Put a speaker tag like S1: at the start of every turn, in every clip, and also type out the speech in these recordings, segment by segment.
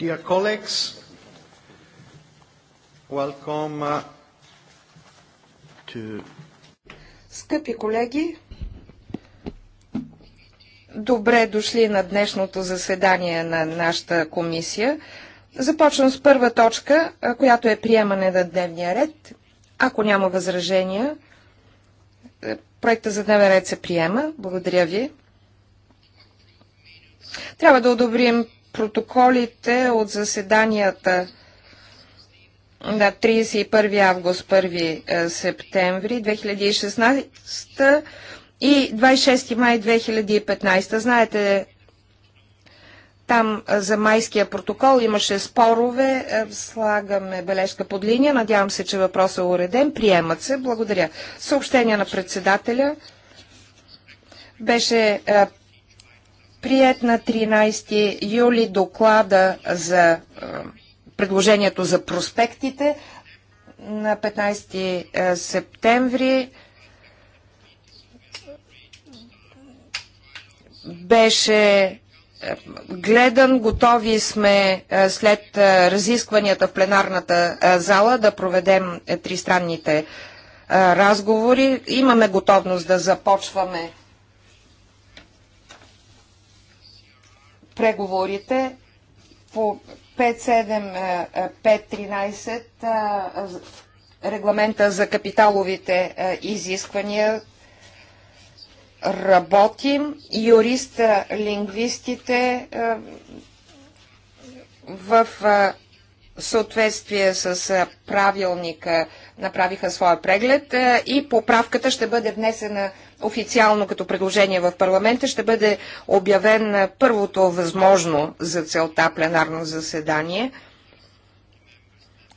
S1: Dear colleagues, welcome uh, to...
S2: Скъпи колеги, добре дошли на днешното заседание на нашата комисия. Започвам с първа точка, която е приемане на дневния ред. Ако няма възражения, е, проекта за дневен ред се приема. Благодаря ви. Трябва да одобрим протоколите от заседанията на 31 август, 1 е, септември 2016 и 26 май 2015. Знаете, там е, за майския протокол имаше спорове. Е, слагаме бележка под линия. Надявам се, че въпросът е уреден. Приемат се. Благодаря. Съобщение на председателя. Беше прият на 13 юли доклада за е, предложението за проспектите на 15 е, септември беше е, гледан. Готови сме след разискванията в пленарната зала да проведем тристранните разговори. Имаме готовност да започваме преговорите по 57513 е, е, е, регламента за капиталовите изисквания работим. Юриста, лингвистите в съответствие с правилника направиха своя преглед и поправката ще бъде внесена официално като предложение в парламента, ще бъде обявен първото възможно за целта пленарно заседание.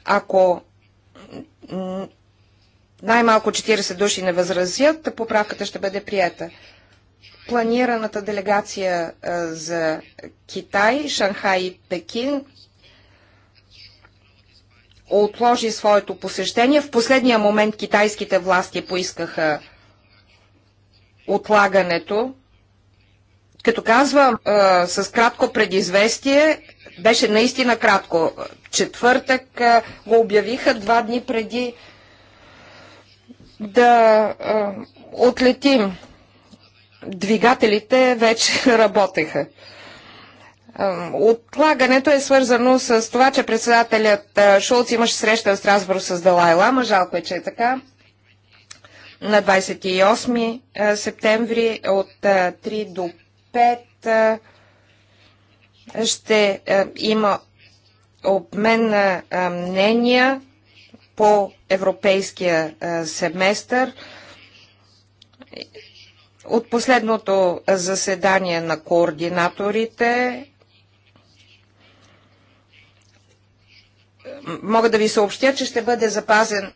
S2: Ако най-малко 40 души не възразят, поправката ще бъде приета. Планираната делегация за Китай, Шанхай и Пекин отложи своето посещение. В последния момент китайските власти поискаха отлагането. Като казвам е, с кратко предизвестие, беше наистина кратко. Четвъртък е, го обявиха два дни преди да е, отлетим. Двигателите вече работеха. Отлагането е свързано с това, че председателят Шулц имаше среща в Страсбург с Далай Лама. Жалко е, че е така. На 28 септември от 3 до 5 ще има обмен на мнения по европейския семестър. От последното заседание на координаторите мога да ви съобщя, че ще бъде запазен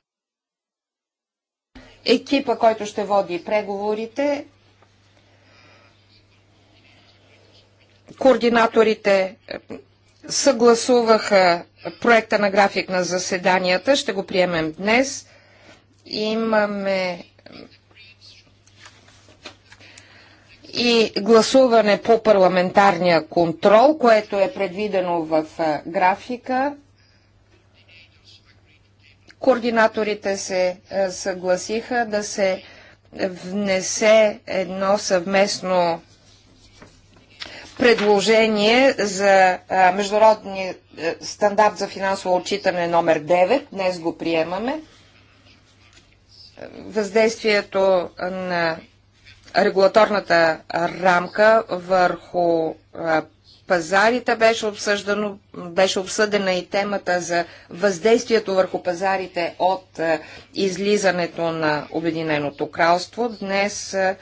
S2: екипа, който ще води преговорите, координаторите е, съгласуваха проекта на график на заседанията. Ще го приемем днес. Имаме и гласуване по парламентарния контрол, което е предвидено в е, графика. Координаторите се е, съгласиха да се внесе едно съвместно предложение за е, международни е, стандарт за финансово отчитане номер 9. Днес го приемаме. Въздействието на регулаторната рамка върху пазарите беше, обсъждано, беше обсъдена и темата за въздействието върху пазарите от е, излизането на Обединеното кралство. Днес е,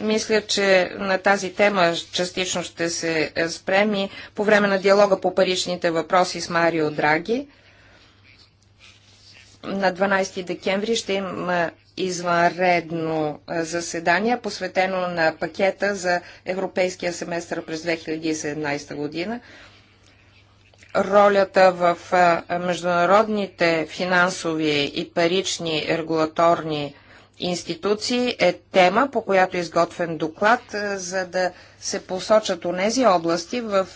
S2: мисля, че на тази тема частично ще се е, спреми по време на диалога по паричните въпроси с Марио Драги на 12 декември ще има извънредно заседание, посветено на пакета за европейския семестър през 2017 година. Ролята в международните финансови и парични регулаторни институции е тема, по която е изготвен доклад, за да се посочат у нези области, в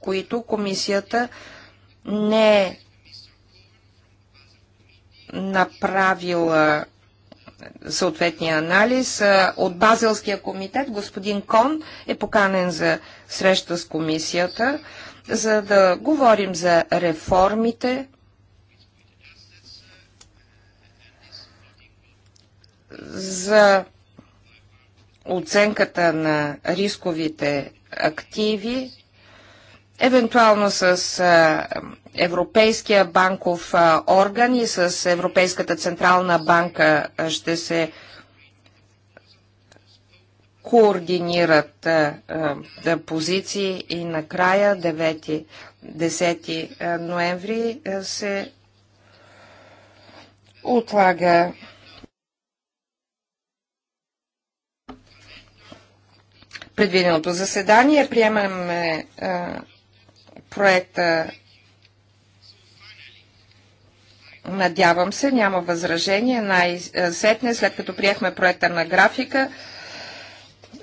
S2: които комисията не е направила съответния анализ. От Базелския комитет господин Кон е поканен за среща с комисията, за да говорим за реформите, за оценката на рисковите активи, евентуално с Европейския банков орган и с Европейската централна банка ще се координират позиции и накрая 9, 10 ноември се отлага предвиденото заседание. Приемаме а, проекта. Надявам се, няма възражение. Най-сетне, след като приехме проекта на графика,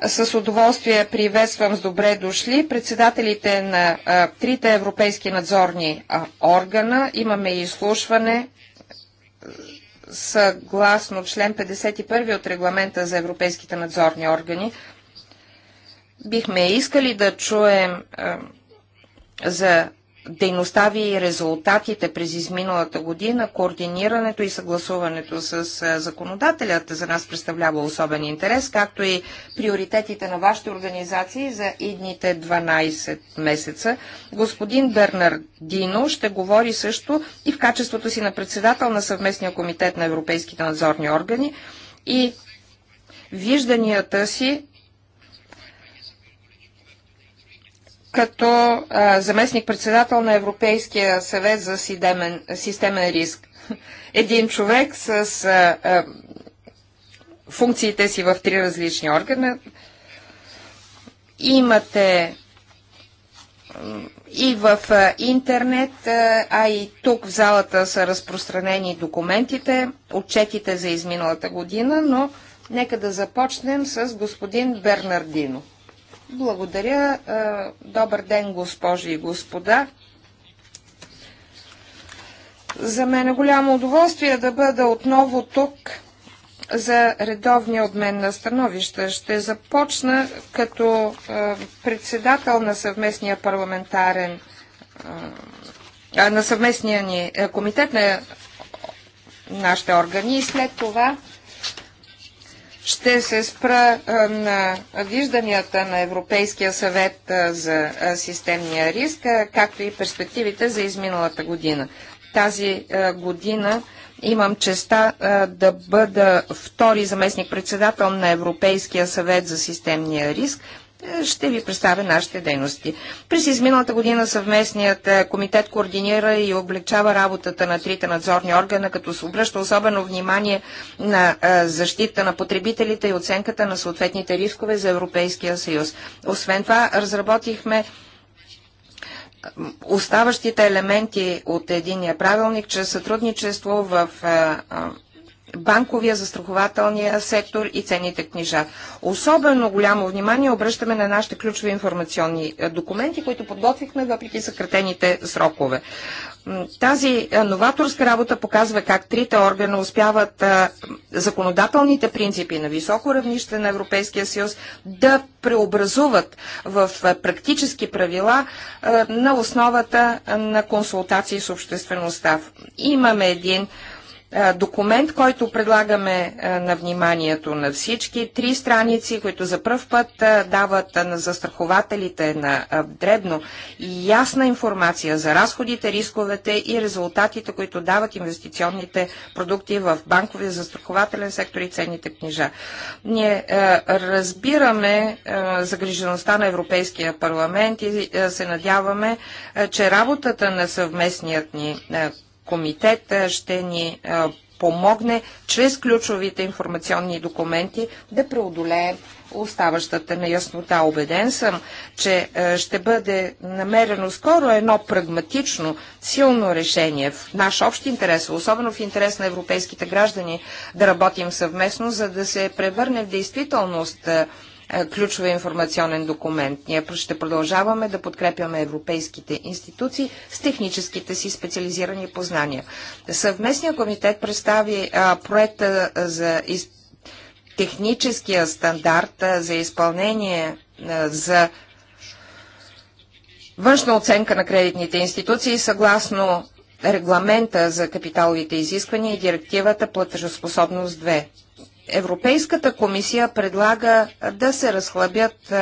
S2: с удоволствие приветствам с добре дошли председателите на а, трите европейски надзорни а, органа. Имаме изслушване съгласно член 51 от регламента за европейските надзорни органи. Бихме искали да чуем а, за дейността ви и резултатите през изминалата година, координирането и съгласуването с законодателят за нас представлява особен интерес, както и приоритетите на вашите организации за идните 12 месеца. Господин Бернардино ще говори също и в качеството си на председател на съвместния комитет на европейските надзорни органи и вижданията си като заместник-председател на Европейския съвет за системен, системен риск. Един човек с а, а, функциите си в три различни органа. Имате и в интернет, а и тук в залата са разпространени документите, отчетите за изминалата година, но нека да започнем с господин Бернардино. Благодаря. Е, добър ден, госпожи и господа. За мен е голямо удоволствие да бъда отново тук за редовния обмен на становища. Ще започна като е, председател на съвместния парламентарен е, на съвместния ни комитет на нашите органи и след това ще се спра на вижданията на Европейския съвет за системния риск, както и перспективите за изминалата година. Тази година имам честа да бъда втори заместник-председател на Европейския съвет за системния риск ще ви представя нашите дейности. През изминалата година съвместният е, комитет координира и облегчава работата на трите надзорни органа, като се обръща особено внимание на е, защита на потребителите и оценката на съответните рискове за Европейския съюз. Освен това, разработихме е, оставащите елементи от единия правилник чрез сътрудничество в банковия, застрахователния сектор и ценните книжа. Особено голямо внимание обръщаме на нашите ключови информационни е, документи, които подготвихме въпреки съкратените срокове. Тази е, новаторска работа показва как трите органа успяват е, законодателните принципи на високо равнище на Европейския съюз да преобразуват в практически правила на основата на консултации с обществеността. Имаме един документ, който предлагаме на вниманието на всички. Три страници, които за първ път дават на застрахователите на дребно ясна информация за разходите, рисковете и резултатите, които дават инвестиционните продукти в банковия застрахователен сектор и ценните книжа. Ние разбираме загрижеността на Европейския парламент и се надяваме, че работата на съвместният ни комитет ще ни помогне чрез ключовите информационни документи да преодолеем оставащата неяснота. Обеден съм, че ще бъде намерено скоро едно прагматично, силно решение в наш общ интерес, особено в интерес на европейските граждани, да работим съвместно, за да се превърне в действителност е, ключови информационен документ. Ние ще продължаваме да подкрепяме европейските институции с техническите си специализирани познания. Съвместният комитет представи проекта за из... техническия стандарт за изпълнение за външна оценка на кредитните институции съгласно регламента за капиталовите изисквания и директивата платежоспособност 2. Европейската комисия предлага да се разхлабят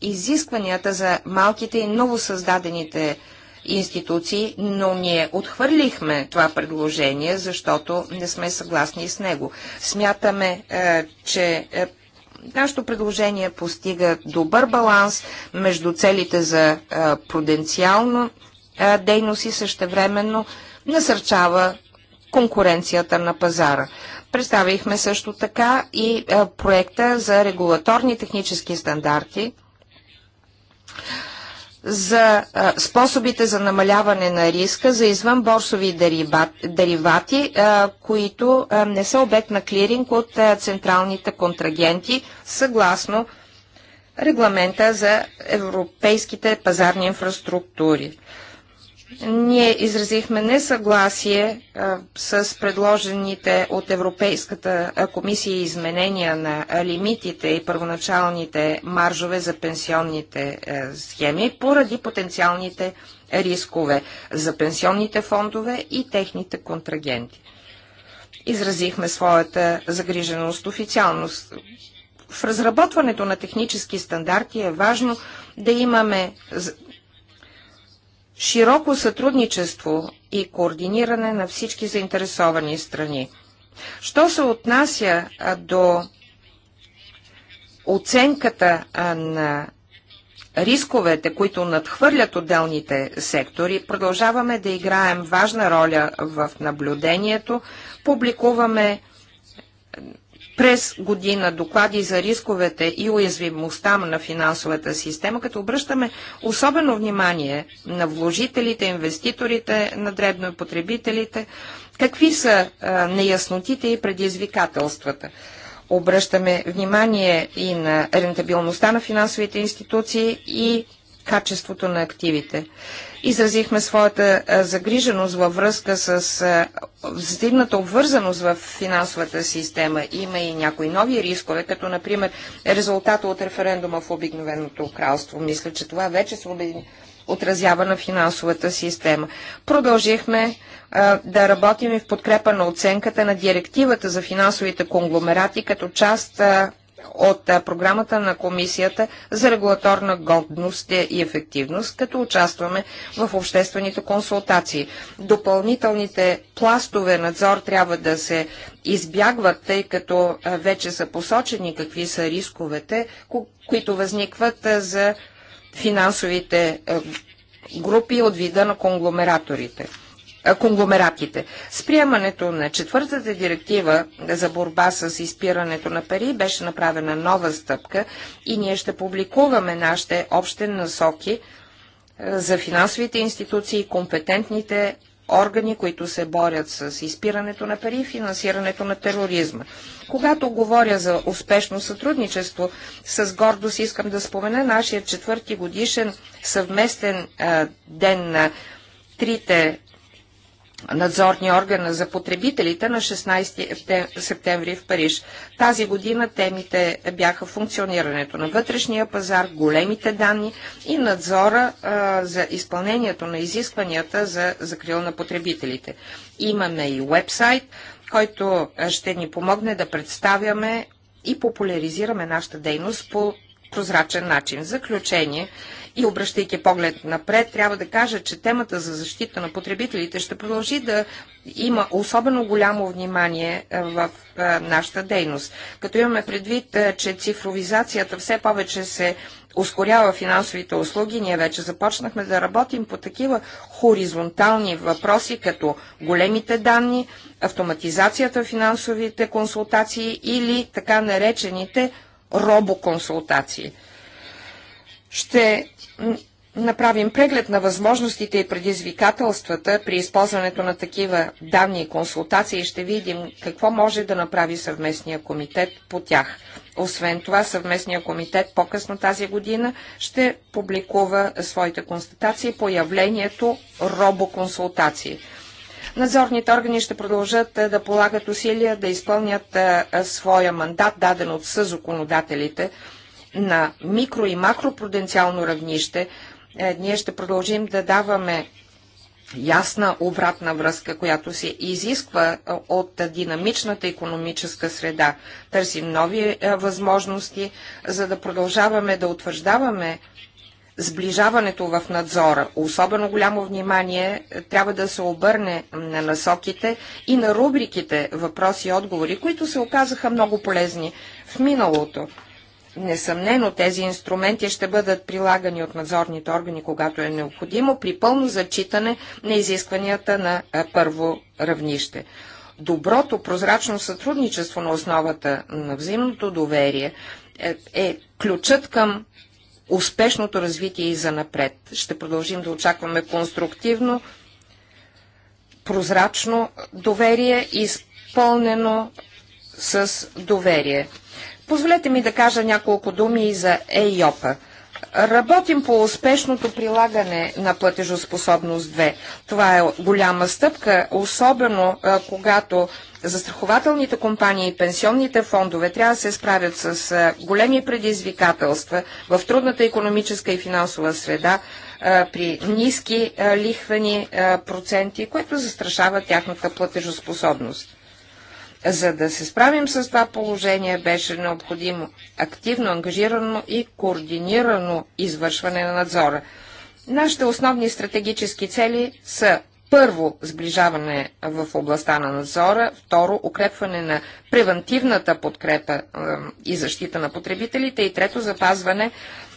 S2: изискванията за малките и новосъздадените институции, но ние отхвърлихме това предложение, защото не сме съгласни с него. Смятаме, че нашето предложение постига добър баланс между целите за пруденциално дейност и същевременно насърчава конкуренцията на пазара. Представихме също така и проекта за регулаторни технически стандарти за способите за намаляване на риска за извънборсови деривати, които не са обект на клиринг от централните контрагенти, съгласно регламента за европейските пазарни инфраструктури. Ние изразихме несъгласие а, с предложените от Европейската комисия изменения на лимитите и първоначалните маржове за пенсионните а, е, схеми поради потенциалните рискове за пенсионните фондове и техните контрагенти. Изразихме своята загриженост официално. В разработването на технически стандарти е важно да имаме широко сътрудничество и координиране на всички заинтересовани страни. Що се отнася до оценката на рисковете, които надхвърлят отделните сектори, продължаваме да играем важна роля в наблюдението, публикуваме през година доклади за рисковете и уязвимостта на финансовата система, като обръщаме особено внимание на вложителите, инвеститорите, на дребно и потребителите, какви са а, неяснотите и предизвикателствата. Обръщаме внимание и на рентабилността на финансовите институции и качеството на активите. Изразихме своята загриженост във връзка с взаимната обвързаност в финансовата система. Има и някои нови рискове, като например резултата от референдума в Обикновеното кралство. Мисля, че това вече се отразява на финансовата система. Продължихме а, да работим и в подкрепа на оценката на директивата за финансовите конгломерати като част а, от програмата на Комисията за регулаторна годност и ефективност, като участваме в обществените консултации. Допълнителните пластове надзор трябва да се избягват, тъй като вече са посочени какви са рисковете, които възникват за финансовите групи от вида на конгломераторите конгломератите. С приемането на четвъртата директива за борба с изпирането на пари беше направена нова стъпка и ние ще публикуваме нашите общи насоки за финансовите институции и компетентните органи, които се борят с изпирането на пари и финансирането на тероризма. Когато говоря за успешно сътрудничество, с гордост искам да спомена нашия четвърти годишен съвместен а, ден на трите надзорния орган за потребителите на 16 септември в Париж. Тази година темите бяха функционирането на вътрешния пазар, големите данни и надзора а, за изпълнението на изискванията за закрил на потребителите. Имаме и вебсайт, който ще ни помогне да представяме и популяризираме нашата дейност по прозрачен начин. Заключение и обръщайки поглед напред, трябва да кажа, че темата за защита на потребителите ще продължи да има особено голямо внимание е, в е, нашата дейност. Като имаме предвид, е, че цифровизацията все повече се ускорява финансовите услуги, ние вече започнахме да работим по такива хоризонтални въпроси, като големите данни, автоматизацията в финансовите консултации или така наречените робоконсултации. Ще направим преглед на възможностите и предизвикателствата при използването на такива данни и консултации и ще видим какво може да направи съвместния комитет по тях. Освен това, съвместния комитет по-късно тази година ще публикува своите констатации по явлението робоконсултации. Надзорните органи ще продължат е, да полагат усилия да изпълнят е, е, своя мандат, даден от съзоконодателите на микро и макропруденциално равнище. Ние ще продължим да даваме ясна обратна връзка, която се изисква от динамичната економическа среда. Търсим нови възможности, за да продължаваме да утвърждаваме сближаването в надзора. Особено голямо внимание трябва да се обърне на насоките и на рубриките въпроси и отговори, които се оказаха много полезни в миналото. Несъмнено тези инструменти ще бъдат прилагани от надзорните органи, когато е необходимо, при пълно зачитане на изискванията на първо равнище. Доброто прозрачно сътрудничество на основата на взаимното доверие е, е ключът към успешното развитие и за напред. Ще продължим да очакваме конструктивно, прозрачно доверие, изпълнено с доверие. Позволете ми да кажа няколко думи и за ЕЙОПА. Работим по успешното прилагане на платежоспособност 2. Това е голяма стъпка, особено а, когато застрахователните компании и пенсионните фондове трябва да се справят с а, големи предизвикателства в трудната економическа и финансова среда а, при ниски лихвени проценти, което застрашава тяхната платежоспособност. За да се справим с това положение, беше необходимо активно, ангажирано и координирано извършване на надзора. Нашите основни стратегически цели са първо сближаване в областта на надзора, второ укрепване на превентивната подкрепа и защита на потребителите и трето запазване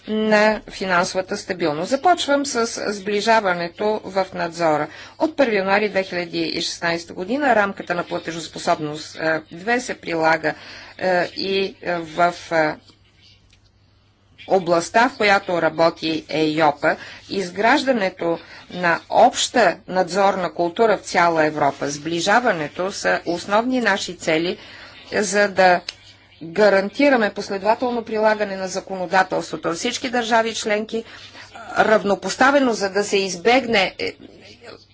S2: на финансовата стабилност. Започвам с сближаването в надзора. От 1 януари 2016 година рамката на платежоспособност 2 се прилага и в областта, в която работи ЕЙОПА, изграждането на обща надзорна култура в цяла Европа, сближаването са основни наши цели, за да гарантираме последователно прилагане на законодателството всички държави членки, равнопоставено, за да се избегне е,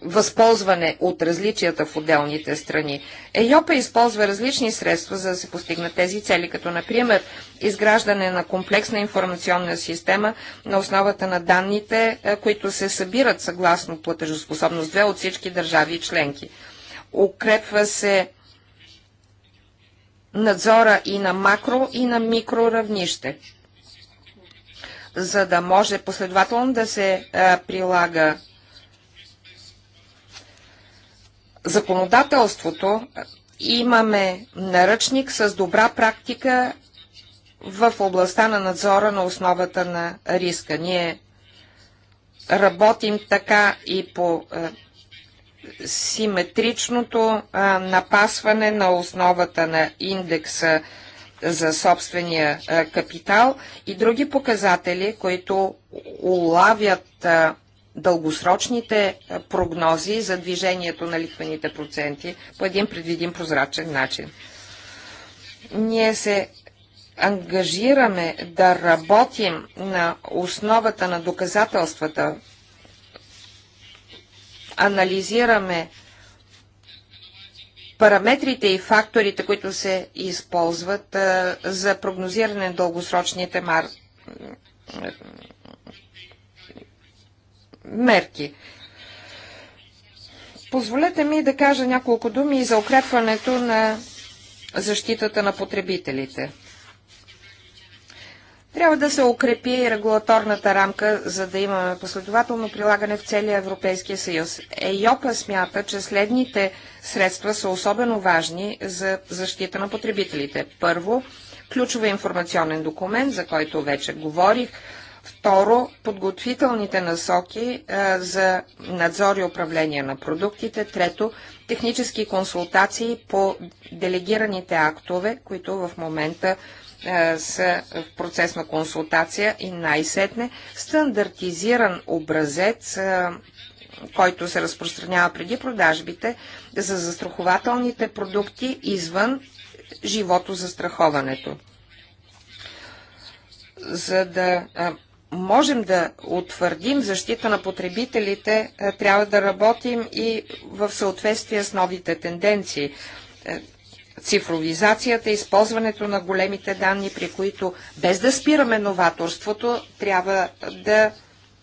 S2: възползване от различията в отделните страни. ЕЙОПА използва различни средства, за да се постигнат тези цели, като например изграждане на комплексна информационна система на основата на данните, е, които се събират съгласно платежоспособност 2 от всички държави членки. Укрепва се надзора и на макро и на микро равнище, за да може последователно да се прилага законодателството, имаме наръчник с добра практика в областта на надзора на основата на риска. Ние работим така и по симетричното а, напасване на основата на индекса за собствения а, капитал и други показатели, които улавят а, дългосрочните прогнози за движението на лихвените проценти по един предвидим прозрачен начин. Ние се ангажираме да работим на основата на доказателствата анализираме параметрите и факторите, които се използват а, за прогнозиране на дългосрочните мар... мерки. Позволете ми да кажа няколко думи за укрепването на защитата на потребителите. Трябва да се укрепи регулаторната рамка, за да имаме последователно прилагане в целия Европейския съюз. ЕЙОПА смята, че следните средства са особено важни за защита на потребителите. Първо, ключова информационен документ, за който вече говорих. Второ, подготвителните насоки а, е, за надзор и управление на продуктите. Трето, технически консултации по делегираните актове, които в момента е, са в процес на консултация и най-сетне стандартизиран образец, е, който се разпространява преди продажбите за застрахователните продукти извън живото застраховането. За да е, можем да утвърдим защита на потребителите, трябва да работим и в съответствие с новите тенденции цифровизацията, използването на големите данни, при които без да спираме новаторството, трябва да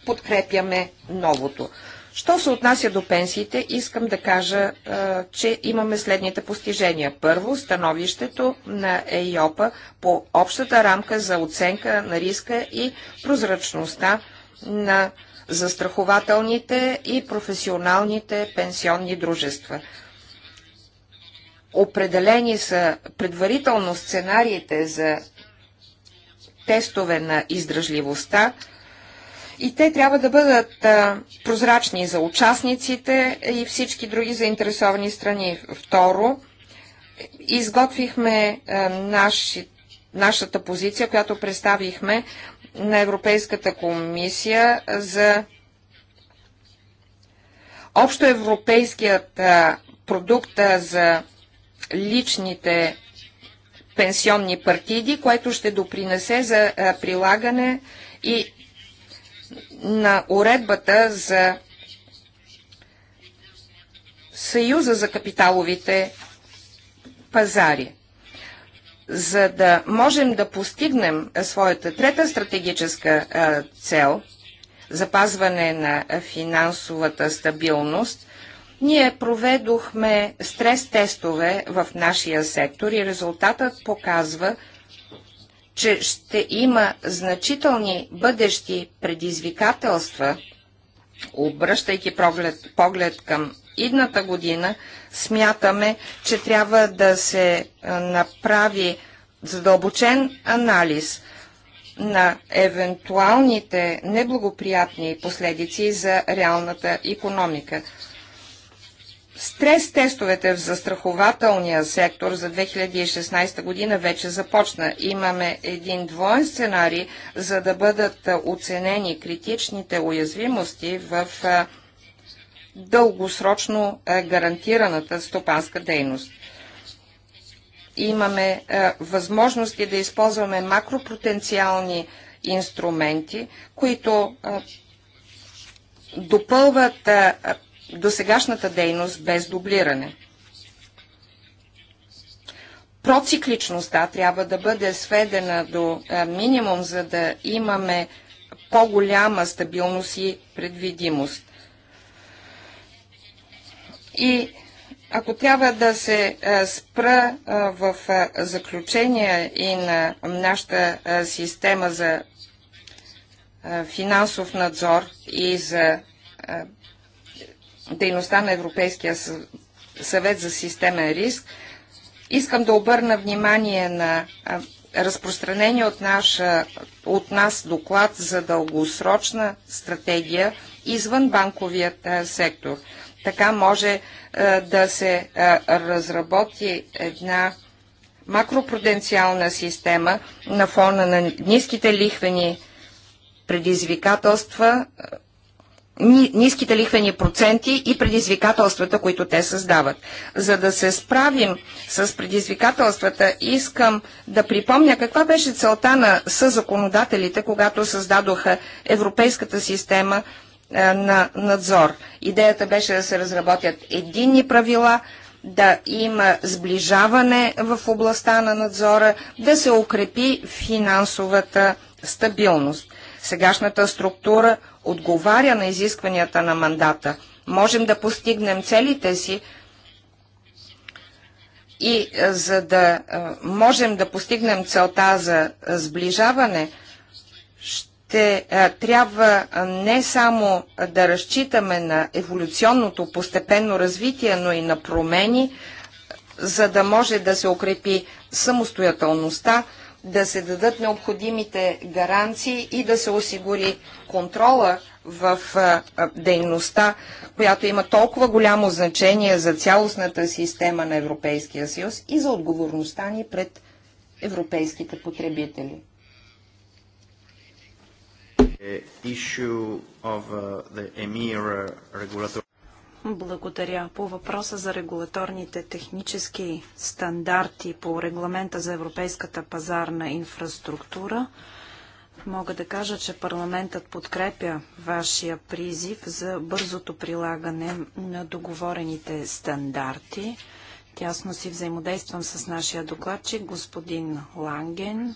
S2: подкрепяме новото. Що се отнася до пенсиите, искам да кажа, че имаме следните постижения. Първо, становището на ЕИОПа по общата рамка за оценка на риска и прозрачността на застрахователните и професионалните пенсионни дружества. Определени са предварително сценариите за тестове на издръжливостта и те трябва да бъдат а, прозрачни за участниците и всички други заинтересовани страни. Второ, изготвихме а, наши, нашата позиция, която представихме на Европейската комисия за общоевропейският продукт за личните пенсионни партиди, което ще допринесе за прилагане и на уредбата за Съюза за капиталовите пазари. За да можем да постигнем своята трета стратегическа цел – запазване на финансовата стабилност, ние проведохме стрес-тестове в нашия сектор и резултатът показва, че ще има значителни бъдещи предизвикателства, обръщайки поглед, поглед към идната година, смятаме, че трябва да се направи задълбочен анализ на евентуалните неблагоприятни последици за реалната економика. Стрес тестовете в застрахователния сектор за 2016 година вече започна. Имаме един двоен сценарий, за да бъдат оценени критичните уязвимости в дългосрочно гарантираната стопанска дейност. Имаме възможности да използваме макропотенциални инструменти, които допълват досегашната дейност без дублиране. Процикличността трябва да бъде сведена до минимум, за да имаме по-голяма стабилност и предвидимост. И ако трябва да се спра в заключение и на нашата система за финансов надзор и за дейността на Европейския съвет за системен риск, искам да обърна внимание на разпространение от, наша, от нас доклад за дългосрочна стратегия извън банковият сектор. Така може да се разработи една макропруденциална система на фона на ниските лихвени предизвикателства ниските лихвени проценти и предизвикателствата, които те създават. За да се справим с предизвикателствата, искам да припомня каква беше целта на съзаконодателите, когато създадоха Европейската система е, на надзор. Идеята беше да се разработят единни правила, да има сближаване в областта на надзора, да се укрепи финансовата стабилност сегашната структура отговаря на изискванията на мандата. Можем да постигнем целите си и е, за да е, можем да постигнем целта за сближаване, ще е, трябва не само да разчитаме на еволюционното постепенно развитие, но и на промени, за да може да се укрепи самостоятелността, да се дадат необходимите гаранции и да се осигури контрола в дейността, която има толкова голямо значение за цялостната система на Европейския съюз и за отговорността ни пред европейските потребители. Of, uh, uh regulatory...
S3: Благодаря. По въпроса за регулаторните технически стандарти по регламента за европейската пазарна инфраструктура, мога да кажа, че парламентът подкрепя вашия призив за бързото прилагане на договорените стандарти. Тясно си взаимодействам с нашия докладчик, господин Ланген.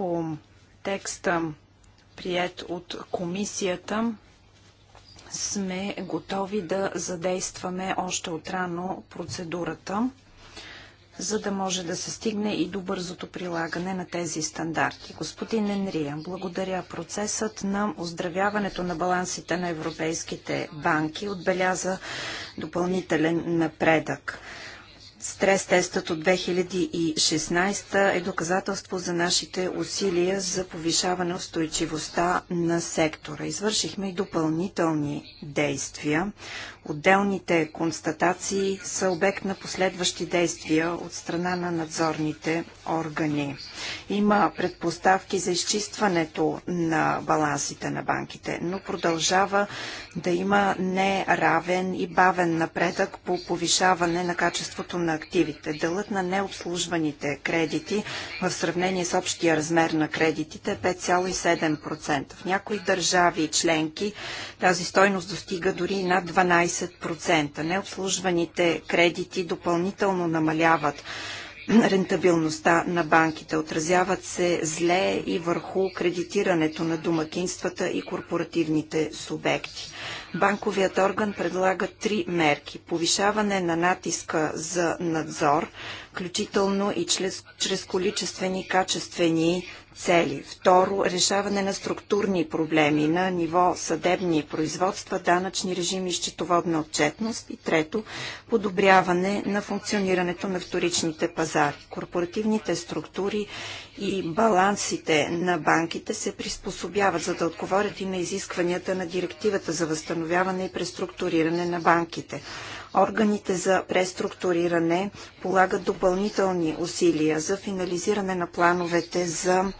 S3: по текста, прият от комисията, сме готови да задействаме още отрано процедурата, за да може да се стигне и до бързото прилагане на тези стандарти. Господин Енрия, благодаря. Процесът на оздравяването на балансите на европейските банки отбеляза допълнителен напредък. Стрес тестът от 2016 е доказателство за нашите усилия за повишаване устойчивостта на сектора. Извършихме и допълнителни действия. Отделните констатации са обект на последващи действия от страна на надзорните органи. Има предпоставки за изчистването на балансите на банките, но продължава да има неравен и бавен напредък по повишаване на качеството на активите. Делът на необслужваните кредити в сравнение с общия размер на кредитите е 5,7%. В някои държави и членки тази стойност достига дори над 12%. 20%. Необслужваните кредити допълнително намаляват рентабилността на банките. Отразяват се зле и върху кредитирането на домакинствата и корпоративните субекти. Банковият орган предлага три мерки. Повишаване на натиска за надзор, включително и чрез, чрез количествени, качествени цели. Второ, решаване на структурни проблеми на ниво съдебни производства, данъчни режими, и счетоводна отчетност. И трето, подобряване на функционирането на вторичните пазари. Корпоративните структури и балансите на банките се приспособяват, за да отговорят и на изискванията на директивата за възстановяване и преструктуриране на банките. Органите за преструктуриране полагат допълнителни усилия за финализиране на плановете за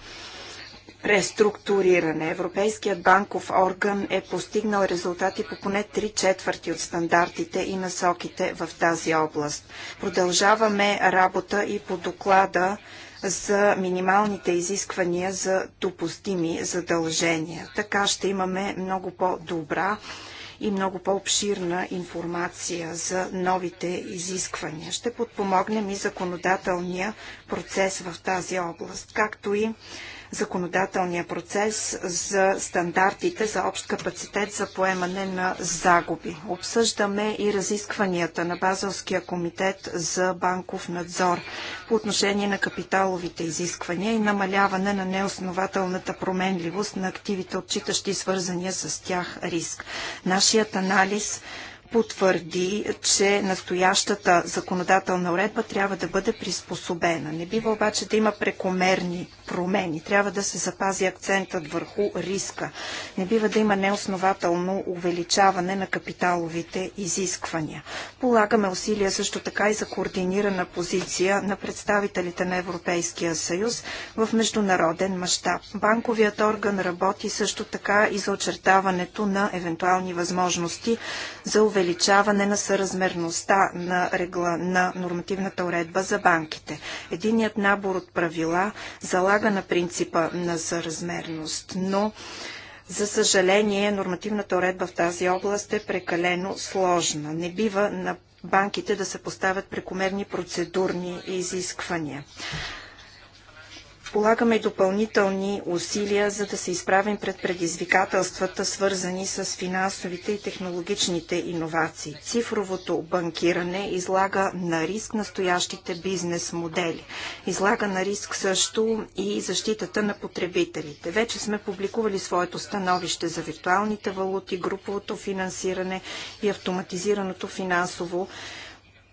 S3: преструктуриране. Европейският банков орган е постигнал резултати по поне 3 четвърти от стандартите и насоките в тази област. Продължаваме работа и по доклада за минималните изисквания за допустими задължения. Така ще имаме много по-добра и много по-обширна информация за новите изисквания. Ще подпомогнем и законодателния процес в тази област, както и законодателния процес за стандартите за общ капацитет за поемане на загуби. Обсъждаме и разискванията на Базелския комитет за банков надзор по отношение на капиталовите изисквания и намаляване на неоснователната променливост на активите, отчитащи свързания с тях риск. Нашият анализ потвърди, че настоящата законодателна уредба трябва да бъде приспособена. Не бива обаче да има прекомерни промени. Трябва да се запази акцентът върху риска. Не бива да има неоснователно увеличаване на капиталовите изисквания. Полагаме усилия също така и за координирана позиция на представителите на Европейския съюз в международен мащаб. Банковият орган работи също така и за очертаването на евентуални възможности за увеличаване увеличаване на съразмерността на, регла, на нормативната уредба за банките. Единият набор от правила залага на принципа на съразмерност, но за съжаление, нормативната уредба в тази област е прекалено сложна. Не бива на банките да се поставят прекомерни процедурни изисквания полагаме допълнителни усилия, за да се изправим пред предизвикателствата, свързани с финансовите и технологичните иновации. Цифровото банкиране излага на риск настоящите бизнес модели. Излага на риск също и защитата на потребителите. Вече сме публикували своето становище за виртуалните валути, груповото финансиране и автоматизираното финансово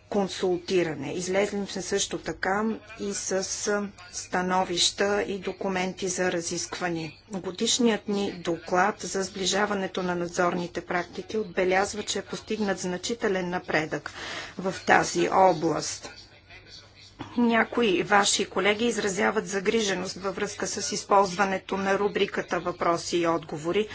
S3: консултиране. Излезли сме също така и с становища и документи за разискване. Годишният ни доклад за сближаването на надзорните практики отбелязва, че е постигнат значителен напредък в тази област. Някои ваши колеги изразяват загриженост във връзка с използването на рубриката въпроси и отговори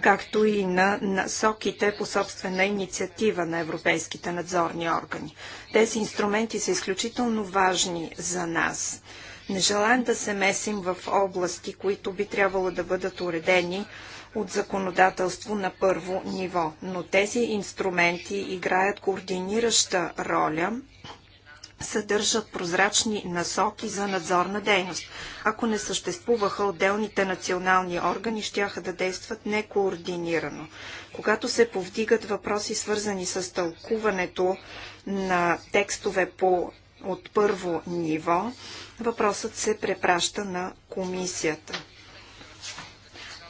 S3: както и на насоките по собствена инициатива на европейските надзорни органи. Тези инструменти са изключително важни за нас. Не желаем да се месим в области, които би трябвало да бъдат уредени от законодателство на първо ниво, но тези инструменти играят координираща роля съдържат прозрачни насоки за надзорна дейност. Ако не съществуваха отделните национални органи, щяха да действат некоординирано. Когато се повдигат въпроси, свързани с тълкуването на текстове по от първо ниво, въпросът се препраща на комисията.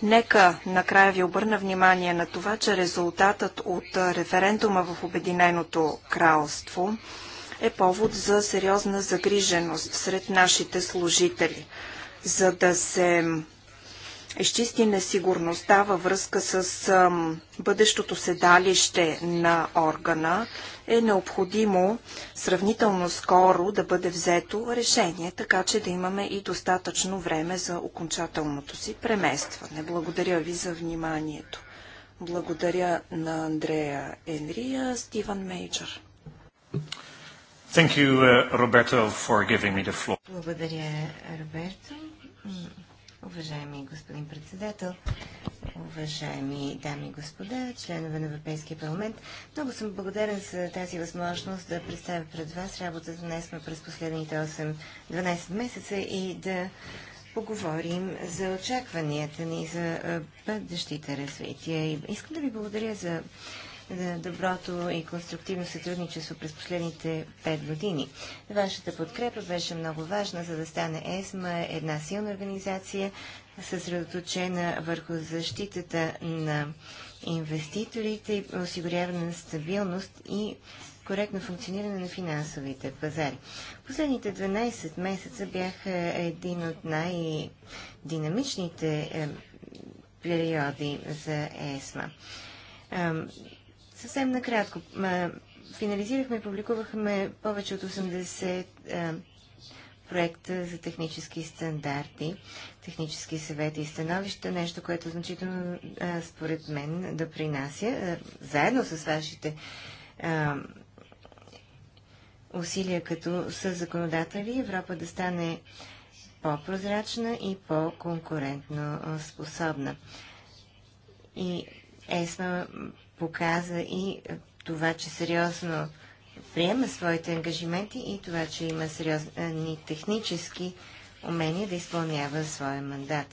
S3: Нека накрая ви обърна внимание на това, че резултатът от референдума в Обединеното кралство – е повод за сериозна загриженост сред нашите служители. За да се изчисти несигурността във връзка с бъдещото седалище на органа, е необходимо сравнително скоро да бъде взето решение, така че да имаме и достатъчно време за окончателното си преместване. Благодаря ви за вниманието. Благодаря на Андрея Енрия,
S4: Стивън Мейджър.
S1: Thank you, uh, Roberto, for giving me the floor.
S4: Благодаря, Роберто. Уважаеми господин председател, уважаеми дами и господа, членове на Европейския парламент, много съм благодарен за тази възможност да представя пред вас работата на през последните 8, 12 месеца и да поговорим за очакванията ни за бъдещите развития. Искам да ви благодаря за е, доброто и конструктивно сътрудничество през последните пет години. Вашата подкрепа беше много важна, за да стане ЕСМА една силна организация, съсредоточена върху защитата на инвеститорите и осигуряване на стабилност и коректно функциониране на финансовите пазари. Последните 12 месеца бяха един от най-динамичните е, периоди за ЕСМА. Съвсем накратко. Финализирахме и публикувахме повече от 80 проекта за технически стандарти, технически съвети и становища, нещо, което значително според мен да принася, заедно с вашите усилия като с законодатели, Европа да стане по-прозрачна и по-конкурентно способна. И ЕСМА показа и е, това, че сериозно приема своите ангажименти и това, че има сериозни технически умения да изпълнява своя мандат.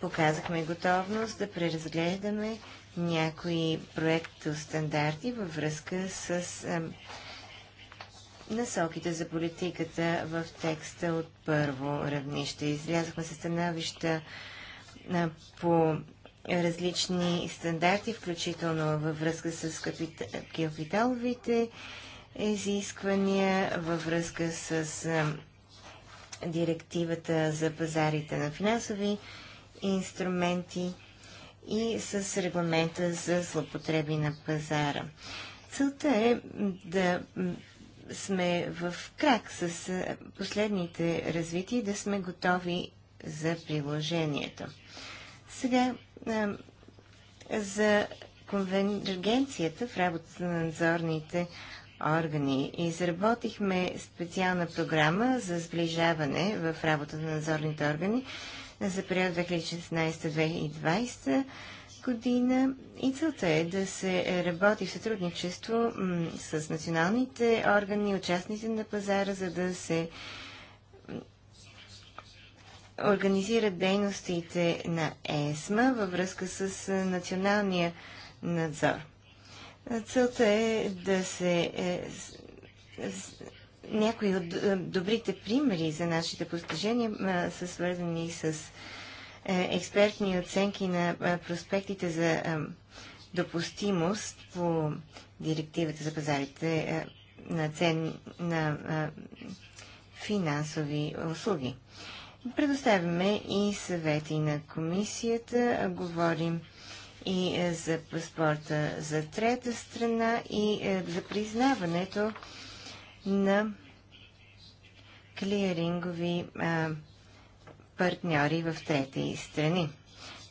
S4: Показахме готовност да преразгледаме някои проектостандарти във връзка с е, насоките за политиката в текста от първо равнище. Излязохме се становища е, по различни стандарти, включително във връзка с капиталовите изисквания, във връзка с директивата за пазарите на финансови инструменти и с регламента за злопотреби на пазара. Целта е да сме в крак с последните развития и да сме готови за приложението. Сега е, за конвергенцията в работата на надзорните органи. Изработихме специална програма за сближаване в работата на надзорните органи за период 2016-2020 година и целта е да се работи в сътрудничество с националните органи, участници на пазара, за да се организират дейностите на ЕСМА във връзка с националния надзор. Целта е да се е, някои от добрите примери за нашите постижения са свързани с е, експертни оценки на проспектите за допустимост по директивата за пазарите на цен на финансови услуги. Предоставяме и съвети на комисията, говорим и е, за паспорта за трета страна и е, за признаването на клирингови партньори в трети страни.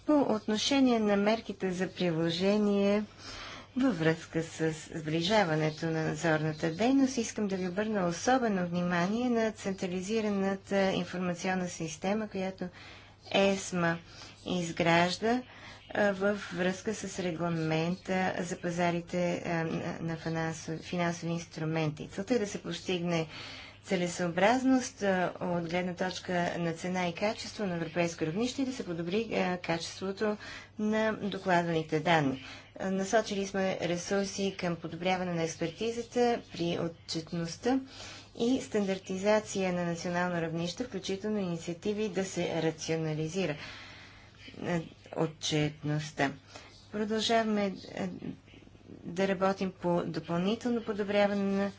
S4: По отношение на мерките за приложение във връзка с сближаването на надзорната дейност, искам да ви обърна особено внимание на централизираната информационна система, която ЕСМА изгражда във връзка с регламента за пазарите на финансови инструменти. Целта е да се постигне целесообразност от гледна точка на цена и качество на европейско равнище и да се подобри качеството на докладваните данни. Насочили сме ресурси към подобряване на експертизата при отчетността и стандартизация на национално равнище, включително инициативи да се рационализира е, отчетността. Продължаваме е, да работим по допълнително подобряване на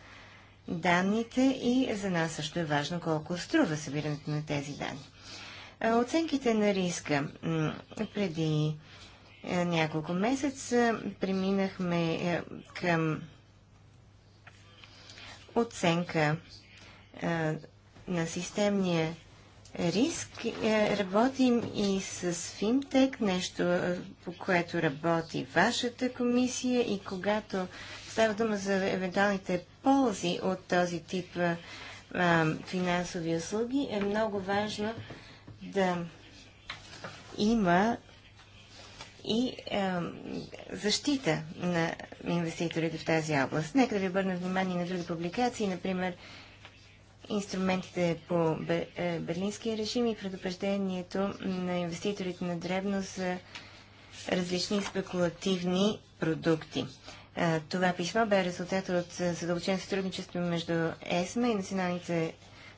S4: данните и за нас също е важно колко струва събирането на тези данни. Е, оценките на риска преди е, няколко месеца преминахме е, към оценка е, на системния риск. Работим и с Финтек, нещо по което работи вашата комисия и когато става дума за евентуалните ползи от този тип финансови услуги, е много важно да има и е, защита на инвеститорите в тази област. Нека да ви обърна внимание на други публикации, например инструментите по е, берлинския режим и предупреждението на инвеститорите на древно за различни спекулативни продукти. Това писмо бе резултат от е, задълбочено сътрудничество между ЕСМА и националните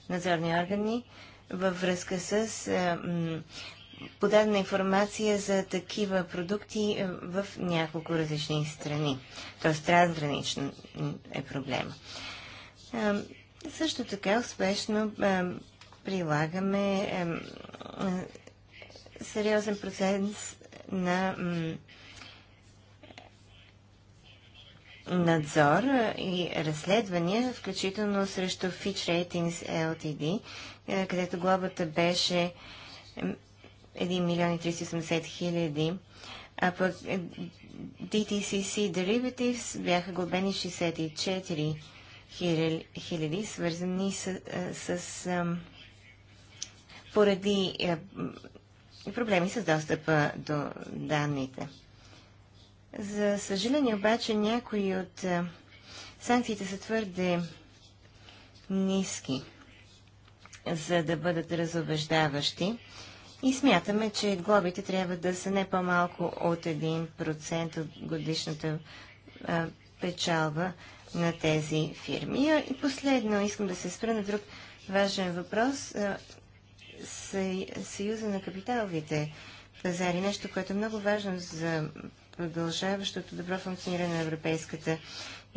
S4: надзорни органи във връзка с е, подадена информация за такива продукти е, в няколко различни страни. Тоест, трансграничен е проблема. Е, също така успешно е, прилагаме сериозен процес на надзор и разследвания, включително срещу Fitch Ratings LTD, където глобата беше 1 милион и 380 хиляди, а пък DTCC е, Derivatives бяха глобени 64 хиляди, свързани с, е, с, с е, поради проблеми с достъпа до данните. За съжаление обаче някои от санкциите са твърде ниски, за да бъдат разобеждаващи и смятаме, че глобите трябва да са не по-малко от 1% от годишната а, печалба на тези фирми. И последно искам да се спра на друг важен въпрос. А, съюза на капиталовите пазари, нещо, което е много важно за продължаващото добро функциониране на европейската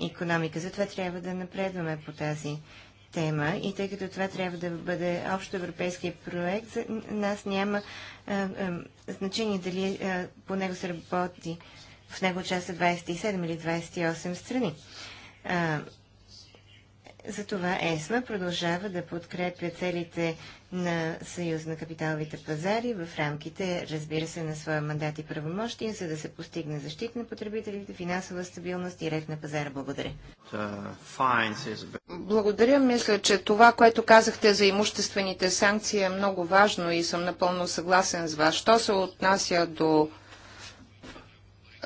S4: економика. Затова трябва да напредваме по тази система и тъй като това трябва да бъде общо европейския проект, за нас няма а, а, значение дали а, по него се работи в него участват 27 или 28 страни. А, затова ЕСМА продължава да подкрепя целите на Съюз на капиталовите пазари в рамките, разбира се, на своя мандат и правомощия, за да се постигне защита на потребителите, финансова стабилност и ред на пазара. Благодаря. Благодаря. Мисля, че това, което казахте за имуществените
S2: санкции е много важно и съм напълно съгласен с вас. Що се отнася до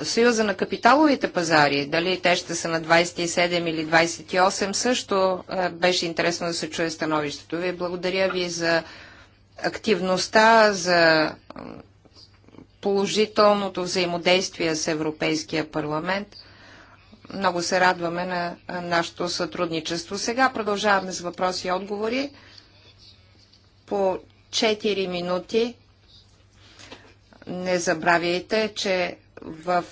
S2: Съюза на капиталовите пазари, дали те ще са на 27 или 28, също е, беше интересно да се чуе становището ви. Благодаря ви за активността, за положителното взаимодействие с Европейския парламент. Много се радваме на е, нашето сътрудничество. Сега продължаваме с въпроси и отговори по 4 минути. Не забравяйте, че в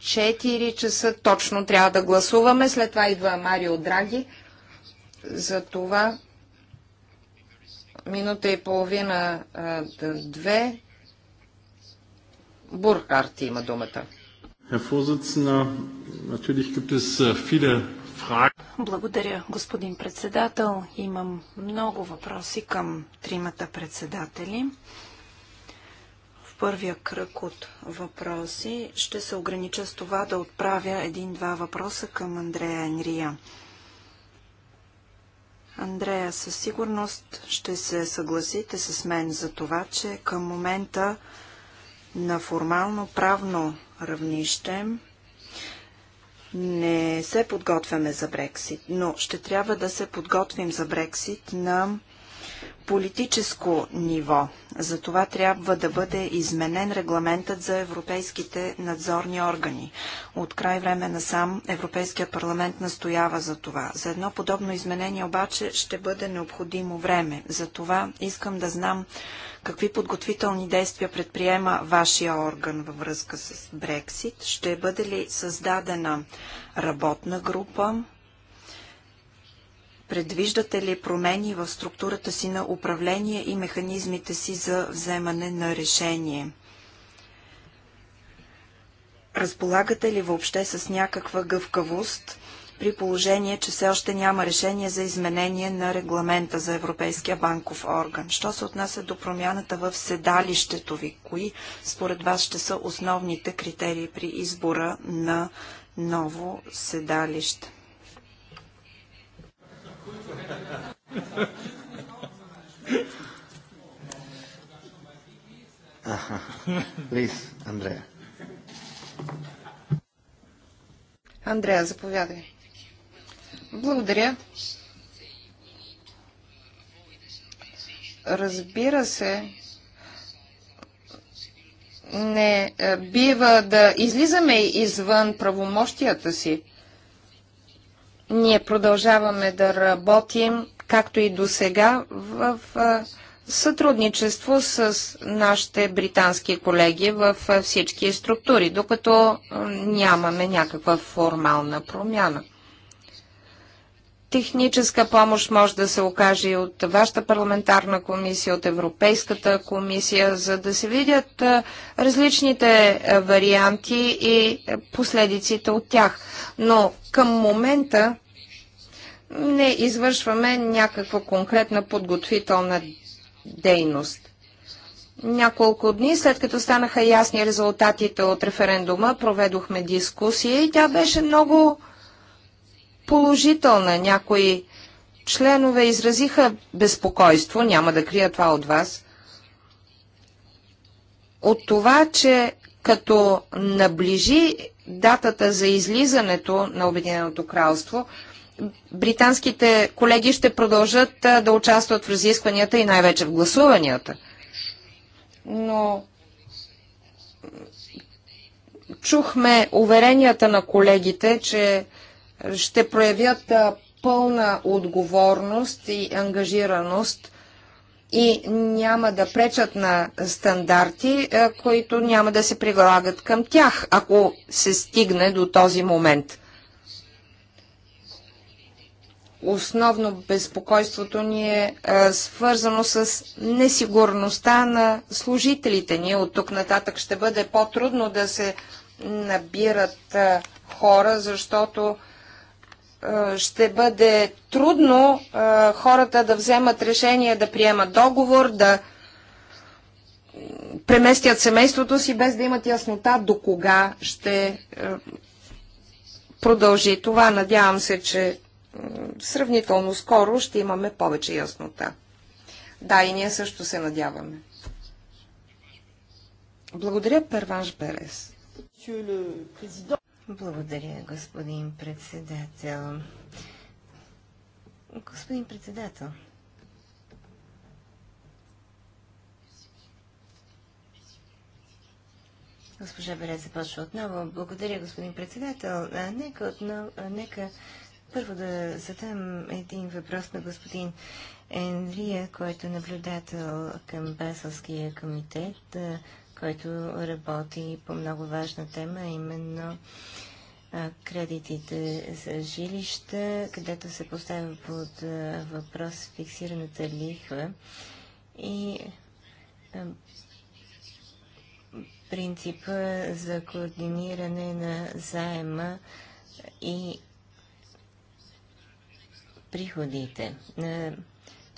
S2: 4 часа точно трябва да гласуваме. След това идва Марио Драги. За това минута и половина, две. Бурхарт има думата.
S3: Благодаря, господин председател. Имам много въпроси към тримата председатели първия кръг от въпроси. Ще се огранича с това да отправя един-два въпроса към Андрея Енрия. Андрея, със сигурност ще се съгласите с мен за това, че към момента на формално-правно равнище не се подготвяме за Брексит, но ще трябва да се подготвим за Брексит на политическо ниво. За това трябва да бъде изменен регламентът за европейските надзорни органи. От край време на сам Европейският парламент настоява за това. За едно подобно изменение обаче ще бъде необходимо време. За това искам да знам какви подготвителни действия предприема вашия орган във връзка с Брексит. Ще бъде ли създадена работна група? Предвиждате ли промени в структурата си на управление и механизмите си за вземане на решение? Разполагате ли въобще с някаква гъвкавост при положение, че все още няма решение за изменение на регламента за Европейския банков орган? Що се отнася до промяната в седалището ви? Кои според вас ще са основните критерии при избора на ново седалище?
S1: Лис,
S2: Андрея. Андрея, заповядай. Благодаря. Разбира се, не е, бива да излизаме извън правомощията си. Ние продължаваме да работим, както и до сега, в сътрудничество с нашите британски колеги в всички структури, докато нямаме някаква формална промяна техническа помощ може да се окаже и от вашата парламентарна комисия, от Европейската комисия, за да се видят различните варианти и последиците от тях. Но към момента не извършваме някаква конкретна подготвителна дейност. Няколко дни след като станаха ясни резултатите от референдума, проведохме дискусия и тя беше много положителна. Някои членове изразиха безпокойство, няма да крия това от вас, от това, че като наближи датата за излизането на Обединеното кралство, британските колеги ще продължат да участват в разискванията и най-вече в гласуванията. Но чухме уверенията на колегите, че ще проявят пълна отговорност и ангажираност и няма да пречат на стандарти, които няма да се прилагат към тях, ако се стигне до този момент. Основно безпокойството ни е свързано с несигурността на служителите ни. От тук нататък ще бъде по-трудно да се набират хора, защото ще бъде трудно хората да вземат решение да приемат договор, да преместят семейството си, без да имат яснота до кога ще продължи това. Надявам се, че сравнително скоро ще имаме повече яснота. Да, и ние също се надяваме. Благодаря, Перванш
S4: Берес. Благодаря, господин председател. Господин председател, Госпожа Бере започва отново. Благодаря, господин председател. А, нека, отново, а, нека първо да задам един въпрос на господин Енрия, който е наблюдател към Баселския комитет а, който работи по много важна тема, именно кредитите за жилища, където се поставя под въпрос фиксираната лихва и принципа за координиране на заема и приходите.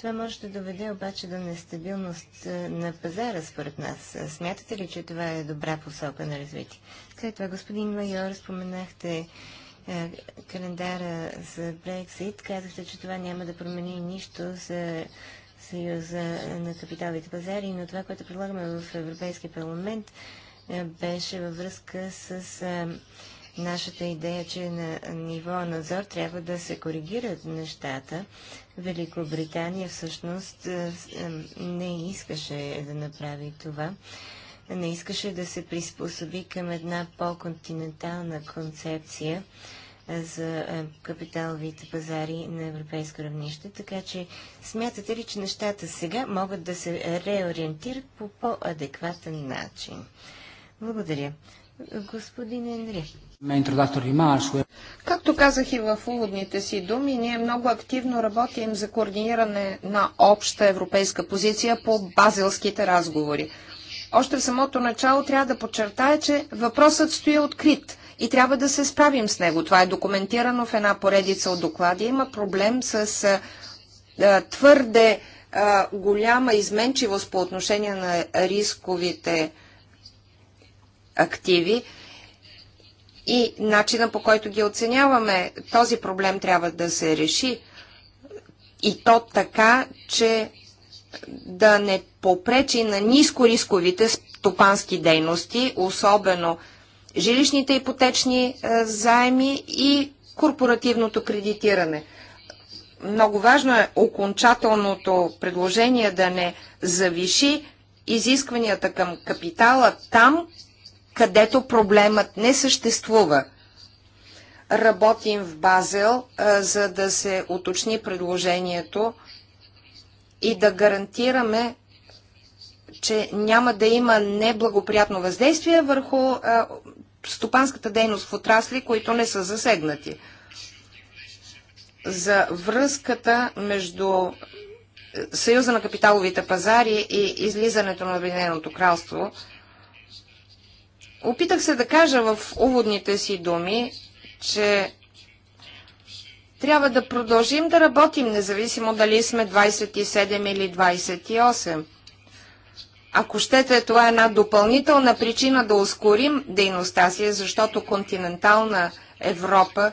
S4: Това може да доведе обаче до нестабилност е, на пазара, според нас. Смятате ли, че това е добра посока на развитие? След това, господин майор, споменахте е, календара за Брексит. Казахте, че това няма да промени нищо за Съюза на капиталните пазари, но това, което предлагаме в Европейския парламент, е, беше във връзка с нашата идея, че на ниво надзор трябва да се коригират нещата. Великобритания всъщност е, е, не искаше да направи това. Не искаше да се приспособи към една по-континентална концепция е, за капиталовите пазари на европейско равнище. Така че смятате ли, че нещата сега могат да се реориентират по по-адекватен начин? Благодаря. Господин Енри. Както казах и
S2: в уводните си думи, ние много активно работим за координиране на обща европейска позиция по базилските разговори. Още в самото начало трябва да подчертая, че въпросът стои открит и трябва да се справим с него. Това е документирано в една поредица от доклади. Има проблем с а, твърде а, голяма изменчивост по отношение на рисковите активи и начина по който ги оценяваме. Този проблем трябва да се реши и то така, че да не попречи на нискорисковите стопански дейности, особено жилищните ипотечни е, заеми и корпоративното кредитиране. Много важно е окончателното предложение да не завиши изискванията към капитала там, където проблемът не съществува. Работим в Базел, за да се уточни предложението и да гарантираме, че няма да има неблагоприятно въздействие върху стопанската дейност в отрасли, които не са засегнати. За връзката между е, Съюза на капиталовите пазари и излизането на Обединеното кралство – Опитах се да кажа в уводните си думи, че трябва да продължим да работим, независимо дали сме 27 или 28. Ако щете, това е една допълнителна причина да ускорим дейността си, защото континентална Европа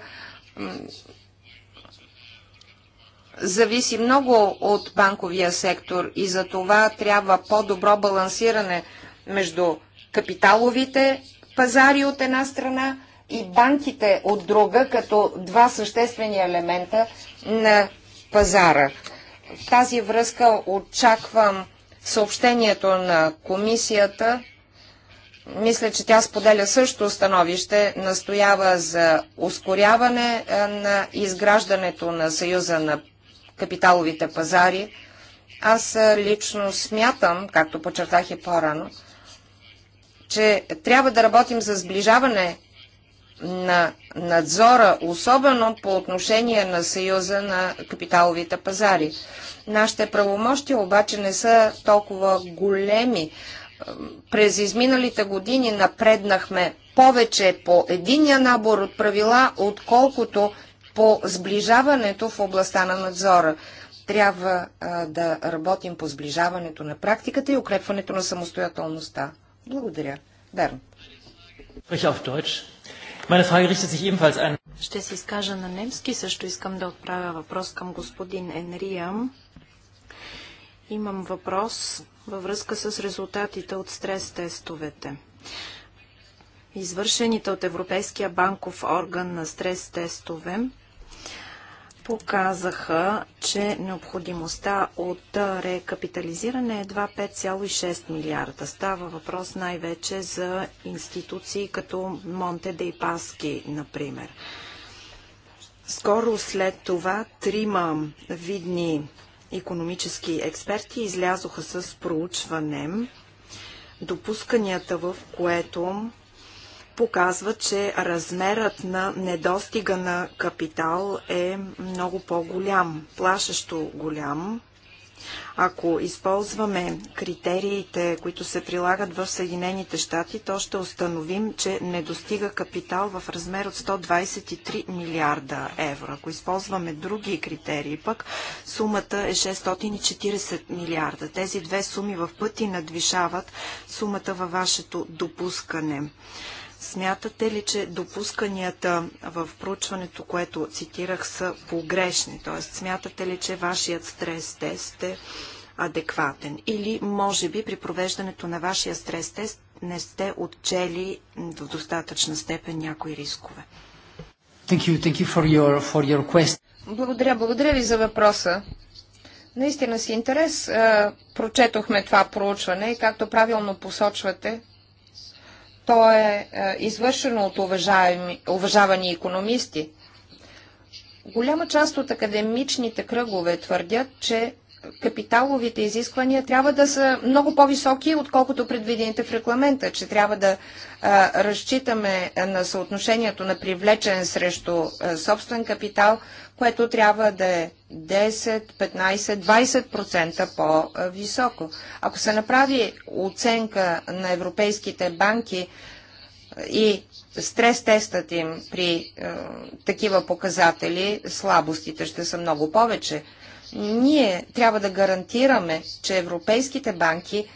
S2: зависи много от банковия сектор и за това трябва по-добро балансиране между капиталовите пазари от една страна и банките от друга, като два съществени елемента на пазара. В тази връзка очаквам съобщението на комисията. Мисля, че тя споделя също становище, настоява за ускоряване на изграждането на Съюза на капиталовите пазари. Аз лично смятам, както подчертах и по-рано, че трябва да работим за сближаване на надзора, особено по отношение на Съюза на капиталовите пазари. Нашите правомощи обаче не са толкова големи. През изминалите години напреднахме повече по единия набор от правила, отколкото по сближаването в областта на надзора. Трябва а, да работим по сближаването на практиката и укрепването на самостоятелността. Благодаря. Верно.
S3: Ще се изкажа на немски. Също искам да отправя въпрос към господин Енриям. Имам въпрос във връзка с резултатите от стрес-тестовете. Извършените от Европейския банков орган на стрес-тестове показаха, че необходимостта от рекапитализиране е 2,6 милиарда. Става въпрос най-вече за институции като Монте де Паски, например. Скоро след това трима видни економически експерти излязоха с проучване, допусканията в което показва, че размерът на недостига на капитал е много по-голям, плашещо голям. Ако използваме критериите, които се прилагат в Съединените щати, то ще установим, че недостига капитал в размер от 123 милиарда евро. Ако използваме други критерии, пък сумата е 640 милиарда. Тези две суми в пъти надвишават сумата във вашето допускане. Смятате ли, че допусканията в проучването, което цитирах, са погрешни? Т.е. смятате ли, че вашият стрес тест е адекватен? Или, може би, при провеждането на вашия стрес тест не сте отчели
S2: в достатъчна степен някои рискове?
S1: Thank you, thank you for your, for your
S2: благодаря, благодаря ви за въпроса. Наистина си интерес. Е, прочетохме това проучване и както правилно посочвате, то е, е извършено от уважаеми, уважавани економисти. Голяма част от академичните кръгове твърдят, че капиталовите изисквания трябва да са много по-високи, отколкото предвидените в регламента, че трябва да а, е, разчитаме на съотношението на привлечен срещу а, е, собствен капитал, което трябва да е 10, 15, 20% по-високо. Ако се направи оценка на европейските банки е, и стрес тестът им при е, такива показатели, слабостите ще са много повече. Ние трябва да гарантираме, че европейските банки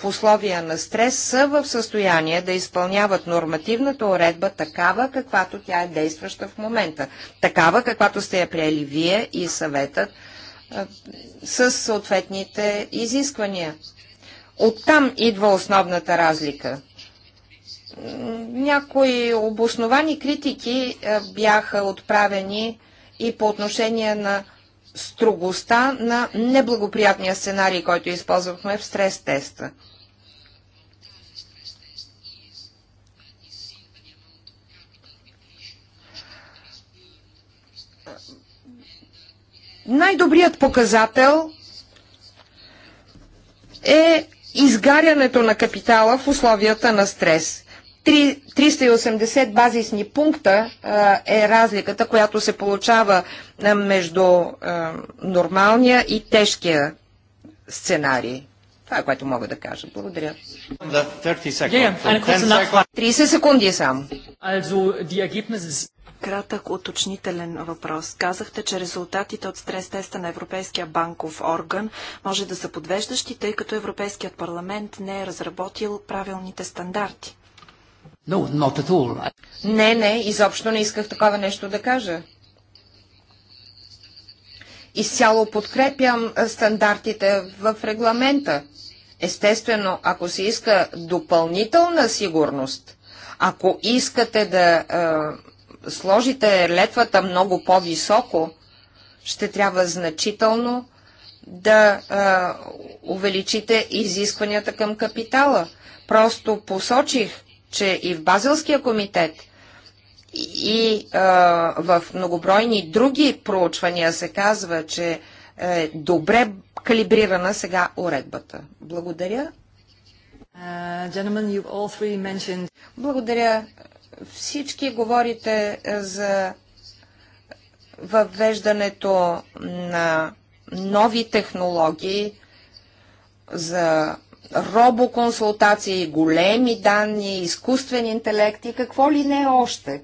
S2: в условия на стрес са в състояние да изпълняват нормативната уредба такава, каквато тя е действаща в момента. Такава, каквато сте я приели вие и съветът с съответните изисквания. Оттам идва основната разлика. Някои обосновани критики бяха отправени и по отношение на строгостта на неблагоприятния сценарий, който използвахме в стрес-теста. Най-добрият показател е изгарянето на капитала в условията на стрес. 380 базисни пункта а, е разликата, която се получава а, между а, нормалния и тежкия сценарий. Това е което мога да кажа. Благодаря.
S3: 30
S2: секунди е само.
S3: Кратък уточнителен въпрос. Казахте, че резултатите от стрес-теста на Европейския банков орган може да са подвеждащи, тъй като Европейският парламент не е разработил правилните стандарти.
S1: No, not at all.
S2: Не, не, изобщо не исках такова нещо да кажа. Изцяло подкрепям стандартите в регламента. Естествено, ако се иска допълнителна сигурност, ако искате да е, сложите летвата много по-високо, ще трябва значително да е, увеличите изискванията към капитала. Просто посочих че и в Базилския комитет и в многобройни други проучвания се казва, че е добре калибрирана сега уредбата. Благодаря. Uh, mentioned... Благодаря. Всички говорите е, за въвеждането на нови технологии, за робоконсултации, големи данни, изкуствен интелект и какво ли не е още.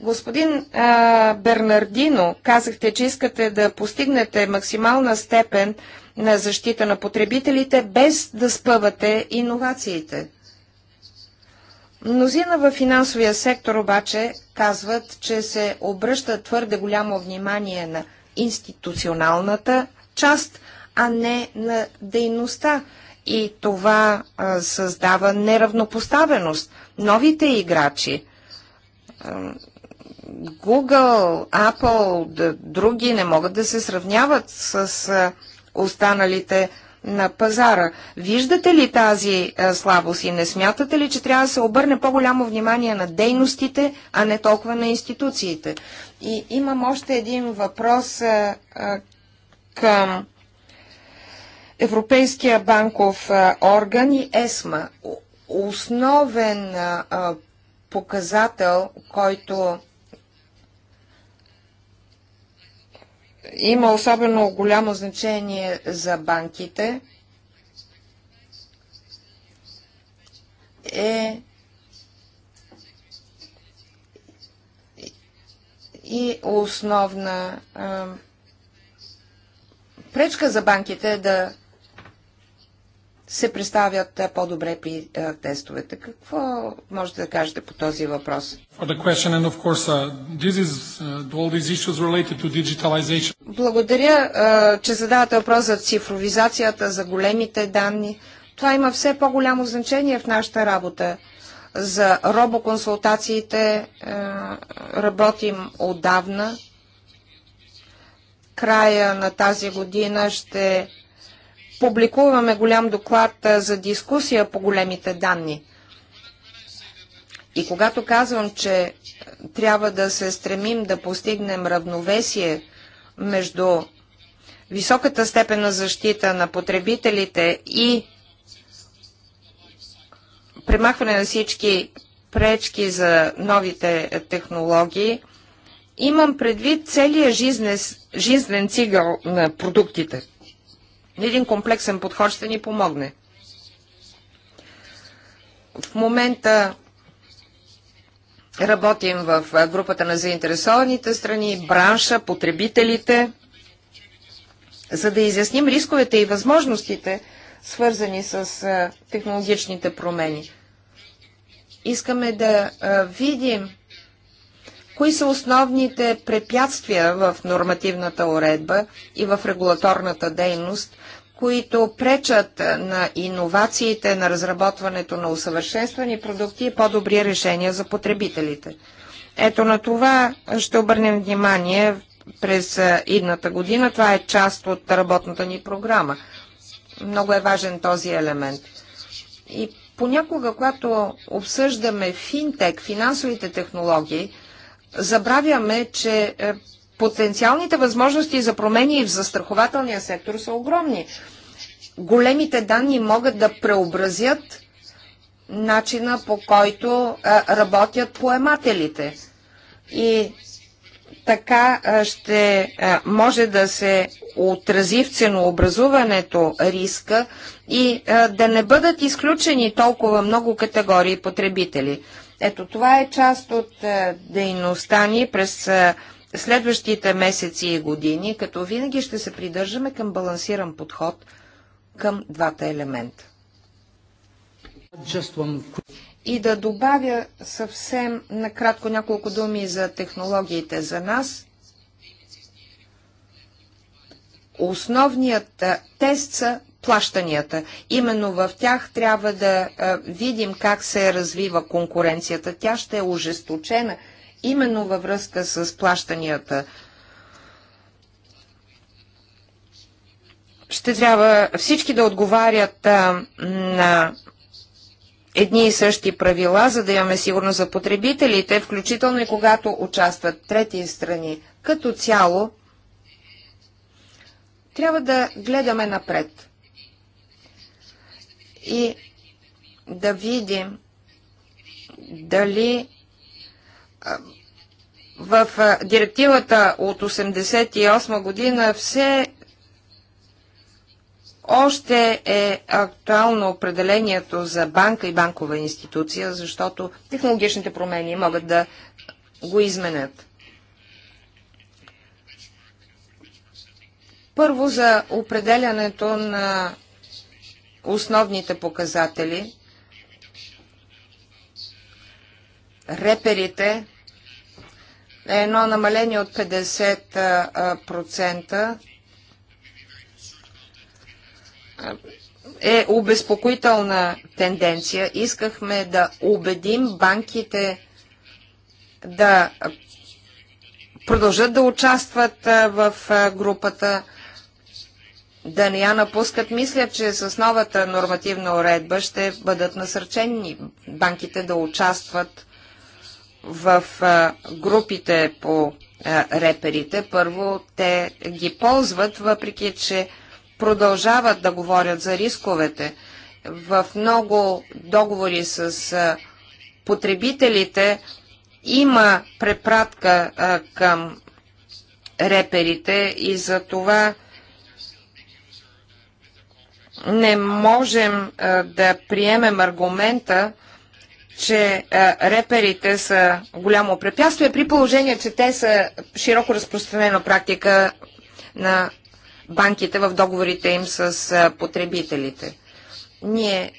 S2: Господин а, Бернардино, казахте, че искате да постигнете максимална степен на защита на потребителите, без да спъвате иновациите. Мнозина в финансовия сектор обаче казват, че се обръща твърде голямо внимание на институционалната част, а не на дейността и това а, създава неравнопоставеност. Новите играчи, а, Google, Apple, други не могат да се сравняват с а, останалите на пазара. Виждате ли тази а, слабост и не смятате ли, че трябва да се обърне по-голямо внимание на дейностите, а не толкова на институциите? И имам още един въпрос а, а, към Европейския банков орган и ЕСМА. Основен показател, който има особено голямо значение за банките, е и основна пречка за банките да се представят по-добре при тестовете. Какво можете да кажете по този въпрос?
S1: Uh, uh,
S2: Благодаря, че задавате въпрос за цифровизацията, за големите данни. Това има все по-голямо значение в нашата работа. За робоконсултациите работим отдавна. Края на тази година ще публикуваме голям доклад за дискусия по големите данни. И когато казвам, че трябва да се стремим да постигнем равновесие между високата степен на защита на потребителите и премахване на всички пречки за новите технологии, имам предвид целия жизнен цигъл на продуктите един комплексен подход ще ни помогне. В момента работим в групата на заинтересованите страни, бранша, потребителите, за да изясним рисковете и възможностите, свързани с технологичните промени. Искаме да видим Кои са основните препятствия в нормативната уредба и в регулаторната дейност, които пречат на иновациите, на разработването на усъвършенствани продукти и по-добри решения за потребителите? Ето на това ще обърнем внимание през идната година. Това е част от работната ни програма. Много е важен този елемент. И понякога, когато обсъждаме финтек, финансовите технологии, забравяме, че е, потенциалните възможности за промени в застрахователния сектор са огромни. Големите данни могат да преобразят начина по който е, работят поемателите. И така е, ще може да се отрази в ценообразуването риска и да не бъдат изключени толкова много категории потребители. Ето това е част от е, дейността ни през е, следващите месеци и години, като винаги ще се придържаме към балансиран подход към двата елемента. И да добавя съвсем накратко няколко думи за технологиите за нас. Основният е, тест са плащанията. Именно в тях трябва да видим как се развива конкуренцията. Тя ще е ожесточена именно във връзка с плащанията. Ще трябва всички да отговарят на едни и същи правила, за да имаме сигурност за потребителите, включително и когато участват трети страни. Като цяло, трябва да гледаме напред и да видим дали в директивата от 1988 година все още е актуално определението за банка и банкова институция, защото технологичните промени могат да го изменят. Първо за определянето на основните показатели, реперите е едно намаление от 50% е обезпокоителна тенденция. Искахме да убедим банките да продължат да участват в групата да не я напускат, мислят, че с новата нормативна уредба ще бъдат насърчени банките да участват в групите по реперите. Първо, те ги ползват, въпреки че продължават да говорят за рисковете. В много договори с потребителите има препратка към реперите и за това не можем да приемем аргумента, че реперите са голямо препятствие, при положение, че те са широко разпространена практика на банките в договорите им с потребителите. Ние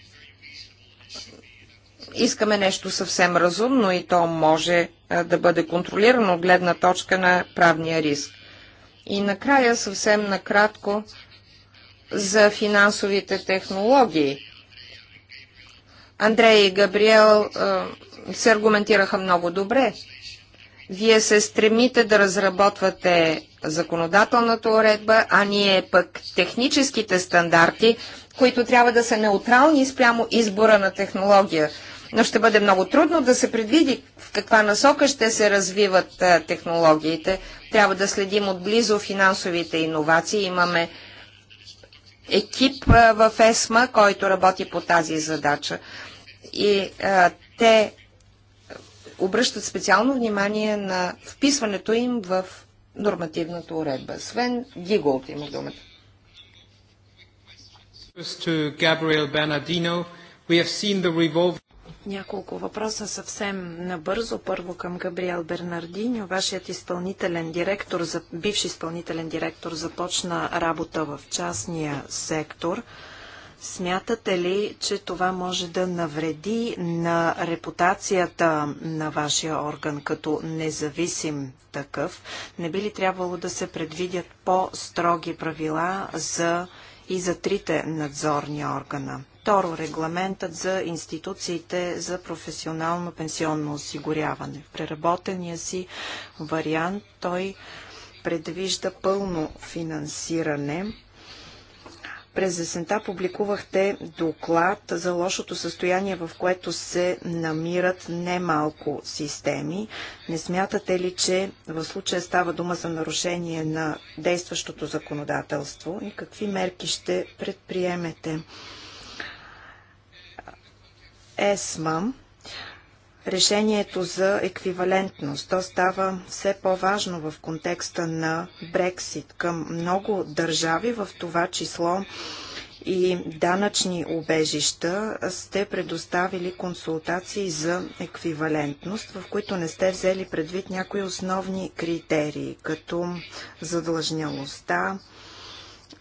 S2: искаме нещо съвсем разумно и то може да бъде контролирано от гледна точка на правния риск. И накрая, съвсем накратко, за финансовите технологии. Андрей и Габриел е, се аргументираха много добре. Вие се стремите да разработвате законодателната уредба, а ние пък техническите стандарти, които трябва да са неутрални спрямо избора на технология. Но ще бъде много трудно да се предвиди в каква насока ще се развиват е, технологиите. Трябва да следим отблизо финансовите иновации. Имаме екип в ЕСМА, който работи по тази задача. И а, те обръщат специално внимание на вписването им в нормативната уредба. Свен Гиголт има думата.
S1: To Gabriel Bernardino, we have seen the
S2: няколко въпроса
S3: съвсем набързо. Първо към Габриел Бернардиньо. Вашият изпълнителен директор, бивш изпълнителен директор, започна работа в частния сектор. Смятате ли, че това може да навреди на репутацията на вашия орган като независим такъв? Не би ли трябвало да се предвидят по-строги правила за и за трите надзорни органа. Второ, регламентът за институциите за професионално пенсионно осигуряване. В преработения си вариант той предвижда пълно финансиране през есента публикувахте доклад за лошото състояние, в което се намират немалко системи. Не смятате ли, че в случая става дума за нарушение на действащото законодателство и какви мерки ще предприемете? ЕСМА решението за еквивалентност. То става все по-важно в контекста на Брексит към много държави, в това число и данъчни обежища сте предоставили консултации за еквивалентност, в които не сте взели предвид някои основни критерии, като задлъжнялостта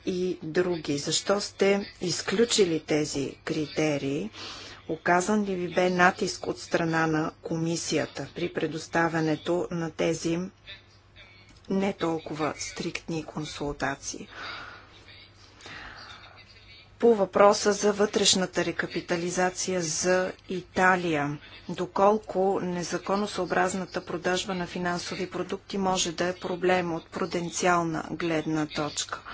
S3: и други. Защо сте изключили тези критерии? Оказан ли ви бе натиск от страна на комисията при предоставянето на тези не толкова стриктни консултации? По въпроса за вътрешната рекапитализация за Италия, доколко незаконосъобразната продажба на финансови продукти може да е проблем от пруденциална гледна точка –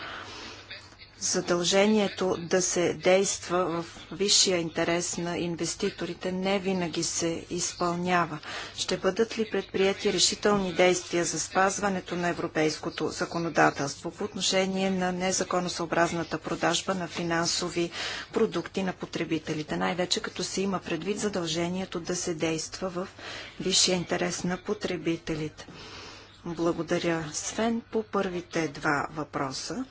S3: задължението да се действа в висшия интерес на инвеститорите не винаги се изпълнява. Ще бъдат ли предприяти решителни действия за спазването на европейското законодателство по отношение на незаконосъобразната продажба на финансови продукти на потребителите, най-вече като се има предвид задължението да се действа в висшия интерес на потребителите? Благодаря, Свен, по първите два въпроса.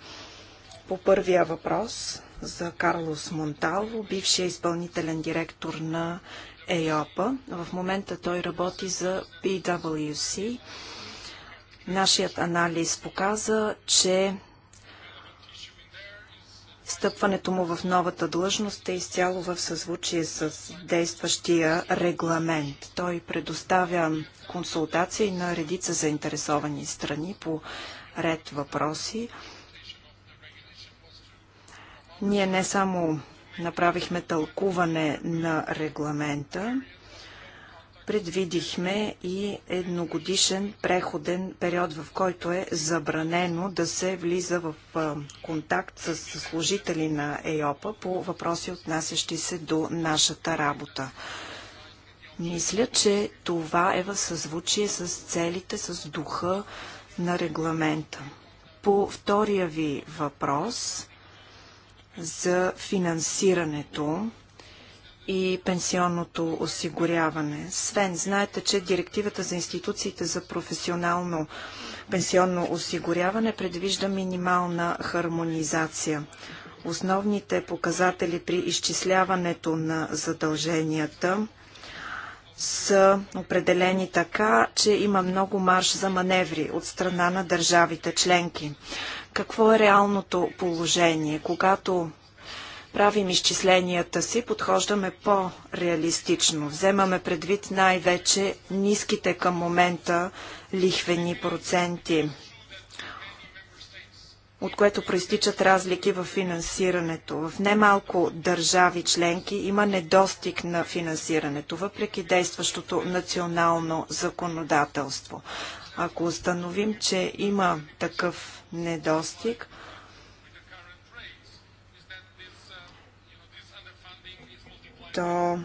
S3: По първия въпрос за Карлос Монталво, бившия изпълнителен директор на ЕОПА. В момента той работи за PWC. Нашият анализ показа, че Стъпването му в новата длъжност е изцяло в съзвучие с действащия регламент. Той предоставя консултации на редица заинтересовани страни по ред въпроси. Ние не само направихме тълкуване на регламента, предвидихме и едногодишен преходен период, в който е забранено да се влиза в контакт с служители на ЕОПА по въпроси, отнасящи се до нашата работа. Мисля, че това е в съзвучие с целите, с духа на регламента. По втория ви въпрос, за финансирането и пенсионното осигуряване. Свен, знаете, че директивата за институциите за професионално пенсионно осигуряване предвижда минимална хармонизация. Основните показатели при изчисляването на задълженията са определени така, че има много марш за маневри от страна на държавите членки. Какво е реалното положение? Когато правим изчисленията си, подхождаме по-реалистично. Вземаме предвид най-вече ниските към момента лихвени проценти, от което проистичат разлики в финансирането. В немалко държави членки има недостиг на финансирането, въпреки действащото национално законодателство. Ако установим, че има такъв недостиг, то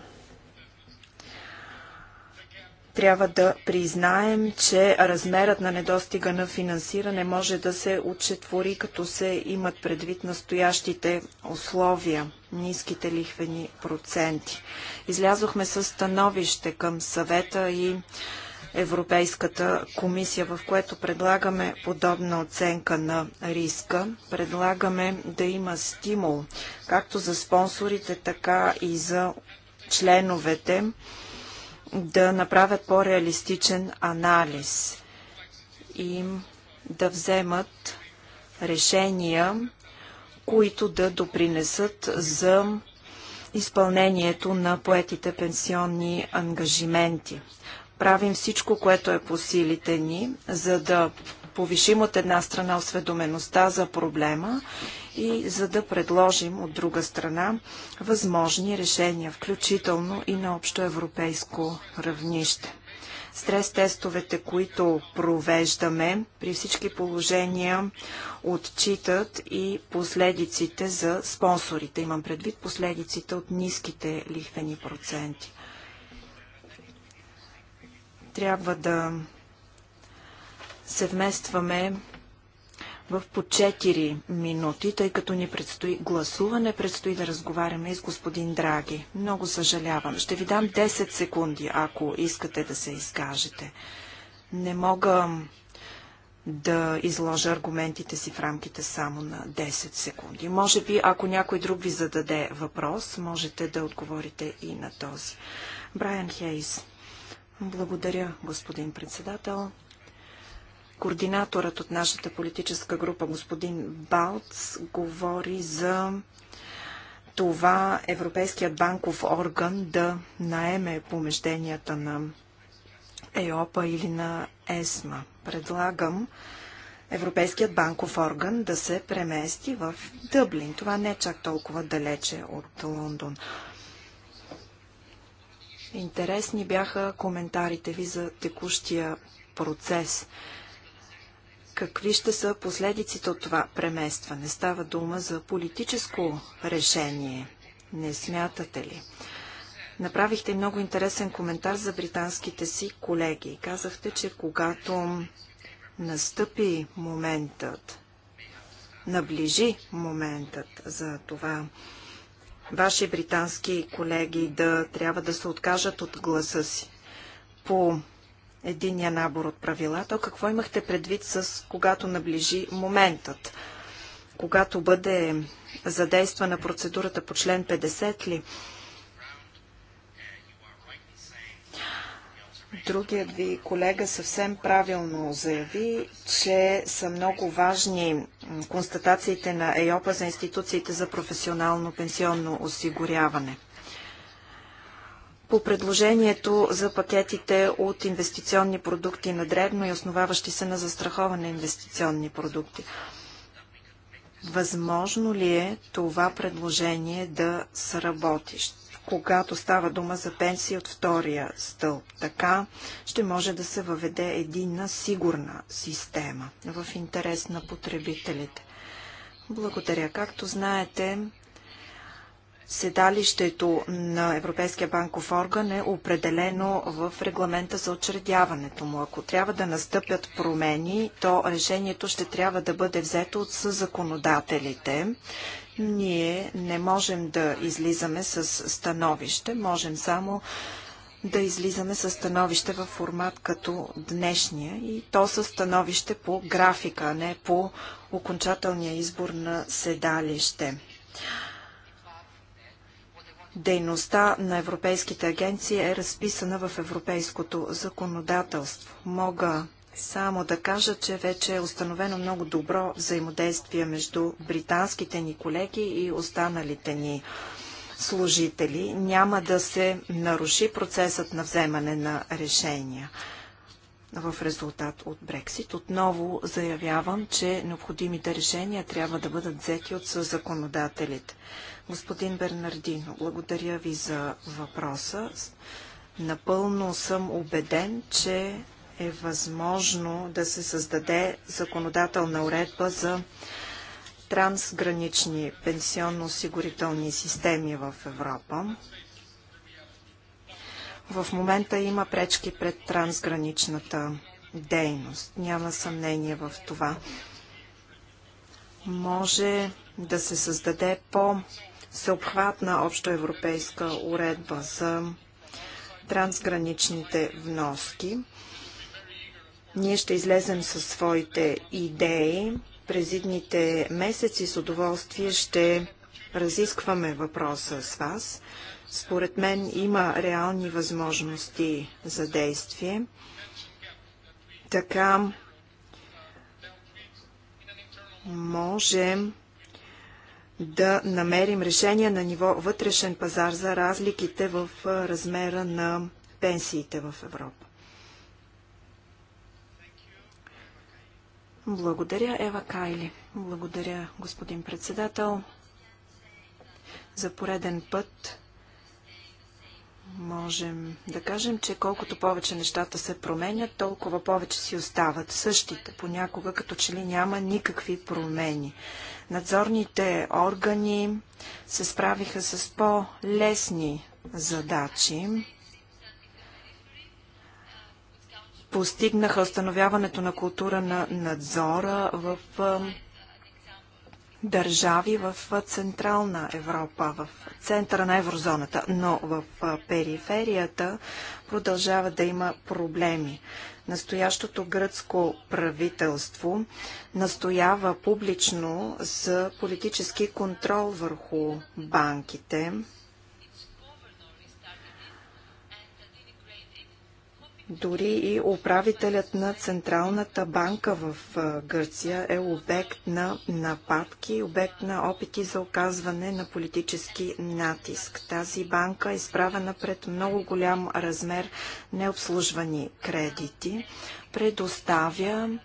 S3: трябва да признаем, че размерът на недостига на финансиране може да се отчетвори, като се имат предвид настоящите условия, ниските лихвени проценти. Излязохме с становище към съвета и Европейската комисия, в което предлагаме подобна оценка на риска. Предлагаме да има стимул както за спонсорите, така и за членовете да направят по-реалистичен анализ и да вземат решения, които да допринесат за изпълнението на поетите пенсионни ангажименти правим всичко, което е по силите ни, за да повишим от една страна осведомеността за проблема и за да предложим от друга страна възможни решения, включително и на общо европейско равнище. Стрес-тестовете, които провеждаме, при всички положения отчитат и последиците за спонсорите. Имам предвид последиците от ниските лихвени проценти трябва да се вместваме в по 4 минути, тъй като ни предстои гласуване, предстои да разговаряме и с господин Драги. Много съжалявам. Ще ви дам 10 секунди, ако искате да се изкажете. Не мога да изложа аргументите си в рамките само на 10 секунди. Може би, ако някой друг ви зададе въпрос, можете да отговорите и на този. Брайан Хейс. Благодаря, господин председател. Координаторът от нашата политическа група, господин Балц, говори за това Европейският банков орган да наеме помещенията на ЕОПА или на ЕСМА. Предлагам Европейският банков орган да се премести в Дъблин. Това не е чак толкова далече от Лондон. Интересни бяха коментарите ви за текущия процес. Какви ще са последиците от това преместване? Става дума за политическо решение. Не смятате ли? Направихте много интересен коментар за британските си колеги. Казахте, че когато настъпи моментът, наближи моментът за това ваши британски колеги да трябва да се откажат от гласа си по единия набор от правила, то какво имахте предвид с когато наближи моментът? Когато бъде задействана процедурата по член 50 ли? Другият ви колега съвсем правилно заяви, че са много важни констатациите на ЕОПа за институциите за професионално пенсионно осигуряване. По предложението за пакетите от инвестиционни продукти на дребно и основаващи се на застраховане инвестиционни продукти. Възможно ли е това предложение да сработи? когато става дума за пенсии от втория стълб. Така ще може да се въведе единна сигурна система в интерес на потребителите. Благодаря. Както знаете, Седалището на Европейския банков орган е определено в регламента за очредяването му. Ако трябва да настъпят промени, то решението ще трябва да бъде взето от законодателите. Ние не можем да излизаме с становище, можем само да излизаме със становище в формат като днешния и то със становище по графика, а не по окончателния избор на седалище. Дейността на европейските агенции е разписана в европейското законодателство. Мога само да кажа, че вече е установено много добро взаимодействие между британските ни колеги и останалите ни служители. Няма да се наруши процесът на вземане на решения в резултат от Брексит. Отново заявявам, че необходимите решения трябва да бъдат взети от законодателите. Господин Бернардино, благодаря ви за въпроса. Напълно съм убеден, че е възможно да се създаде законодателна уредба за трансгранични пенсионно-осигурителни системи в Европа. В момента има пречки пред трансграничната дейност. Няма съмнение в това. Може да се създаде по съобхватна общоевропейска уредба за трансграничните вноски. Ние ще излезем със своите идеи. През идните месеци с удоволствие ще разискваме въпроса с вас. Според мен има реални възможности за действие. Така можем да намерим решение на ниво вътрешен пазар за разликите в размера на пенсиите в Европа. Благодаря, Ева Кайли. Благодаря, господин председател. За пореден път можем да кажем, че колкото повече нещата се променят, толкова повече си остават същите. Понякога като че ли няма никакви промени. Надзорните органи се справиха с по-лесни задачи. постигнаха установяването на култура на надзора в държави в Централна Европа, в центъра на еврозоната, но в периферията продължава да има проблеми. Настоящото гръцко правителство настоява публично за политически контрол върху банките. Дори и управителят на Централната банка в Гърция е обект на нападки, обект на опити за оказване на политически натиск. Тази банка е изправена пред много голям размер необслужвани кредити, предоставя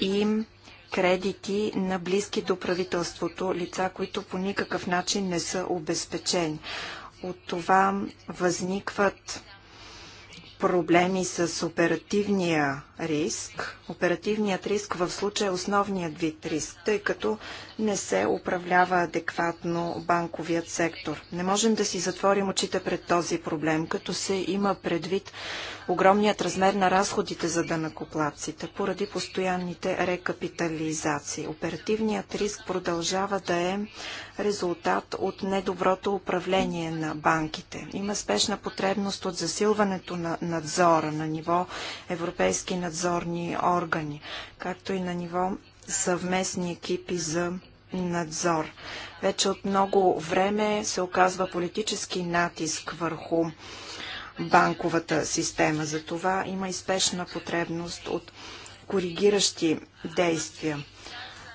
S3: им кредити на близки до правителството лица, които по никакъв начин не са обезпечени. От това възникват проблеми с оперативния риск. Оперативният риск в случая е основният вид риск, тъй като не се управлява адекватно банковият сектор. Не можем да си затворим очите пред този проблем, като се има предвид огромният размер на разходите за данакоплаците поради постоянните рекапитализации. Оперативният риск продължава да е резултат от недоброто управление на банките. Има спешна потребност от засилването на надзора на ниво Европейски надзор надзорни органи, както и на ниво съвместни екипи за надзор. Вече от много време се оказва политически натиск върху банковата система. За това има и спешна потребност от коригиращи действия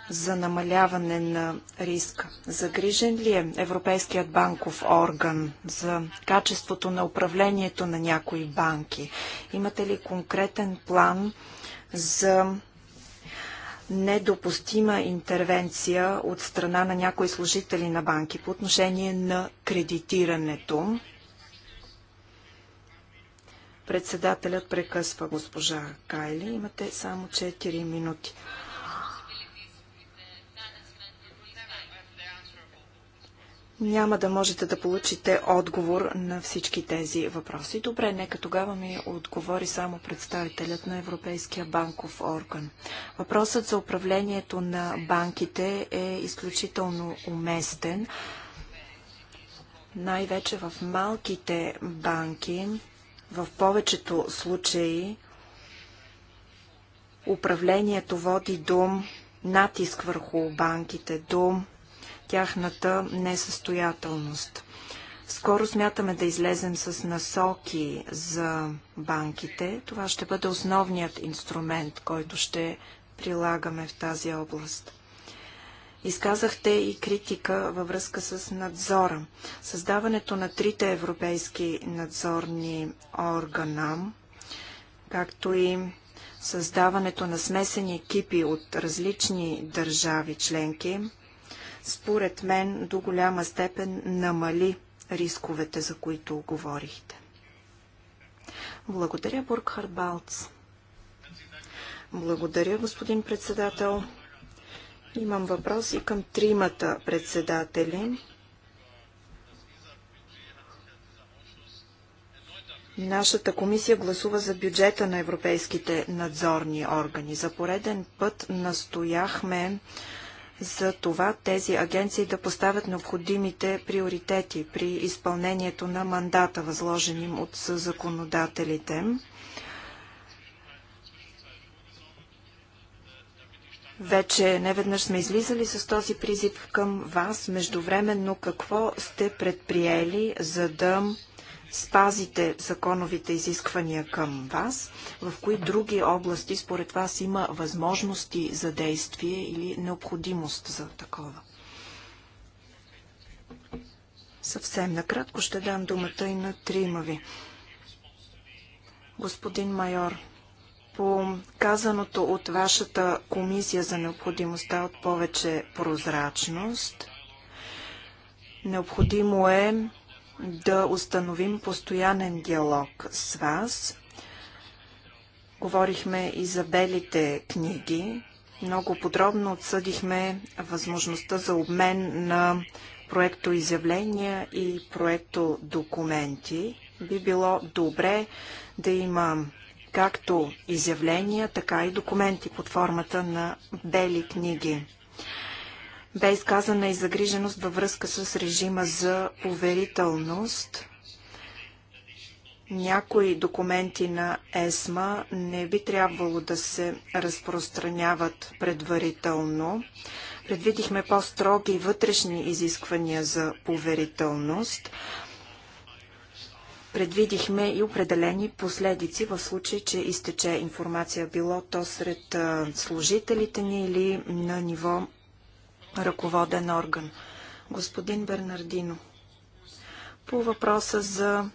S3: за намаляване на риска? Загрижен ли е Европейският банков орган за качеството на управлението на някои банки? Имате ли конкретен план за недопустима интервенция от страна на някои служители на банки по отношение на кредитирането? Председателят прекъсва госпожа Кайли. Имате само 4 минути. няма да можете да получите отговор на всички тези въпроси. Добре, нека тогава ми отговори само представителят на Европейския банков орган. Въпросът за управлението на банките е изключително уместен. Най-вече в малките банки, в повечето случаи, управлението води до натиск върху банките, до тяхната несъстоятелност. Скоро смятаме да излезем с насоки за банките. Това ще бъде основният инструмент, който ще прилагаме в тази област. Изказахте и критика във връзка с надзора. Създаването на трите европейски надзорни органа, както и създаването на смесени екипи от различни държави членки, според мен до голяма степен намали рисковете, за които говорихте. Благодаря, Бургхард Балц. Благодаря, господин председател. Имам въпроси към тримата председатели. Нашата комисия гласува за бюджета на европейските надзорни органи. За пореден път настояхме за това тези агенции да поставят необходимите приоритети при изпълнението на мандата, възложен им от законодателите. Вече неведнъж сме излизали с този призив към вас. Междувременно какво сте предприели, за да спазите законовите изисквания към вас? В кои други области според вас има възможности за действие или необходимост за такова? Съвсем накратко ще дам думата и на трима ви. Господин майор, по казаното от вашата комисия за необходимостта от повече прозрачност, необходимо е да установим постоянен диалог с вас. Говорихме и за белите книги. Много подробно отсъдихме възможността за обмен на проекто изявления и проекто документи. Би било добре да има както изявления, така и документи под формата на бели книги. Бе изказана и загриженост във връзка с режима за поверителност. Някои документи на ЕСМА не би трябвало да се разпространяват предварително. Предвидихме по-строги вътрешни изисквания за поверителност. Предвидихме и определени последици в случай, че изтече информация било то сред служителите ни или на ниво ръководен орган. Господин Бернардино, по въпроса за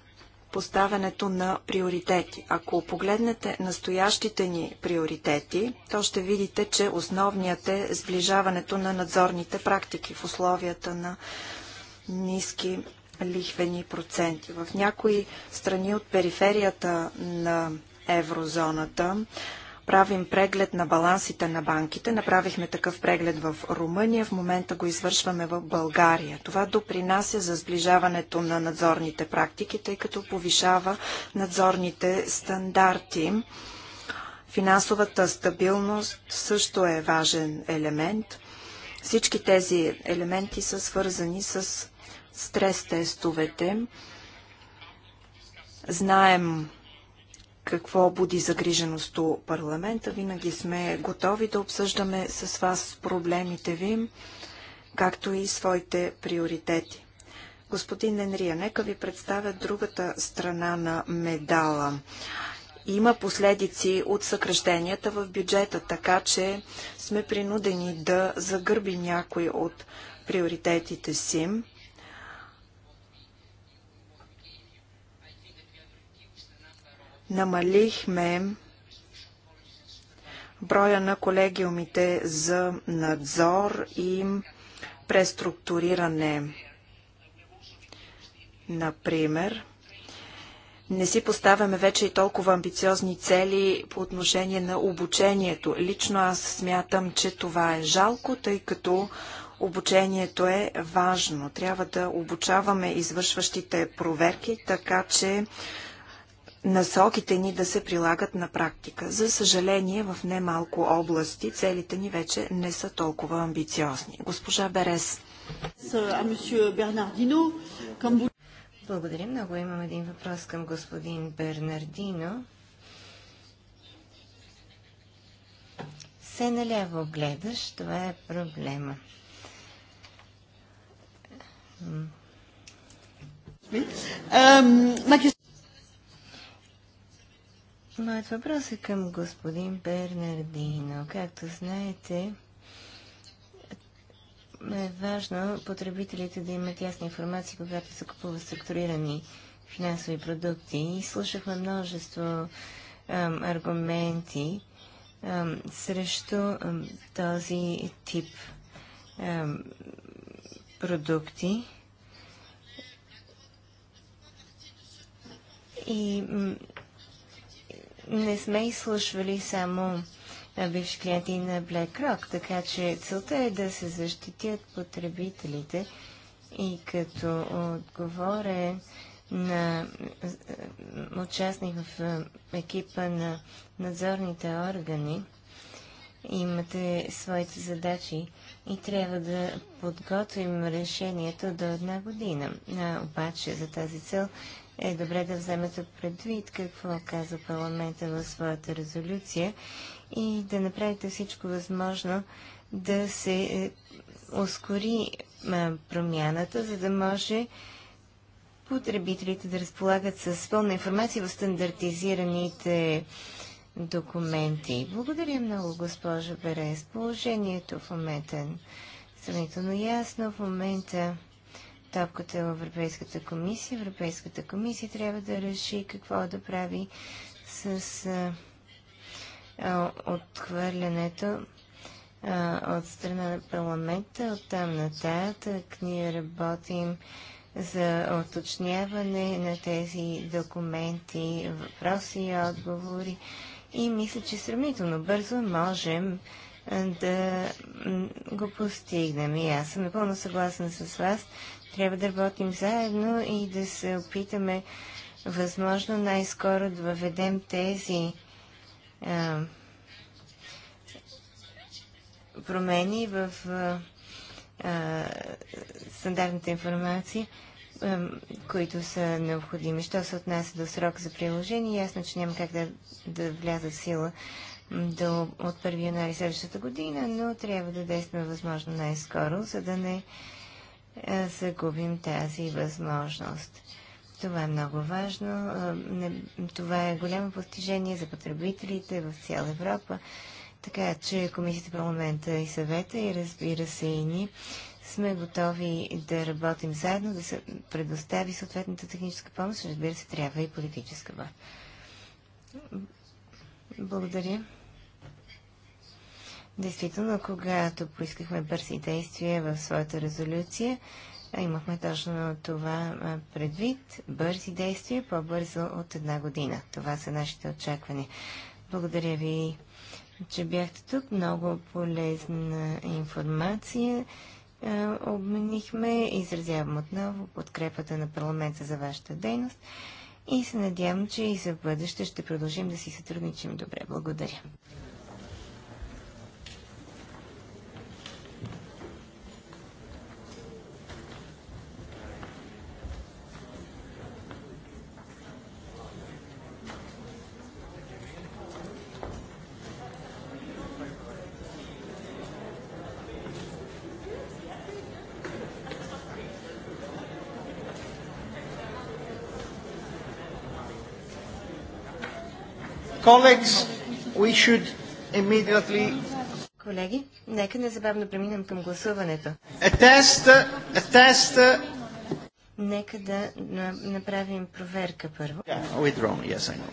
S3: поставянето на приоритети. Ако погледнете настоящите ни приоритети, то ще видите, че основният е сближаването на надзорните практики в условията на ниски лихвени проценти. В някои страни от периферията на еврозоната направим преглед на балансите на банките. Направихме такъв преглед в Румъния, в момента го извършваме в България. Това допринася за сближаването на надзорните практики, тъй като повишава надзорните стандарти. Финансовата стабилност също е важен елемент. Всички тези елементи са свързани с стрес-тестовете. Знаем какво буди загриженост у парламента. Винаги сме готови да обсъждаме с вас проблемите ви, както и своите приоритети. Господин Енрия, нека ви представя другата страна на медала. Има последици от съкръщенията в бюджета, така че сме принудени да загърбим някои от приоритетите си. Намалихме броя на колегиумите за надзор и преструктуриране. Например, не си поставяме вече и толкова амбициозни цели по отношение на обучението. Лично аз смятам, че това е жалко, тъй като обучението е важно. Трябва да обучаваме извършващите проверки, така че насоките ни да се прилагат на практика. За съжаление, в немалко области целите ни вече не са
S4: толкова амбициозни. Госпожа Берес. Uh, Благодаря много. Имам един въпрос към господин Бернардино. Се налево гледаш, това е проблема. Euh, Моят въпрос е към господин Бернардино. Както знаете, е важно потребителите да имат ясна информация, когато се купуват структурирани финансови продукти. И слушахме множество ам, аргументи ам, срещу ам, този тип ам, продукти. И не сме изслушвали само бивши клиенти на BlackRock, така че целта е да се защитят потребителите и като отговоре на участник в екипа на надзорните органи, имате своите задачи и трябва да подготвим решението до една година. А, обаче за тази цел е добре да вземете предвид какво каза парламента в своята резолюция и да направите всичко възможно да се е, ускори промяната, за да може потребителите да разполагат с пълна информация в стандартизираните документи. Благодаря много, госпожа Берес. Положението в момента е сравнително ясно. В момента топката е Европейската комисия. Европейската комисия трябва да реши какво да прави с а, а, отхвърлянето а, от страна на парламента, от там нататък. Ние работим за оточняване на тези документи, въпроси и отговори. И мисля, че сравнително бързо можем да го постигнем. И аз съм напълно съгласна с вас, трябва да работим заедно и да се опитаме възможно най-скоро да въведем тези а, промени в а, а, стандартната информация, а, които са необходими. Що се отнася до срок за приложение, ясно, че няма как да, да вляза в сила до, от 1 януари следващата година, но трябва да действаме възможно най-скоро, за да не е, загубим тази възможност. Това е много важно. Е, това е голямо постижение за потребителите в цяла Европа. Така че Комисията, парламента и съвета и разбира се и ние сме готови да работим заедно, да се предостави съответната техническа помощ. Разбира се, трябва и политическа Благодаря. Действително, когато поискахме бързи действия в своята резолюция, имахме точно това предвид. Бързи действия, по-бързо от една година. Това са нашите очаквания. Благодаря ви, че бяхте тук. Много полезна информация обменихме. Изразявам отново подкрепата на парламента за вашата дейност и се надявам, че и за бъдеще ще продължим да си сътрудничим добре. Благодаря.
S1: Colleagues, we should immediately...
S4: Колеги, нека незабавно преминем към гласуването. A test, a test. Нека да направим проверка първо. Yeah,
S1: withdrawn, yes, I know.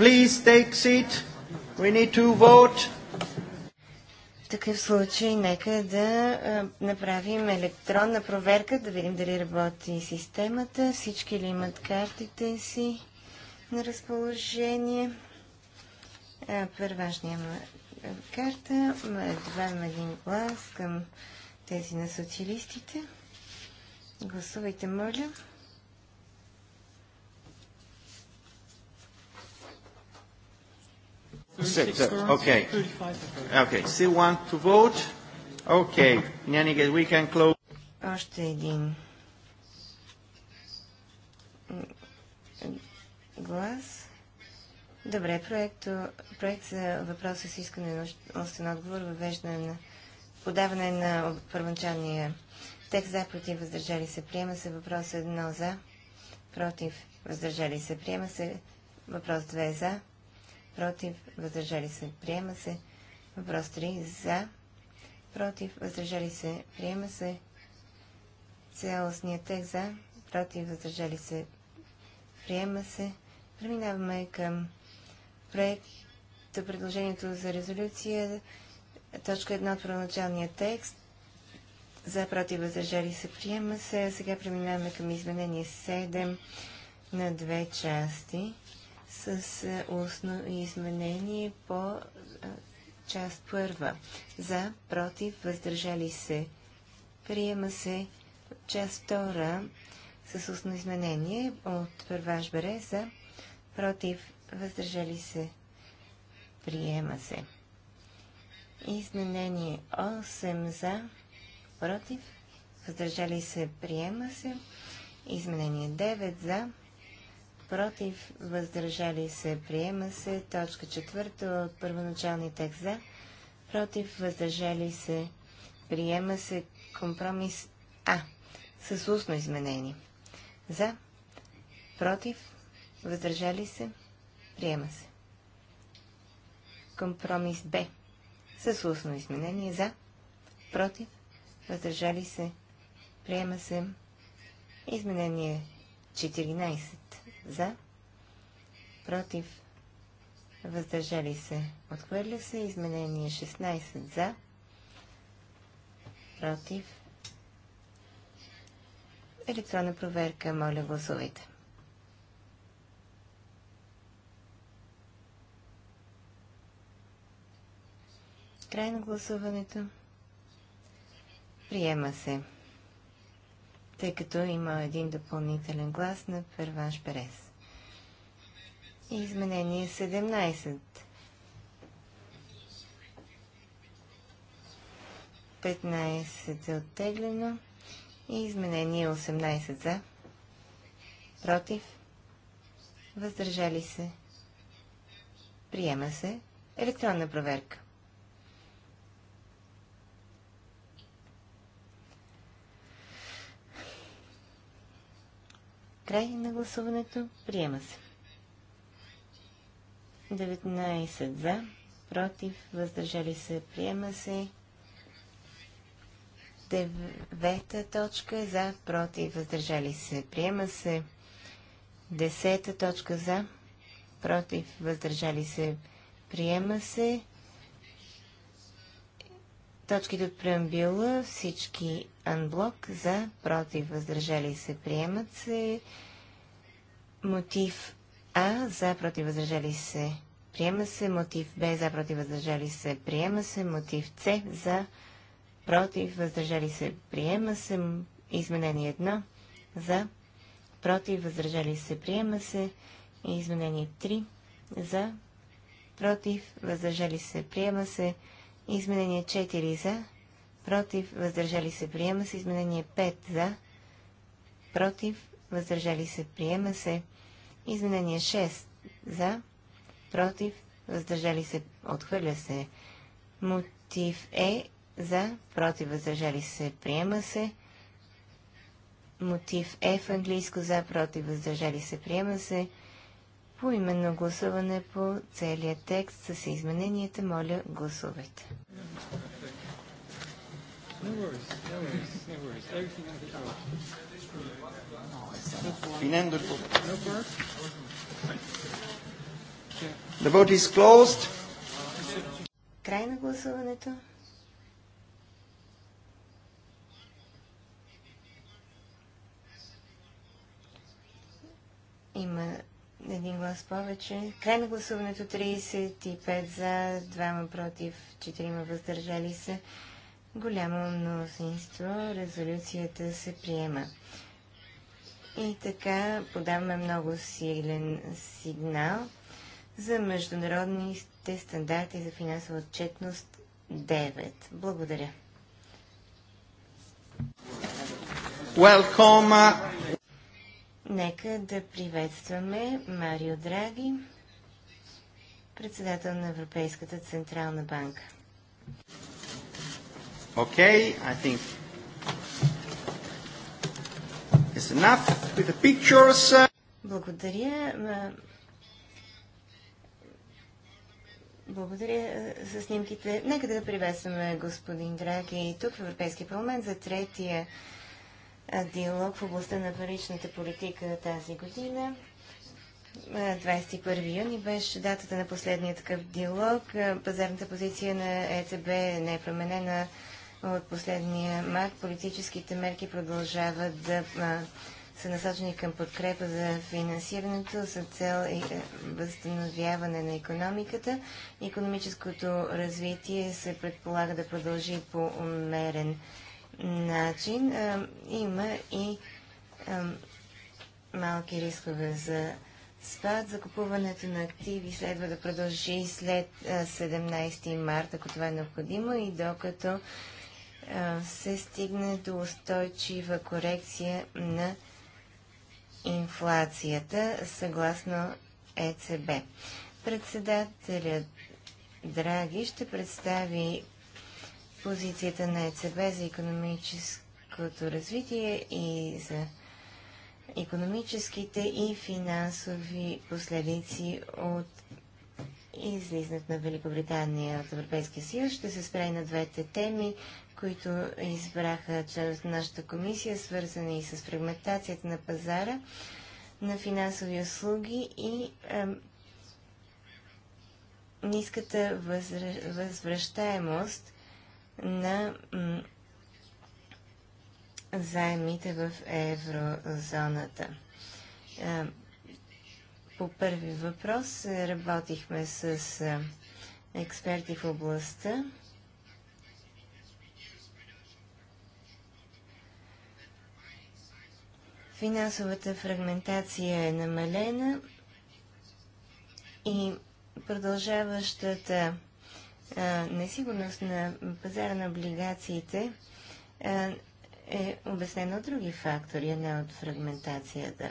S4: Please take seat. We need to vote такъв случай нека да направим електронна проверка, да видим дали работи системата, всички ли имат картите си на разположение. Първаш няма карта. има един глас към тези на социалистите. Гласувайте, моля. okay. Okay. Still want to vote? Okay. In any case, we can close. Още един глас. Добре, проект, проект за въпрос с искане на устен отговор, въвеждане на подаване на първоначалния текст за, против, въздържали се, приема се. Въпрос едно за, против, въздържали се, приема се. Въпрос две за, против, въздържали се, приема се. Въпрос 3 за, против, въздържали се, приема се. Цялостният текст за, против, въздържали се, приема се. Преминаваме към проекта предложението за резолюция. Точка 1 от първоначалния текст. За, против, въздържали се, приема се. Сега преминаваме към изменение 7 на две части с е, устно изменение по е, част първа. За, против, въздържали се. Приема се част втора с устно изменение от Първаш Бере за, против, въздържали се. Приема се. Изменение 8 за, против, въздържали се. Приема се. Изменение 9 за, против, въздържали се, приема се. Точка четвърта от първоначалния текст за, против, въздържали се, приема се. Компромис А с устно изменение. За, против, въздържали се, приема се. Компромис Б с устно изменение. За, против, въздържали се, приема се. Изменение 14 за. Против. Въздържали се. Отхвърля се. Изменение 16. За. Против. Електронна проверка. Моля, гласувайте. Край на гласуването. Приема се тъй като има един допълнителен глас на Перванш Перес. изменение 17. 15 е оттеглено и изменение 18 за. Против. Въздържали се. Приема се. Електронна проверка. Край на гласуването. Приема се. 19 за, против, въздържали се, приема се. Девета точка за, против, въздържали се, приема се. Десета точка за, против, въздържали се, приема се. Точките от преамбила. всички анблок за, против, въздържали се, приемат се. Мотив А за, против, въздържали се, приема се. Мотив Б за, против, въздържали се, приема се. Мотив С за, против, въздържали се, приема се. Изменение 1 за, против, въздържали се, приема се. Изменение 3 за, против, въздържали се, приема се. Изменение 4 за, против, въздържали се, приема се. Изменение 5 за, против, въздържали се, приема се. Изменение 6 за, против, въздържали се, отхвърля се. Мотив е за, против, въздържали се, приема се. Мотив е в английско за, против, въздържали се, приема се. По именно гласуване по целия текст с измененията, моля, гласувайте. Finendo
S1: il voto. The vote is closed.
S4: Край на гласуването. Има един глас повече. Край на гласуването 35 за, 2 против, 4 въздържали се голямо мнозинство резолюцията се приема. И така подаваме много силен сигнал за международните стандарти за финансова отчетност 9. Благодаря. Welcome. Uh, Нека да приветстваме Марио Драги, председател на Европейската централна банка.
S1: Okay, I think
S4: it's enough with the pictures. Uh. Благодаря. Благодаря е, за снимките. Нека да приветстваме господин Драги тук в Европейския парламент за третия е, диалог в областта на паричната политика тази година. 21 е, юни беше датата на последния такъв диалог. Пазарната позиция на ЕЦБ не е променена от последния март политическите мерки продължават да а, са насочени към подкрепа за финансирането с цел е, е, възстановяване на економиката. Економическото развитие се предполага да продължи по умерен начин. А, има и а, малки рискове за спад. Закупуването на активи следва да продължи след 17 марта, ако това е необходимо и докато се стигне до устойчива корекция на инфлацията, съгласно ЕЦБ. Председателят Драги ще представи позицията на ЕЦБ за економическото развитие и за економическите и финансови последици от излизат на Великобритания от Европейския съюз. Ще се спре на двете теми, които избраха членовете на нашата комисия, свързани с фрагментацията на пазара на финансови услуги и е, ниската възвръщаемост на заемите в еврозоната. Е, по първи въпрос е, работихме с е, експерти в областта. Финансовата фрагментация е намалена и продължаващата е, несигурност на пазара на облигациите е обяснена от други фактори, а не от фрагментацията.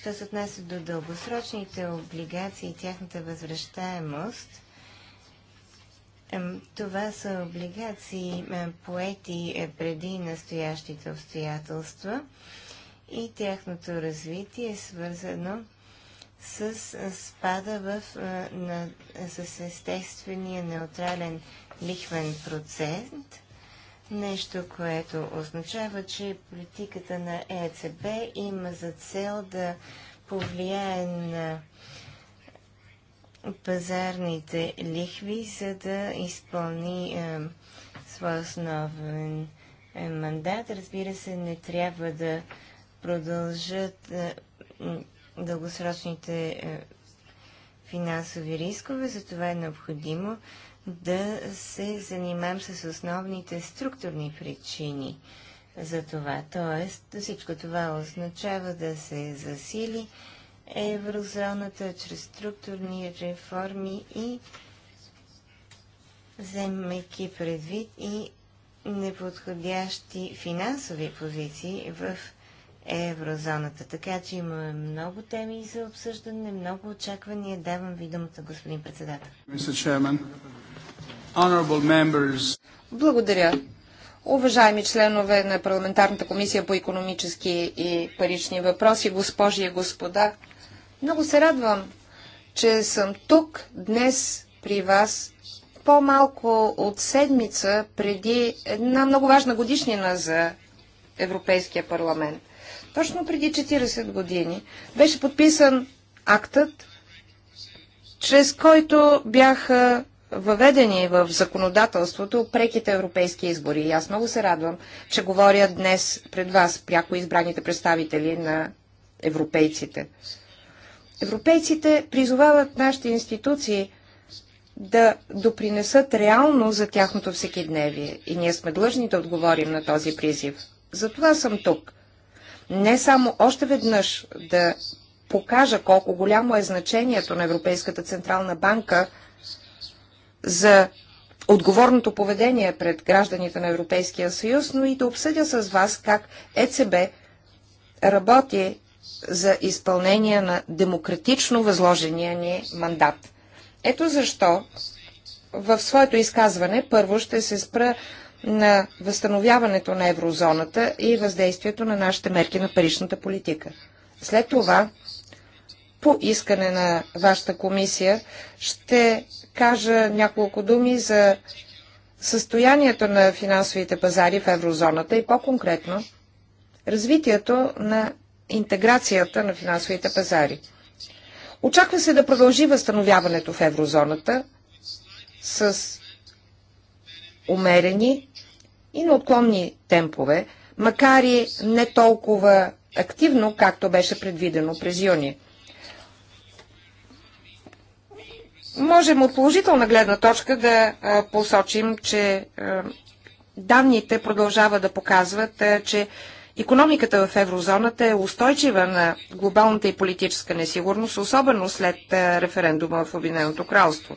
S4: Що се отнася до дългосрочните облигации и тяхната възвръщаемост, това са облигации поети е, преди настоящите обстоятелства и тяхното развитие е свързано с е, спада в, е, на, с естествения неутрален лихвен процент Нещо, което означава, че политиката на ЕЦБ има за цел да повлияе на пазарните лихви, за да изпълни е, своя основен е, мандат. Разбира се, не трябва да продължат е, дългосрочните е, финансови рискове, за това е необходимо да се занимавам с основните структурни причини за това. Тоест, всичко това означава да се засили еврозоната чрез структурни реформи и вземайки предвид и неподходящи финансови позиции в еврозоната. Така че имаме много теми за обсъждане, много очаквания. Давам ви думата, господин председател. Благодаря. Уважаеми членове на
S2: Парламентарната комисия по економически и парични въпроси, госпожи и господа, много се радвам, че съм тук днес при вас по-малко от седмица преди една много важна годишнина за Европейския парламент. Точно преди 40 години беше подписан актът, чрез който бяха въведени в законодателството преките европейски избори. И аз много се радвам, че говоря днес пред вас, пряко избраните представители на европейците. Европейците призовават нашите институции да допринесат реално за тяхното всекидневие. И ние сме длъжни да отговорим на този призив. Затова съм тук. Не само още веднъж да покажа колко голямо е значението на Европейската Централна банка – за отговорното поведение пред гражданите на Европейския съюз, но и да обсъдя с вас как ЕЦБ работи за изпълнение на демократично възложения ни мандат. Ето защо в своето изказване първо ще се спра на възстановяването на еврозоната и въздействието на нашите мерки на паричната политика. След това, по искане на вашата комисия, ще кажа няколко думи за състоянието на финансовите пазари в еврозоната и по-конкретно развитието на интеграцията на финансовите пазари. Очаква се да продължи възстановяването в еврозоната с умерени и неотклонни темпове, макар и не толкова активно, както беше предвидено през юни. можем от положителна гледна точка да посочим, че данните продължават да показват, че економиката в еврозоната е устойчива на глобалната и политическа несигурност, особено след референдума в Обединеното кралство.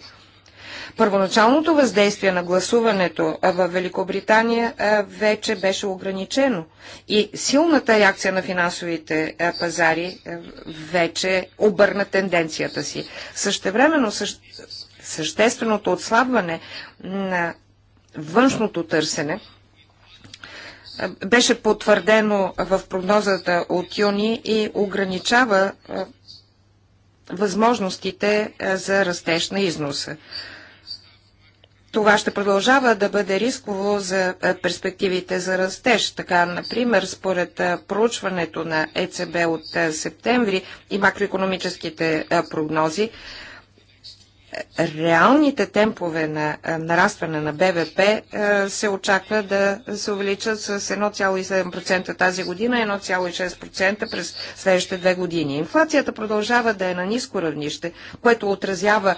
S2: Първоначалното въздействие на гласуването в Великобритания вече беше ограничено и силната реакция на финансовите пазари вече обърна тенденцията си. Същевременно съще... същественото отслабване на външното търсене беше потвърдено в прогнозата от юни и ограничава възможностите за растеж на износа това ще продължава да бъде рисково за перспективите за растеж. Така, например, според проучването на ЕЦБ от септември и макроекономическите прогнози, реалните темпове на нарастване на БВП се очаква да се увеличат с 1,7% тази година, 1,6% през следващите две години. Инфлацията продължава да е на ниско равнище, което отразява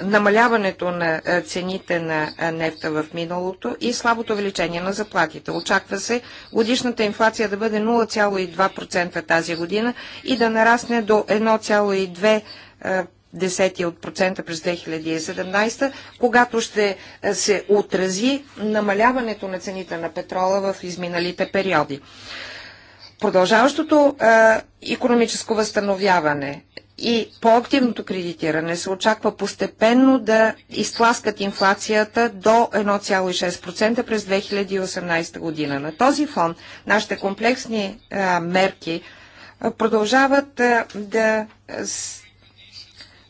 S2: намаляването на цените на нефта в миналото и слабото увеличение на заплатите. Очаква се годишната инфлация да бъде 0,2% тази година и да нарасне до 1,2% десети от процента през 2017, когато ще се отрази намаляването на цените на петрола в изминалите периоди. Продължаващото економическо възстановяване и по-активното кредитиране се очаква постепенно да изтласкат инфлацията до 1,6% през 2018 година. На този фон нашите комплексни а, мерки а, продължават а, да, с,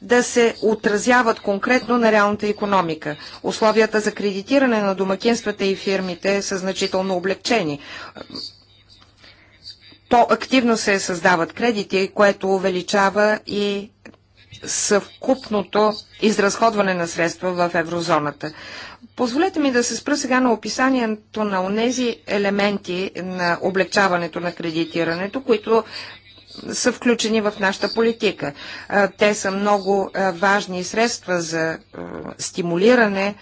S2: да се отразяват конкретно на реалната економика. Условията за кредитиране на домакинствата и фирмите са значително облегчени. То активно се създават кредити, което увеличава и съвкупното изразходване на средства в еврозоната. Позволете ми да се спра сега на описанието на онези елементи на облегчаването на кредитирането, които са включени в нашата политика. Те са много важни средства за стимулиране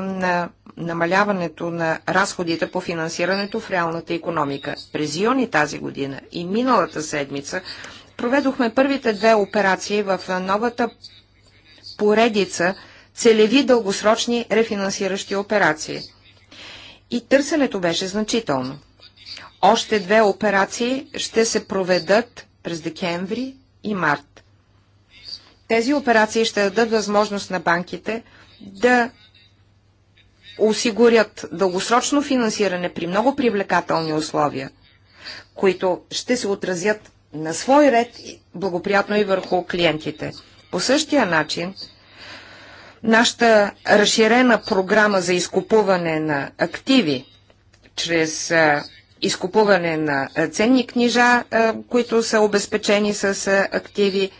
S2: на намаляването на разходите по финансирането в реалната економика. През юни тази година и миналата седмица проведохме първите две операции в новата поредица целеви дългосрочни рефинансиращи операции. И търсенето беше значително. Още две операции ще се проведат през декември и март. Тези операции ще дадат възможност на банките да осигурят дългосрочно финансиране при много привлекателни условия, които ще се отразят на свой ред благоприятно и върху клиентите. По същия начин, нашата разширена програма за изкупуване на активи чрез изкупуване на ценни книжа, които са обезпечени с активи,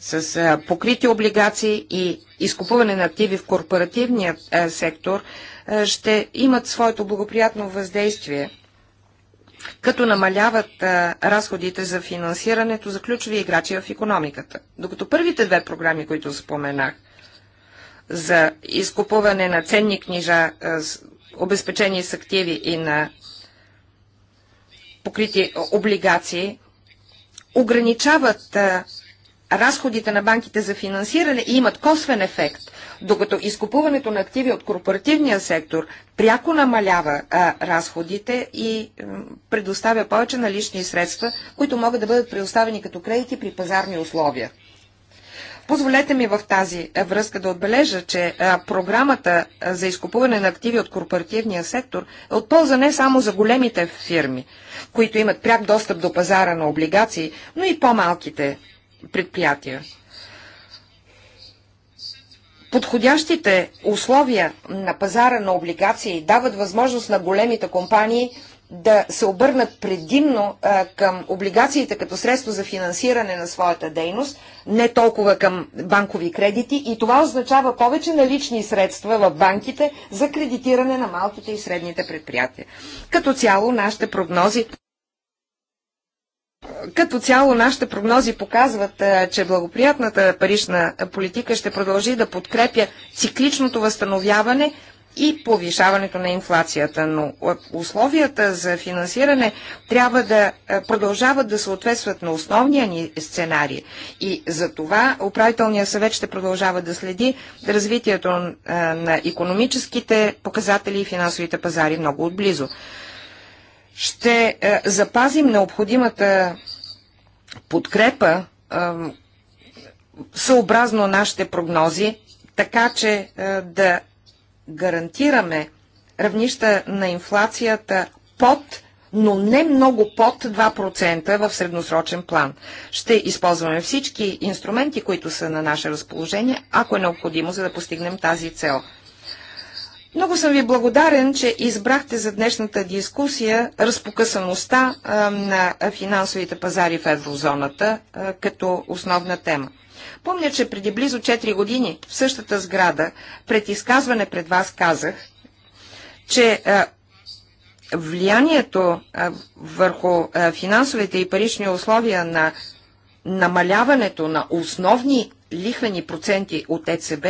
S2: с покрити облигации и изкупуване на активи в корпоративния сектор – е, ще имат своето благоприятно въздействие, като намаляват е, разходите за финансирането за ключови играчи в економиката. Докато първите две програми, които споменах, за изкупуване на ценни книжа, е, обезпечени с активи и на покрити облигации, ограничават разходите на банките за финансиране и имат косвен ефект докато изкупуването на активи от корпоративния сектор пряко намалява а, разходите и м, предоставя повече налични средства, които могат да бъдат предоставени като кредити при пазарни условия. Позволете ми в тази връзка да отбележа, че а, програмата за изкупуване на активи от корпоративния сектор е от полза не само за големите фирми, които имат пряк достъп до пазара на облигации, но и по-малките предприятия. Подходящите условия на пазара на облигации дават възможност на големите компании да се обърнат предимно а, към облигациите като средство за финансиране на своята дейност, не толкова към банкови кредити и това означава повече налични средства в банките за кредитиране на малките и средните предприятия. Като цяло нашите прогнози като цяло нашите прогнози показват, че благоприятната парична политика ще продължи да подкрепя цикличното възстановяване и повишаването на инфлацията, но условията за финансиране трябва да продължават да съответстват на основния ни сценарий. И за това управителният съвет ще продължава да следи развитието на економическите показатели и финансовите пазари много отблизо ще е, запазим необходимата подкрепа е, съобразно нашите прогнози, така че е, да гарантираме равнища на инфлацията под но не много под 2% в средносрочен план. Ще използваме всички инструменти, които са на наше разположение, ако е необходимо, за да постигнем тази цел. Много съм ви благодарен, че избрахте за днешната дискусия разпокъсаността на финансовите пазари в еврозоната като основна тема. Помня, че преди близо 4 години в същата сграда пред изказване пред вас казах, че влиянието върху финансовите и парични условия на намаляването на основни лихвени проценти от ЕЦБ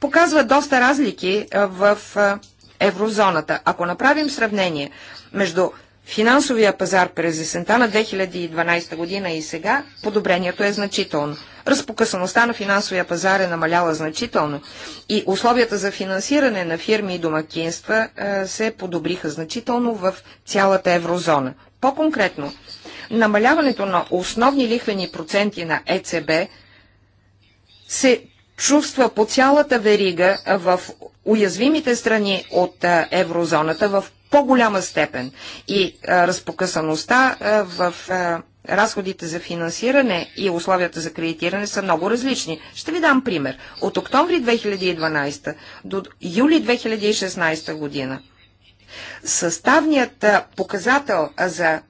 S2: показва доста разлики в еврозоната. Ако направим сравнение между финансовия пазар през есента на 2012 година и сега, подобрението е значително. Разпокъсаността на финансовия пазар е намаляла значително и условията за финансиране на фирми и домакинства се подобриха значително в цялата еврозона. По-конкретно, намаляването на основни лихвени проценти на ЕЦБ се чувства по цялата верига в уязвимите страни от еврозоната в по-голяма степен. И разпокъсаността в разходите за финансиране и условията за кредитиране са много различни. Ще ви дам пример. От октомври 2012 до юли 2016 година съставният показател за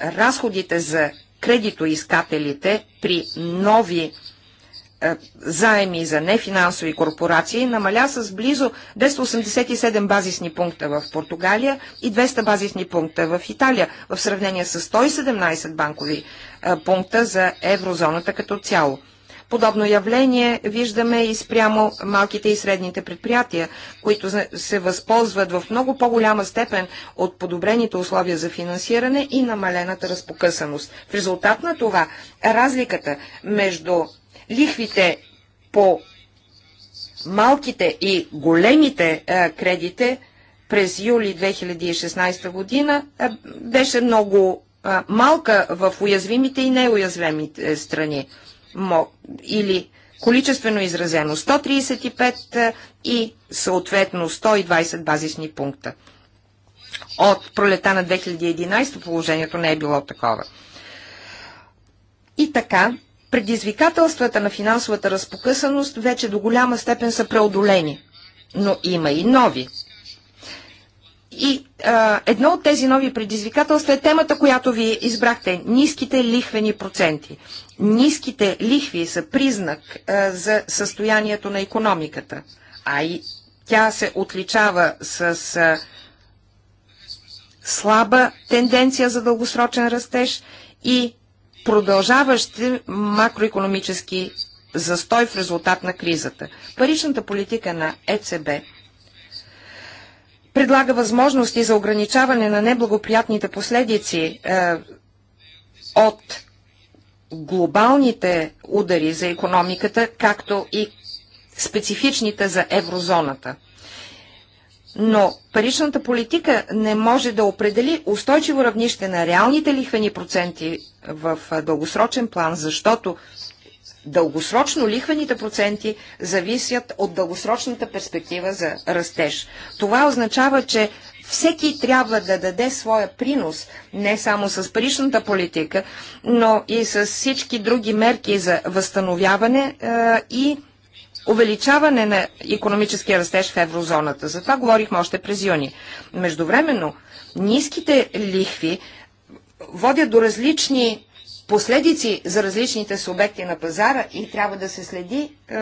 S2: разходите за кредитоискателите при нови е, заеми за нефинансови корпорации намаля с близо 287 базисни пункта в Португалия и 200 базисни пункта в Италия, в сравнение с 117 банкови е, пункта за еврозоната като цяло. Подобно явление виждаме и спрямо малките и средните предприятия, които се възползват в много по-голяма степен от подобрените условия за финансиране и намалената разпокъсаност. В резултат на това разликата между лихвите по малките и големите е, кредите през юли 2016 година е, беше много е, малка в уязвимите и неуязвимите страни. Или количествено изразено 135 и съответно 120 базисни пункта. От пролета на 2011 положението не е било такова. И така, Предизвикателствата на финансовата разпокъсаност вече до голяма степен са преодолени, но има и нови. И а, едно от тези нови предизвикателства е темата, която ви избрахте – ниските лихвени проценти. Ниските лихви са признак а, за състоянието на економиката, а и тя се отличава с а, слаба тенденция за дългосрочен растеж и продължаващи макроекономически застой в резултат на кризата. Паричната политика на ЕЦБ предлага възможности за ограничаване на неблагоприятните последици е, от глобалните удари за економиката, както и специфичните за еврозоната но паричната политика не може да определи устойчиво равнище на реалните лихвени проценти в дългосрочен план, защото дългосрочно лихвените проценти зависят от дългосрочната перспектива за растеж. Това означава, че всеки трябва да даде своя принос не само с паричната политика, но и с всички други мерки за възстановяване и увеличаване на економическия растеж в еврозоната. За това говорихме още през юни. Междувременно, ниските лихви водят до различни последици за различните субекти на пазара и трябва да се следи е,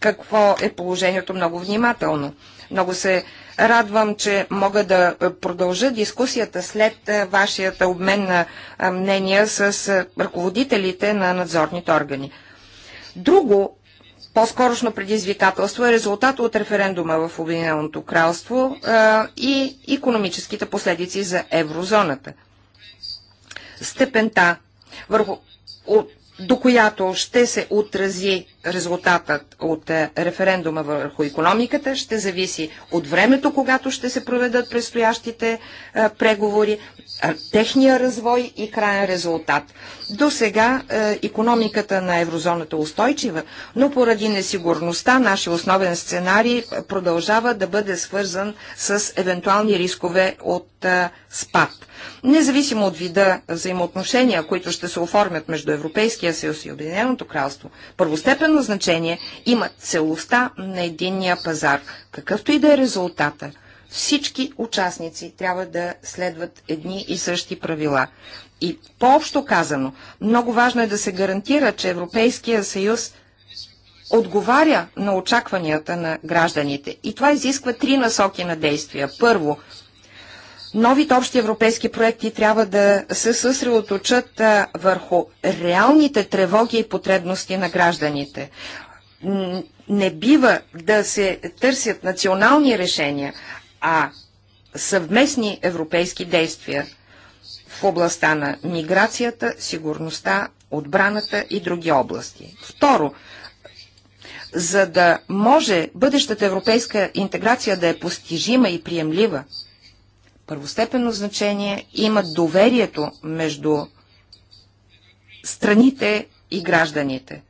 S2: какво е положението много внимателно. Много се радвам, че мога да продължа дискусията след е, вашията обмен на е, мнения с е, ръководителите на надзорните органи. Друго по-скорошно предизвикателство е резултат от референдума в Обединеното кралство а, и економическите последици за еврозоната. Степента, върху, от, до която ще се отрази резултатът от е, референдума върху економиката ще зависи от времето, когато ще се проведат предстоящите е, преговори, е, техния развой и крайен резултат. До сега економиката на еврозоната устойчива, но поради несигурността нашия основен сценарий продължава да бъде свързан с евентуални рискове от спад. Независимо от вида взаимоотношения, които ще се оформят между Европейския съюз и Обединеното кралство, първостепенно съществено значение има целостта на единния пазар. Какъвто и да е резултата, всички участници трябва да следват едни и същи правила. И по-общо казано, много важно е да се гарантира, че Европейския съюз отговаря на очакванията на гражданите. И това изисква три насоки на действия. Първо, Новите общи европейски проекти трябва да се съсредоточат върху реалните тревоги и потребности на гражданите. Не бива да се търсят национални решения, а съвместни европейски действия в областта на миграцията, сигурността, отбраната и други области. Второ, за да може бъдещата европейска интеграция да е постижима и приемлива, първостепенно значение имат доверието между страните и гражданите.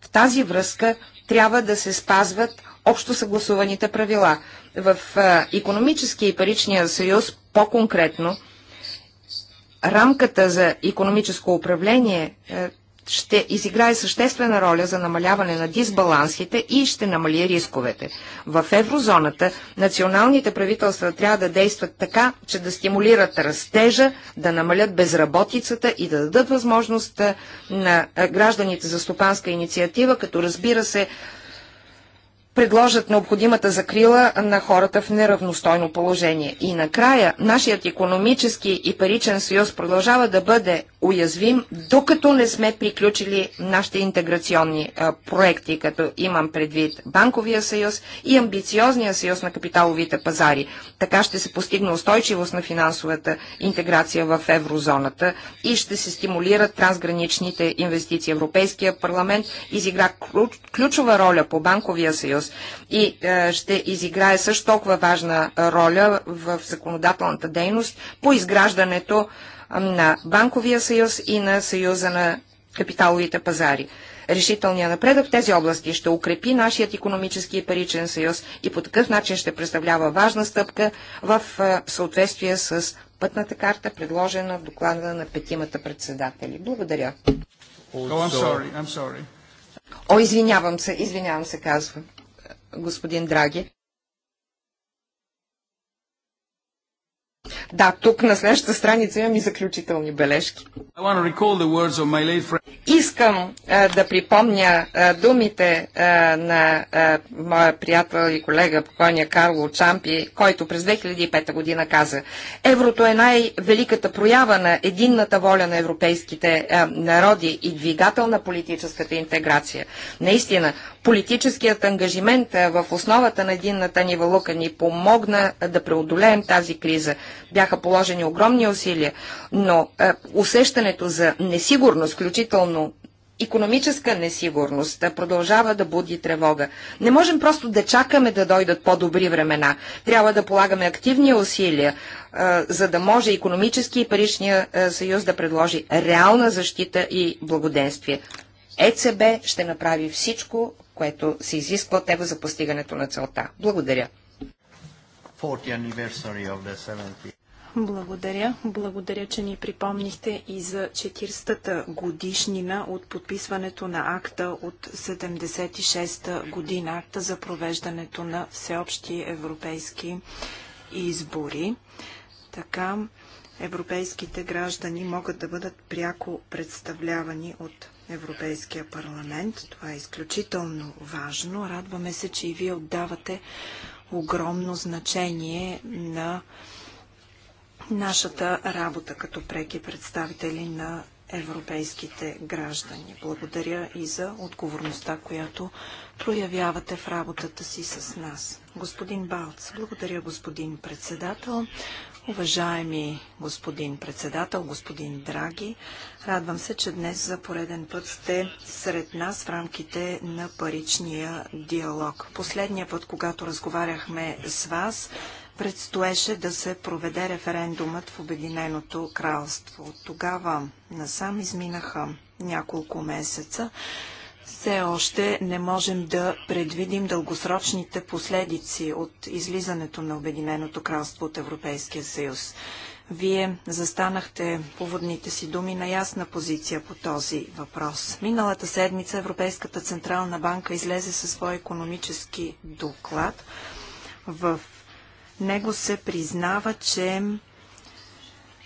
S2: В тази връзка трябва да се спазват общо съгласуваните правила. В економическия и паричния съюз по-конкретно рамката за економическо управление е, ще изиграе съществена роля за намаляване на дисбалансите и ще намали рисковете. В еврозоната националните правителства трябва да действат така, че да стимулират растежа, да намалят безработицата и да дадат възможност на гражданите за стопанска инициатива, като разбира се предложат необходимата закрила на хората в неравностойно положение. И накрая, нашият економически и паричен съюз продължава да бъде уязвим, докато не сме приключили нашите интеграционни а, проекти, като имам предвид банковия съюз и амбициозния съюз на капиталовите пазари. Така ще се постигне устойчивост на финансовата интеграция в еврозоната и ще се стимулират трансграничните инвестиции. Европейския парламент изигра ключ, ключова роля по банковия съюз съюз и е, ще изиграе също толкова важна роля в законодателната дейност по изграждането на банковия съюз и на съюза на капиталовите пазари. Решителният напредък в тези области ще укрепи нашият економически и паричен съюз и по такъв начин ще представлява важна стъпка в е, съответствие с пътната карта, предложена в доклада на петимата председатели. Благодаря.
S1: Oh,
S2: О, oh, извинявам се, извинявам се, казва господин Драги. Да, тук на следващата страница имам и заключителни бележки. Искам а, да припомня а, думите а, на а, моя приятел и колега, покойния Карло Чампи, който през 2005 година каза Еврото е най-великата проява на единната воля на европейските а, народи и двигател на политическата интеграция. Наистина, политическият ангажимент в основата на единната ни валука ни помогна да преодолеем тази криза. Бяха положени огромни усилия, но усещането за несигурност, включително економическа несигурност продължава да буди тревога. Не можем просто да чакаме да дойдат по-добри времена. Трябва да полагаме активни усилия, за да може економически и паричния съюз да предложи реална защита и благоденствие. ЕЦБ ще направи всичко което се изисква от него за постигането на целта. Благодаря.
S3: Благодаря. Благодаря, че ни припомнихте и за 40-та годишнина от подписването на акта от 76-та година, акта за провеждането на всеобщи европейски избори. Така, европейските граждани могат да бъдат пряко представлявани от Европейския парламент. Това е изключително важно. Радваме се, че и вие отдавате огромно значение на нашата работа като преки представители на европейските граждани. Благодаря и за отговорността, която проявявате в работата си с нас. Господин Балц, благодаря господин председател. Уважаеми господин председател, господин Драги, радвам се, че днес за пореден път сте сред нас в рамките на паричния диалог. Последния път, когато разговаряхме с вас, предстоеше да се проведе референдумът в Обединеното кралство. тогава насам изминаха няколко месеца. Все още не можем да предвидим дългосрочните последици от излизането на Обединеното кралство от Европейския съюз. Вие застанахте поводните си думи на ясна позиция по този въпрос. Миналата седмица Европейската Централна банка излезе със свой економически доклад. В него се признава, че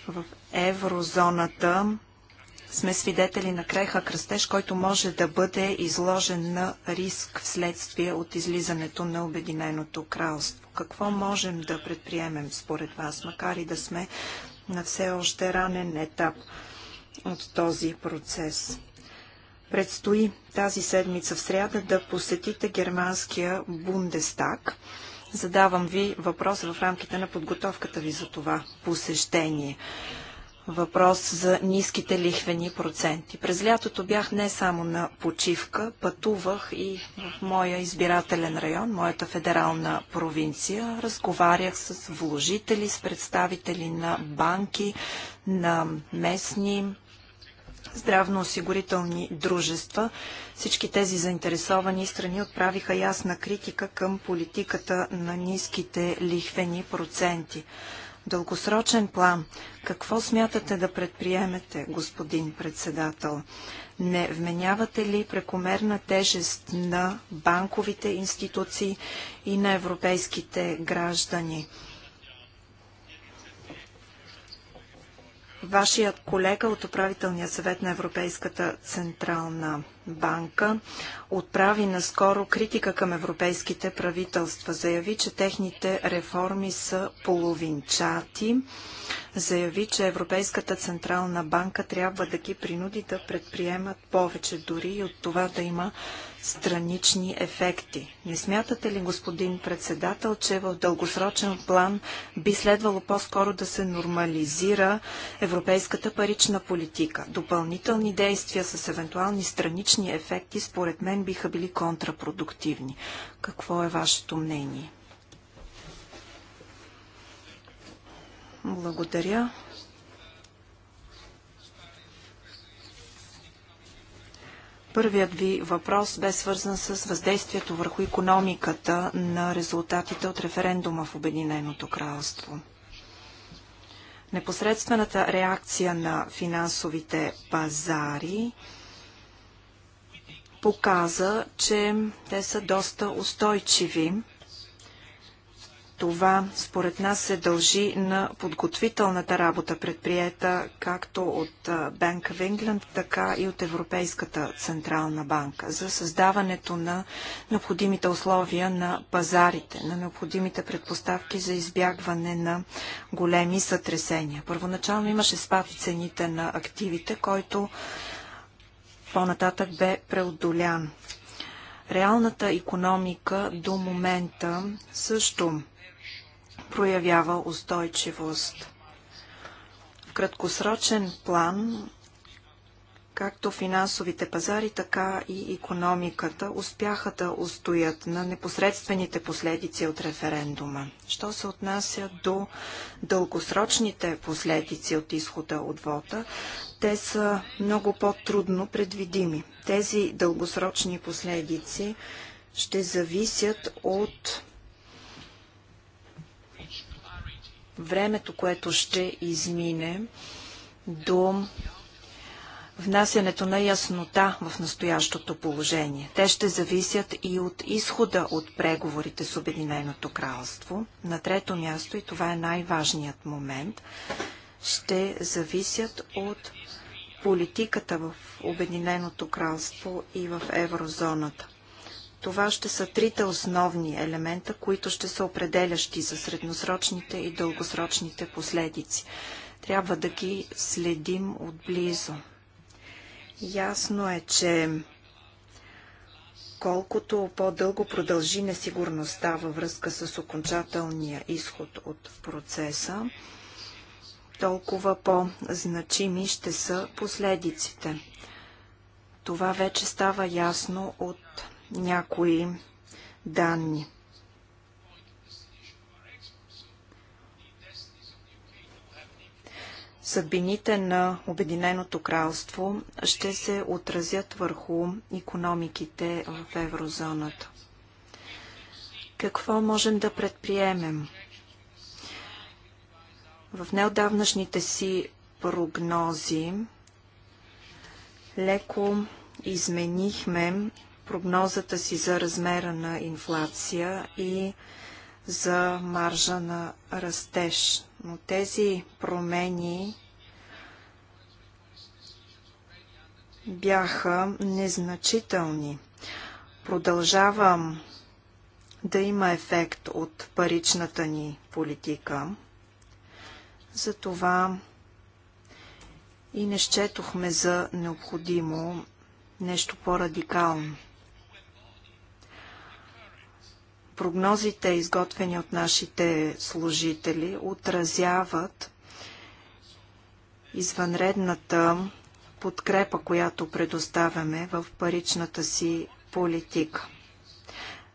S3: в еврозоната сме свидетели на креха кръстеж, който може да бъде изложен на риск вследствие от излизането на Обединеното кралство. Какво можем да предприемем според вас, макар и да сме на все още ранен етап от този процес? Предстои тази седмица в среда да посетите германския Бундестаг. Задавам ви въпрос в рамките на подготовката ви за това посещение въпрос за ниските лихвени проценти. През лятото бях не само на почивка, пътувах и в моя избирателен район, моята федерална провинция. Разговарях с вложители, с представители на банки, на местни здравноосигурителни дружества. Всички тези заинтересовани страни отправиха ясна критика към политиката на ниските лихвени проценти дългосрочен план, какво смятате да предприемете, господин председател? Не вменявате ли прекомерна тежест на банковите институции и на европейските граждани? Вашият колега от управителния съвет на Европейската централна банка отправи наскоро критика към европейските правителства. Заяви, че техните реформи са половинчати заяви, че Европейската Централна банка трябва да ги принуди да предприемат повече, дори и от това да има странични ефекти. Не смятате ли, господин председател, че в дългосрочен план би следвало по-скоро да се нормализира европейската парична политика? Допълнителни действия с евентуални странични ефекти, според мен, биха били контрапродуктивни. Какво е вашето мнение? Благодаря. Първият ви въпрос бе свързан с въздействието върху економиката на резултатите от референдума в Обединеното кралство. Непосредствената реакция на финансовите пазари показа, че те са доста устойчиви това, според нас, се дължи на подготвителната работа, предприета както от Bank of England, така и от Европейската Централна банка за създаването на необходимите условия на пазарите, на необходимите предпоставки за избягване на големи сътресения. Първоначално имаше спад в цените на активите, който по-нататък бе преодолян. Реалната економика до момента също проявява устойчивост. В краткосрочен план, както финансовите пазари, така и економиката успяха да устоят на непосредствените последици от референдума. Що се отнася до дългосрочните последици от изхода от вота, те са много по-трудно предвидими. Тези дългосрочни последици ще зависят от времето, което ще измине до внасянето на яснота в настоящото положение. Те ще зависят и от изхода от преговорите с Обединеното кралство. На трето място, и това е най-важният момент, ще зависят от политиката в Обединеното кралство и в еврозоната. Това ще са трите основни елемента, които ще са определящи за средносрочните и дългосрочните последици. Трябва да ги следим отблизо. Ясно е, че колкото по-дълго продължи несигурността във връзка с окончателния изход от процеса, толкова по-значими ще са последиците. Това вече става ясно от някои данни. съдбините на Обединеното кралство ще се отразят върху економиките в еврозоната. Какво можем да предприемем? В неодавнашните си прогнози леко изменихме прогнозата си за размера на инфлация и за маржа на растеж. Но тези промени бяха незначителни. Продължавам да има ефект от паричната ни политика. Затова и не счетохме за необходимо нещо по-радикално. Прогнозите, изготвени от нашите служители, отразяват извънредната подкрепа, която предоставяме в паричната си политика.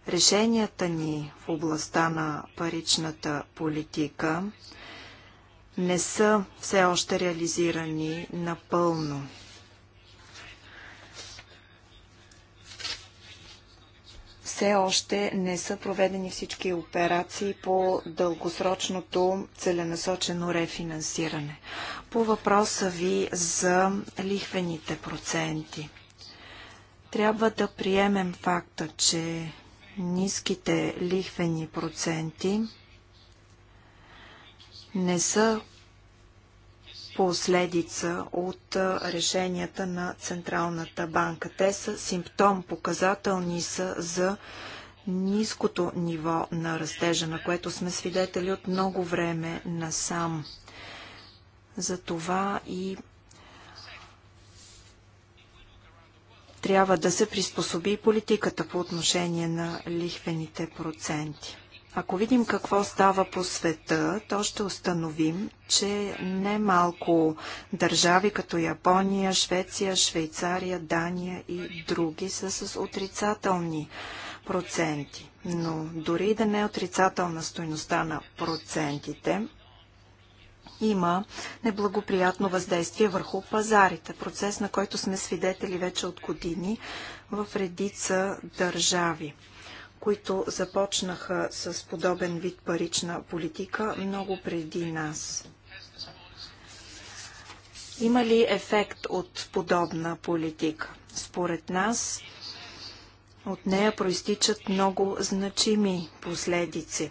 S3: Решенията ни в областта на паричната политика не са все още реализирани напълно. все още не са проведени всички операции по дългосрочното целенасочено рефинансиране. По въпроса ви за лихвените проценти. Трябва да приемем факта, че ниските лихвени проценти не са последица от решенията на Централната банка. Те са симптом, показателни са за ниското ниво на растежа, на което сме свидетели от много време насам. Затова и трябва да се приспособи политиката по отношение на лихвените проценти. Ако видим какво става по света, то ще установим, че немалко държави като Япония, Швеция, Швейцария, Дания и други са с отрицателни проценти. Но дори да не е отрицателна стойността на процентите, има неблагоприятно въздействие върху пазарите. Процес, на който сме свидетели вече от години в редица държави които започнаха с подобен вид парична политика много преди нас. Има ли ефект от подобна политика? Според нас от нея проистичат много значими последици.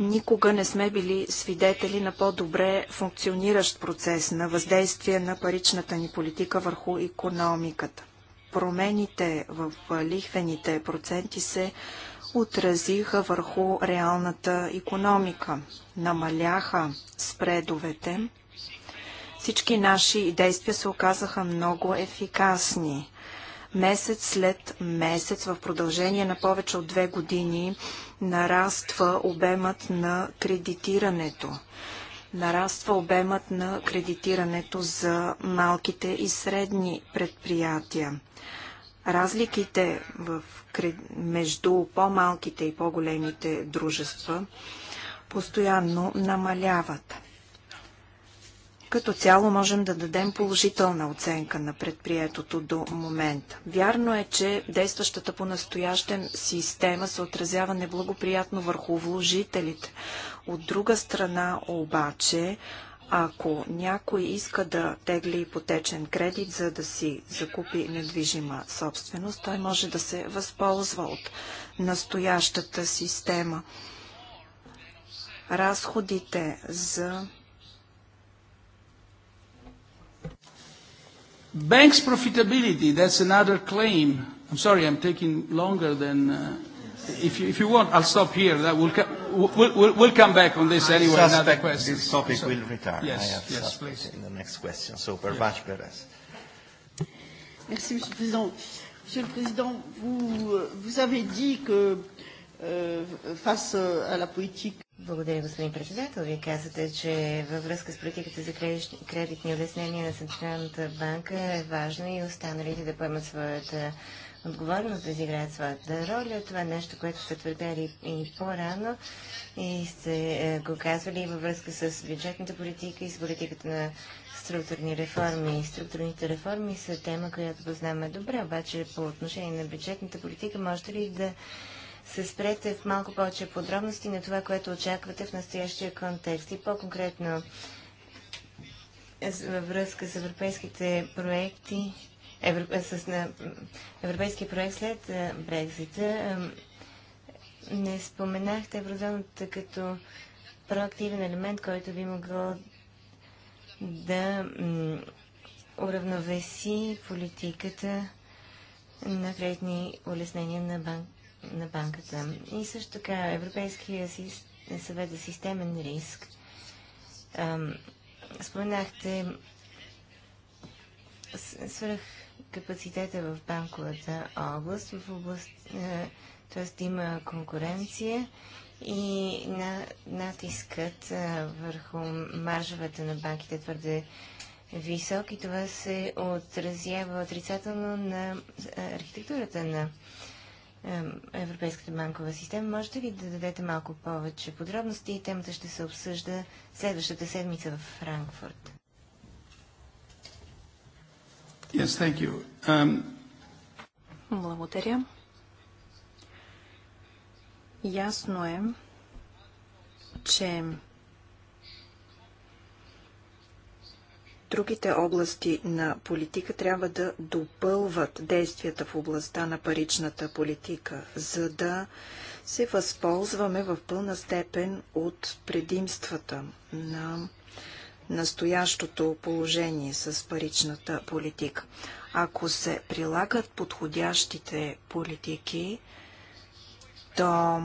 S3: Никога не сме били свидетели на по-добре функциониращ процес на въздействие на паричната ни политика върху економиката промените в лихвените проценти се отразиха върху реалната економика. Намаляха спредовете. Всички наши действия се оказаха много ефикасни. Месец след месец, в продължение на повече от две години, нараства обемът на кредитирането нараства обемът на кредитирането за малките и средни предприятия. Разликите в, между по-малките и по-големите дружества постоянно намаляват. Като цяло можем да дадем положителна оценка на предприетото до момента. Вярно е, че действащата по настоящен система се отразява неблагоприятно върху вложителите, от друга страна обаче, ако някой иска да тегли ипотечен кредит, за да си закупи недвижима собственост, той може да се възползва от настоящата система. Разходите за
S1: Banks profitability, that's another claim. I'm sorry, I'm taking longer than uh, if you, if you want, I'll stop here. That will we'll, we'll, we'll come back on this I anyway. Another question. This topic so, will return. Yes, I have yes, please. In the next question. So, Pervash yes.
S3: Perez.
S4: Merci, Monsieur le Président. Monsieur le Président, vous, vous avez dit que euh, face à la politique благодаря, господин председател. Вие казвате, че във връзка с политиката за кредитни улеснения на Централната банка е важно и останалите да поемат своята отговорност да изиграят своята роля. Това е нещо, което са твърдели и по-рано и сте е, го казвали и във връзка с бюджетната политика и с политиката на структурни реформи. Структурните реформи са тема, която познаваме добре, обаче по отношение на бюджетната политика можете ли да се спрете в малко повече подробности на това, което очаквате в настоящия контекст и по-конкретно във връзка с европейските проекти е, с на, европейския проект след е, Брекзита. Не споменахте еврозоната като проактивен елемент, който би могъл да уравновеси политиката на кредитни улеснения на, бан... на банката. И също така Европейския си... съвет за системен риск. Споменахте свръх капацитета в банковата област, в област, т.е. има конкуренция и на, натискът е, върху маржовете на банките е твърде висок и това се отразява отрицателно на е, архитектурата на Европейската банкова система. Можете ли да дадете малко повече подробности? Темата ще се обсъжда следващата седмица в Франкфурт.
S1: Yes, thank you. Um...
S3: Благодаря. Ясно е, че другите области на политика трябва да допълват действията в областта на паричната политика, за да се възползваме в пълна степен от предимствата на настоящото положение с паричната политика. Ако се прилагат подходящите политики, то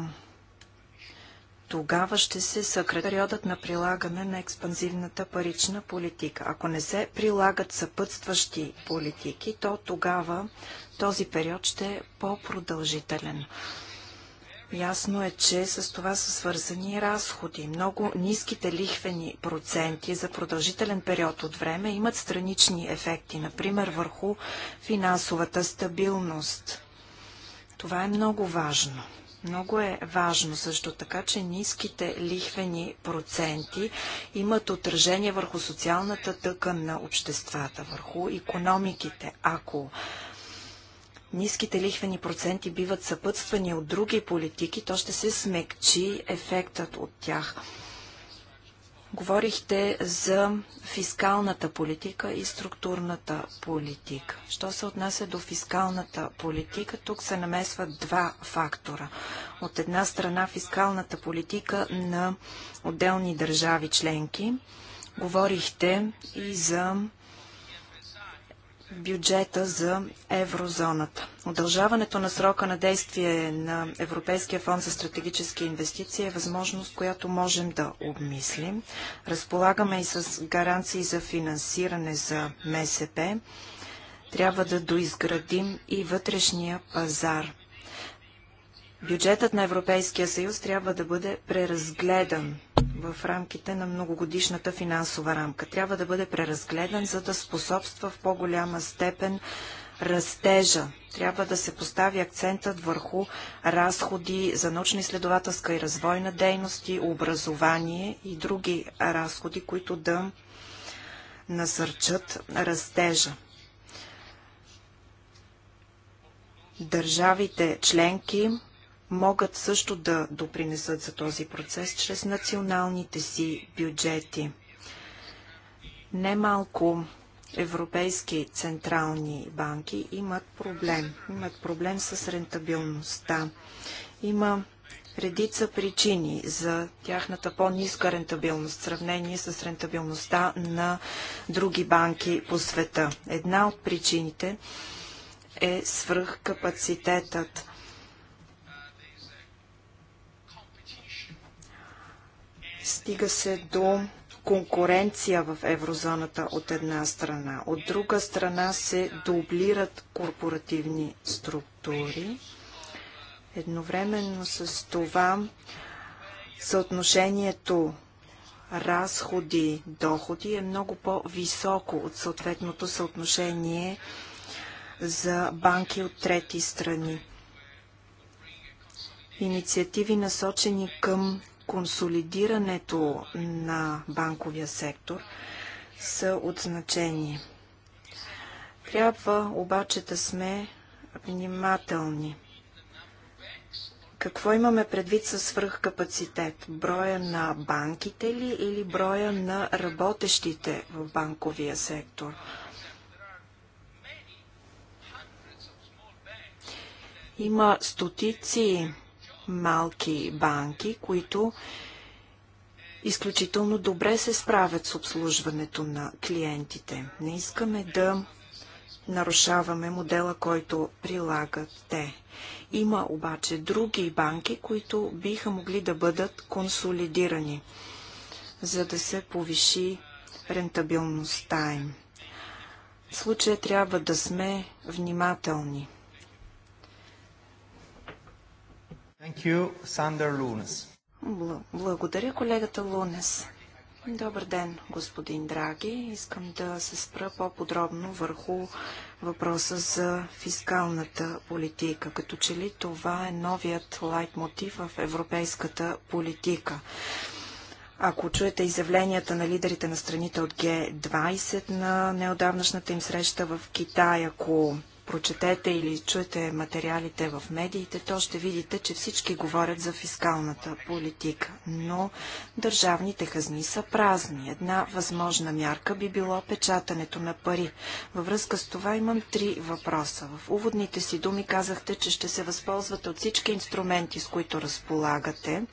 S3: тогава ще се съкрати периодът на прилагане на експанзивната парична политика. Ако не се прилагат съпътстващи политики, то тогава този период ще е по-продължителен. Ясно е, че с това са свързани разходи. Много ниските лихвени проценти за продължителен период от време имат странични ефекти, например върху финансовата стабилност. Това е много важно. Много е важно също така, че ниските лихвени проценти имат отражение върху социалната тъкан на обществата, върху економиките. Ако ниските лихвени проценти биват съпътствани от други политики, то ще се смекчи ефектът от тях. Говорихте за фискалната политика и структурната политика. Що се отнася до фискалната политика, тук се намесват два фактора. От една страна фискалната политика на отделни държави членки. Говорихте и за бюджета за еврозоната. Удължаването на срока на действие на Европейския фонд за стратегически инвестиции е възможност, която можем да обмислим. Разполагаме и с гаранции за финансиране за МСП. Трябва да доизградим и вътрешния пазар Бюджетът на Европейския съюз трябва да бъде преразгледан в рамките на многогодишната финансова рамка. Трябва да бъде преразгледан, за да способства в по-голяма степен растежа. Трябва да се постави акцентът върху разходи за научно-изследователска и развойна дейност образование и други разходи, които да насърчат растежа. Държавите членки могат също да допринесат за този процес чрез националните си бюджети. Немалко европейски централни банки имат проблем. Имат проблем с рентабилността. Има редица причини за тяхната по низка рентабилност в сравнение с рентабилността на други банки по света. Една от причините е свръхкапацитетът Стига се до конкуренция в еврозоната от една страна. От друга страна се дублират корпоративни структури. Едновременно с това съотношението разходи-доходи е много по-високо от съответното съотношение за банки от трети страни. Инициативи насочени към консолидирането на банковия сектор са от значение. Трябва обаче да сме внимателни. Какво имаме предвид със свръхкапацитет? Броя на банките ли или броя на работещите в банковия сектор? Има стотици малки банки, които изключително добре се справят с обслужването на клиентите. Не искаме да нарушаваме модела, който прилагат те. Има обаче други банки, които биха могли да бъдат консолидирани, за да се повиши рентабилността им. В случая трябва да сме внимателни. Thank you, Благодаря, колегата Лунес. Добър ден, господин Драги. Искам да се спра по-подробно върху въпроса за фискалната политика. Като че ли това е новият лайтмотив в европейската политика. Ако чуете изявленията на лидерите на страните от Г20 на неодавнашната им среща в Китай, ако прочетете или чуете материалите в медиите, то ще видите, че всички говорят за фискалната политика. Но държавните хазни са празни. Една възможна мярка би било печатането на пари. Във връзка с това имам три въпроса. В уводните си думи казахте, че ще се възползвате от всички инструменти, с които разполагате.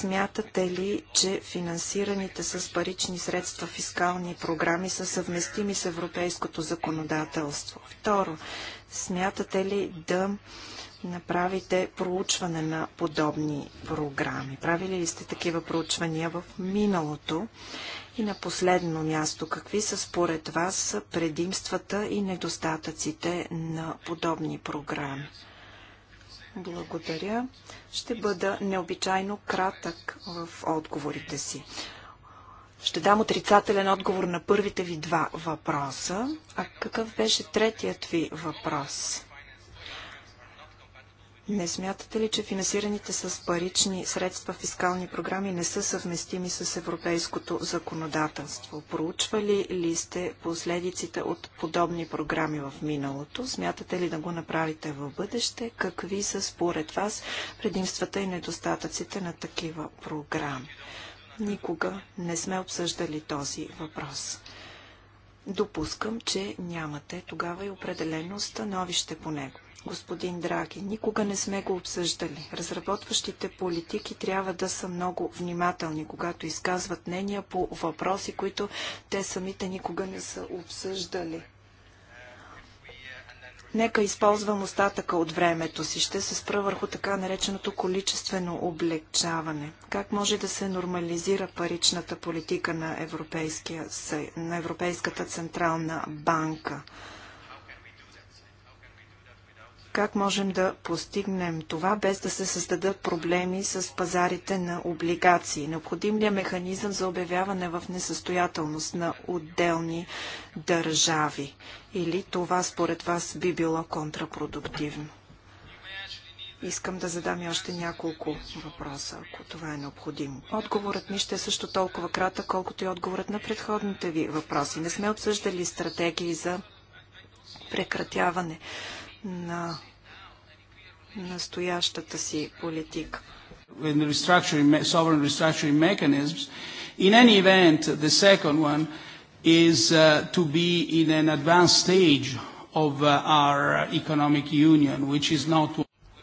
S3: Смятате ли, че финансираните с парични средства фискални програми са съвместими с европейското законодателство? Второ, смятате ли да направите проучване на подобни програми? Правили ли сте такива проучвания в миналото? И на последно място, какви са според вас предимствата и недостатъците на подобни програми? Благодаря. Ще бъда необичайно кратък в отговорите си. Ще дам отрицателен отговор на първите ви два въпроса. А какъв беше третият ви въпрос? Не смятате ли, че финансираните с парични средства фискални програми не са съвместими с европейското законодателство? Проучвали ли сте последиците от подобни програми в миналото? Смятате ли да го направите в бъдеще? Какви са според вас предимствата и недостатъците на такива програми? Никога не сме обсъждали този въпрос. Допускам, че нямате тогава и определено становище по него. Господин Драги, никога не сме го обсъждали. Разработващите политики трябва да са много внимателни, когато изказват мнения по въпроси, които те самите никога не са обсъждали. Нека използвам остатъка от времето си. Ще се спра върху така нареченото количествено облегчаване. Как може да се нормализира паричната политика на, на Европейската централна банка? Как можем да постигнем това, без да се създадат проблеми с пазарите на облигации? Необходим ли е механизъм за обявяване в несъстоятелност на отделни държави? Или това според вас би било контрапродуктивно? Искам да задам и още няколко въпроса, ако това е необходимо. Отговорът ми ще е също толкова кратък, колкото и отговорът на предходните ви въпроси. Не сме обсъждали стратегии за прекратяване на настоящата си политика.
S1: Uh, uh,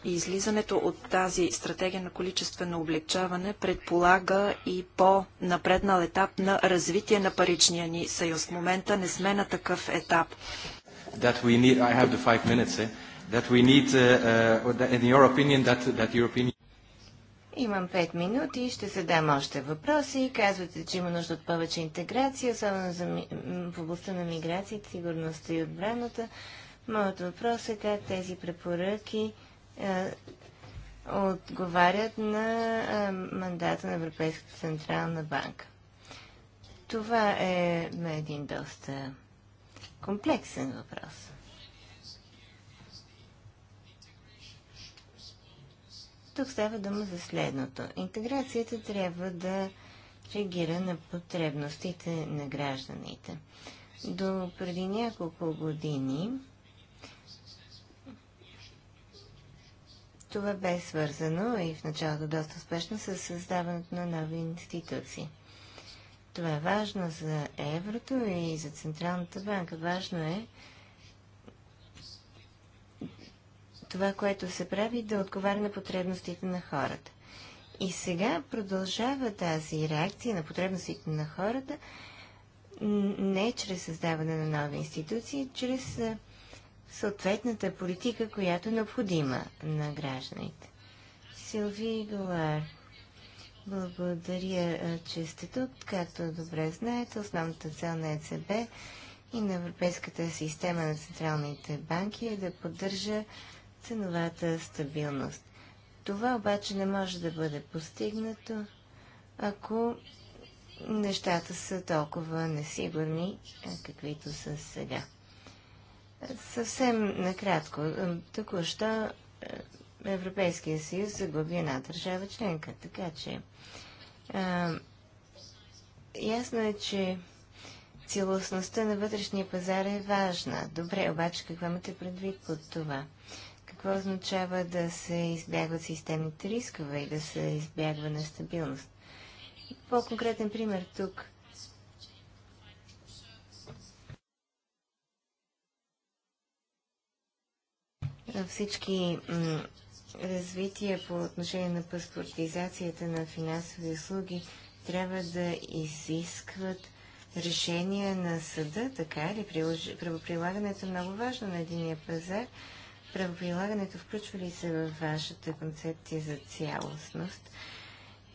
S3: излизането от тази стратегия на количествено облегчаване предполага и по-напреднал етап на развитие на паричния ни съюз. В момента не сме на такъв етап
S1: that we need, I have the five minutes, eh? that we need, uh, uh, in your opinion, that, that European
S4: Имам 5 минути, и ще задам още въпроси. Казвате, че има нужда от повече интеграция, особено за, ми... в областта на миграцията, сигурността и отбраната. Моят въпрос е как тези препоръки е, отговарят на е, мандата на Европейската централна банка. Това е, е един доста комплексен въпрос. Тук става дума за следното. Интеграцията трябва да реагира на потребностите на гражданите. До преди няколко години това бе свързано и в началото доста успешно с създаването на нови институции – това е важно за еврото и за Централната банка. Важно е това, което се прави, да отговаря на потребностите на хората. И сега продължава тази реакция на потребностите на хората не чрез създаване на нови институции, чрез съответната политика, която е необходима на гражданите. Силви Голар. Благодаря, че сте тук. Както добре знаете, основната цел на ЕЦБ и на Европейската система на централните банки е да поддържа ценовата стабилност. Това обаче не може да бъде постигнато, ако нещата са толкова несигурни, каквито са сега. Съвсем накратко, току-що Европейския съюз загуби една държава членка. Така че а, ясно е, че целостността на вътрешния пазар е важна. Добре, обаче какво имате предвид под това? Какво означава да се избягват системните рискове и да се избягва нестабилност? По-конкретен пример тук. Всички развитие по отношение на паспортизацията на финансови услуги трябва да изискват решение на съда, така или правоприлагането е много важно на единия пазар. Правоприлагането включва ли се във вашата концепция за цялостност?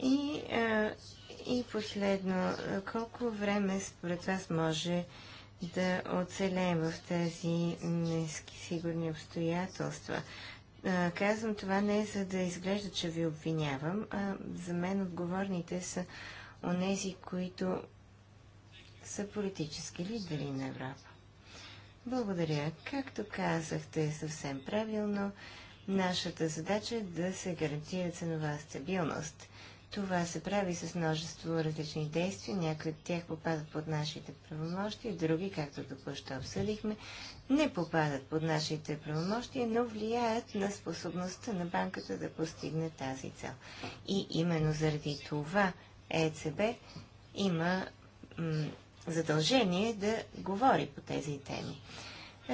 S4: И, а, и последно, колко време според вас може да оцелеем в тези сигурни обстоятелства? Е, казвам това не за да изглежда, че ви обвинявам. А, за мен отговорните са онези, които са политически лидери на Европа. Благодаря. Както казахте съвсем правилно, нашата задача е да се гарантира ценова стабилност. Това се прави с множество различни действия. Някои от тях попадат под нашите правомощи, други, както току-що обсъдихме, не попадат под нашите правомощи, но влияят на способността на банката да постигне тази цел. И именно заради това ЕЦБ има задължение да говори по тези теми.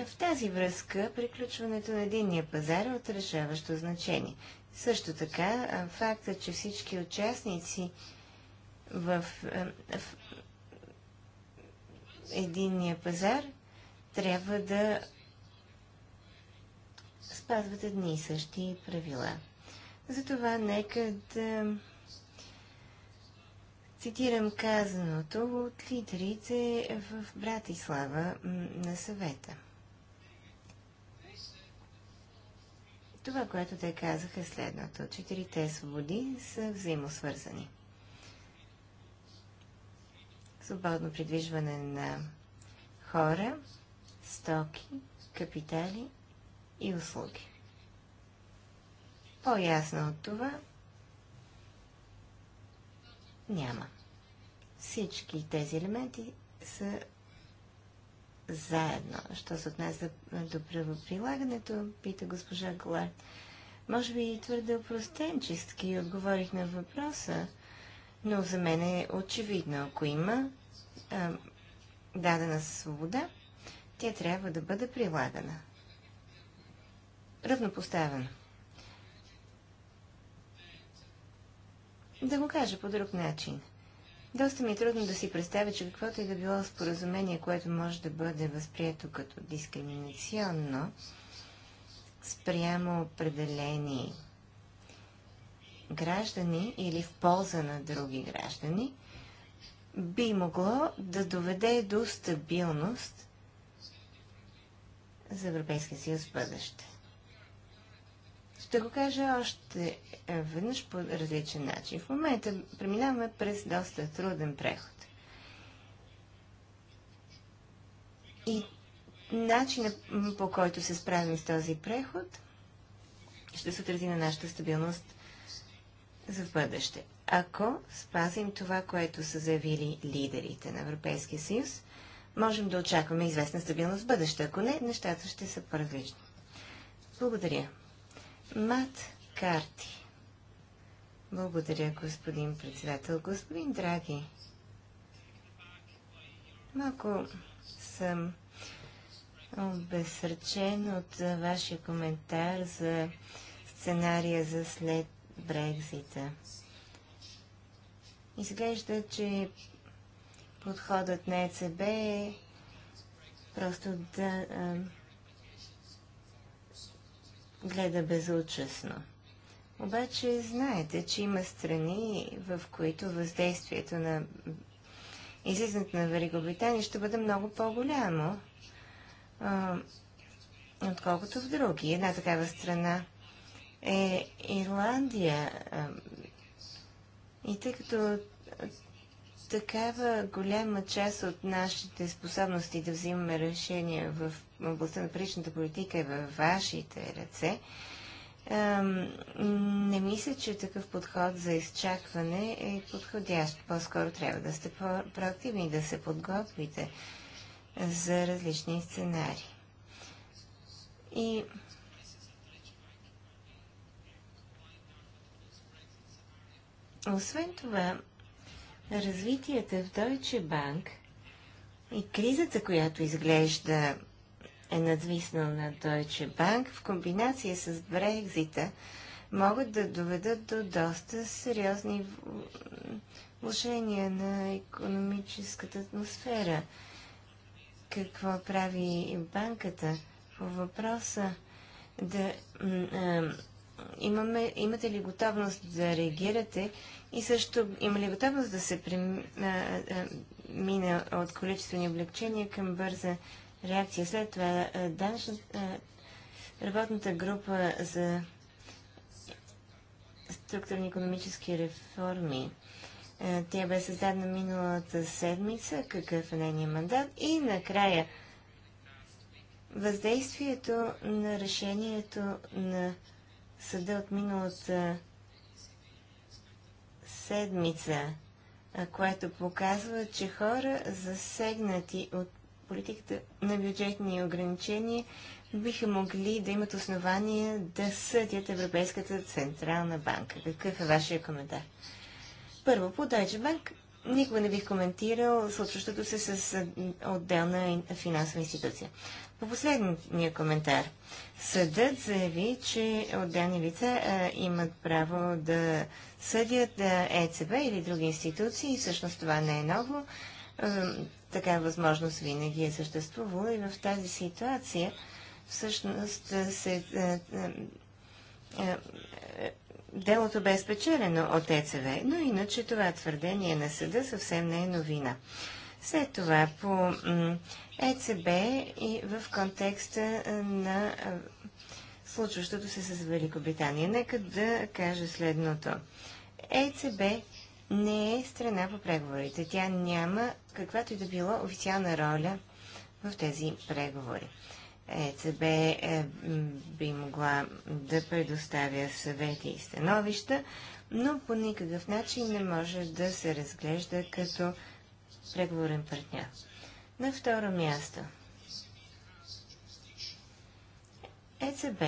S4: В тази връзка приключването на единния пазар е от решаващо значение. Също така, факта, че всички участници в, в единния пазар трябва да спазват едни и същи правила. Затова нека да цитирам казаното от лидерите в Братислава на съвета. Това, което те казаха е следното. Четирите свободи са взаимосвързани. Свободно придвижване на хора, стоки, капитали и услуги. По-ясно от това няма. Всички тези елементи са заедно. Що се отнася до правоприлагането, пита госпожа Голар. Може би и твърде опростенчески отговорих на въпроса, но за мен е очевидно, ако има а, дадена свобода, тя трябва да бъде прилагана. Равнопоставена. Да го кажа по друг начин – доста ми е трудно да си представя, че каквото и да било споразумение, което може да бъде възприето като дискриминационно, спрямо определени граждани или в полза на други граждани, би могло да доведе до стабилност за Европейския съюз в бъдеще. Ще го кажа още веднъж по различен начин. В момента преминаваме през доста труден преход. И начинът по който се справим с този преход ще се отрази на нашата стабилност за в бъдеще. Ако спазим това, което са заявили лидерите на Европейския съюз, можем да очакваме известна стабилност в бъдеще. Ако не, нещата ще са по-различни. Благодаря. Мат Карти. Благодаря, господин председател. Господин Драги, малко съм обесърчен от вашия коментар за сценария за след Брекзита. Изглежда, че подходът на ЕЦБ е просто да гледа безучастно. Обаче знаете, че има страни, в които въздействието на излизането на Великобритания ще бъде много по-голямо, отколкото в други. Една такава страна е Ирландия. А, и тъй като такава голяма част от нашите способности да взимаме решения в областта на паричната политика е във вашите ръце, не мисля, че такъв подход за изчакване е подходящ. По-скоро трябва да сте проактивни, и да се подготвите за различни сценари. И освен това, развитията в Deutsche Bank и кризата, която изглежда е надвиснал на Deutsche Bank, в комбинация с Брекзита, могат да доведат до доста сериозни влушения на економическата атмосфера. Какво прави банката по въпроса да имаме, имате ли готовност да реагирате и също има ли готовност да се мина от количествени облегчения към бърза реакция? След това данъчна, работната група за структурни економически реформи. Тя бе създадена миналата седмица. Какъв е нейният мандат? И накрая въздействието на решението на съда от миналата седмица, което показва, че хора засегнати от политиката на бюджетни ограничения биха могли да имат основания да съдят Европейската Централна банка. Какъв е вашия коментар? Първо, по Deutsche Bank никога не бих коментирал случващото се с отделна финансова институция. По последния коментар. Съдът заяви, че отделни лица а, имат право да съдят а, ЕЦБ или други институции. Всъщност това не е ново. така възможност винаги е съществувала и в тази ситуация всъщност се делото бе спечелено от ЕЦВ, но иначе това твърдение на съда съвсем не е новина. След това по ЕЦБ и в контекста на случващото се с Великобритания. Нека да кажа следното. ЕЦБ не е страна по преговорите. Тя няма каквато и да било официална роля в тези преговори. ЕЦБ е, би могла да предоставя съвети и становища, но по никакъв начин не може да се разглежда като преговорен партньор. На второ място. ЕЦБ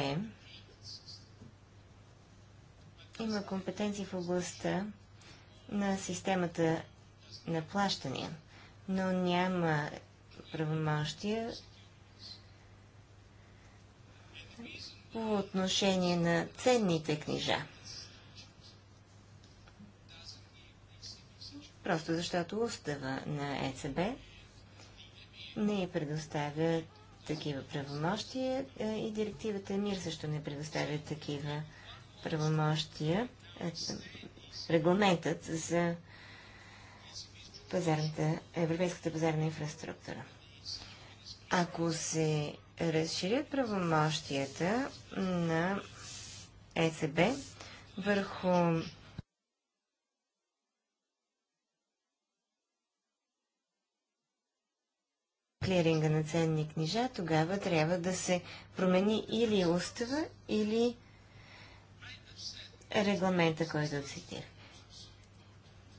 S4: има компетенции в областта на системата на плащания, но няма правомощия по отношение на ценните книжа. Просто защото устава на ЕЦБ не й предоставя такива правомощия е, и директивата МИР също не предоставя такива правомощия. Е, регламентът за пазарната, европейската пазарна инфраструктура. Ако се разширят правомощията на ЕЦБ върху клиринга на ценни книжа, тогава трябва да се промени или устава, или регламента, който цитирах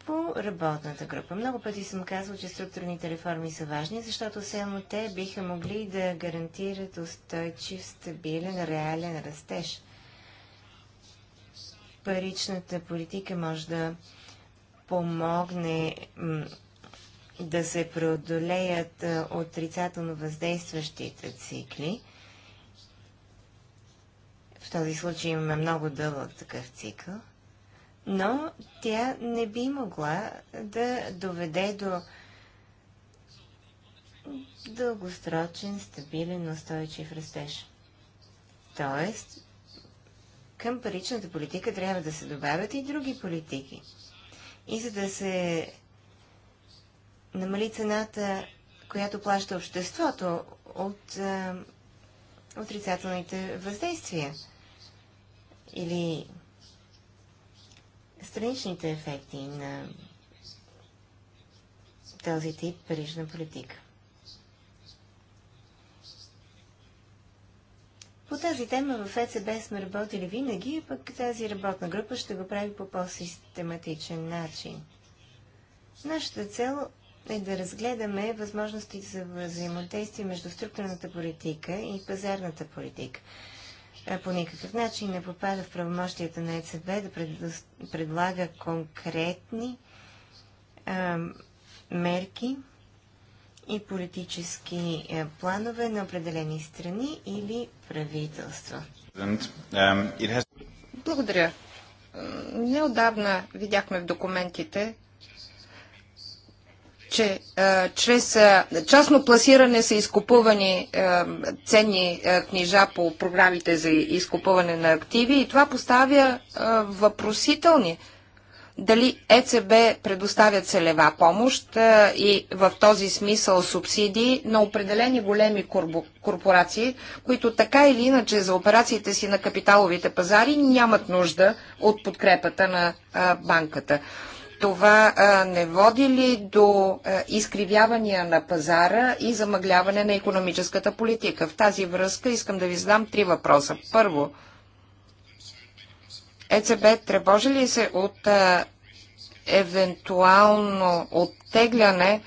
S4: по работната група. Много пъти съм казал, че структурните реформи са важни, защото само те биха могли да гарантират устойчив, стабилен, реален растеж. Паричната политика може да помогне да се преодолеят отрицателно въздействащите цикли. В този случай имаме много дълъг такъв цикъл – но тя не би могла да доведе до дългосрочен, стабилен, устойчив растеж. Тоест, към паричната политика трябва да се добавят и други политики. И за да се намали цената, която плаща обществото от а, отрицателните въздействия или страничните ефекти на този тип парижна политика. По тази тема в ЕЦБ сме работили винаги, пък тази работна група ще го прави по по-систематичен начин. Нашата цел е да разгледаме възможностите за взаимодействие между структурната политика и пазарната политика. Е по никакъв начин не попада в правомощията на ЕЦБ да предлага конкретни а, мерки и политически планове на определени страни или правителства.
S1: Um,
S4: Благодаря. Неодавна
S2: видяхме в документите, че а, чрез а, частно пласиране са изкупувани а, ценни а, книжа по програмите за изкупуване на активи и това поставя а, въпросителни дали ЕЦБ предоставя целева помощ а, и в този смисъл субсидии на определени големи корпорации, които така или иначе за операциите си на капиталовите пазари нямат нужда от подкрепата на а, банката това не води ли до изкривявания на пазара и замъгляване на економическата политика? В тази връзка искам да ви задам три въпроса. Първо, ЕЦБ тревожи ли се от а, евентуално оттегляне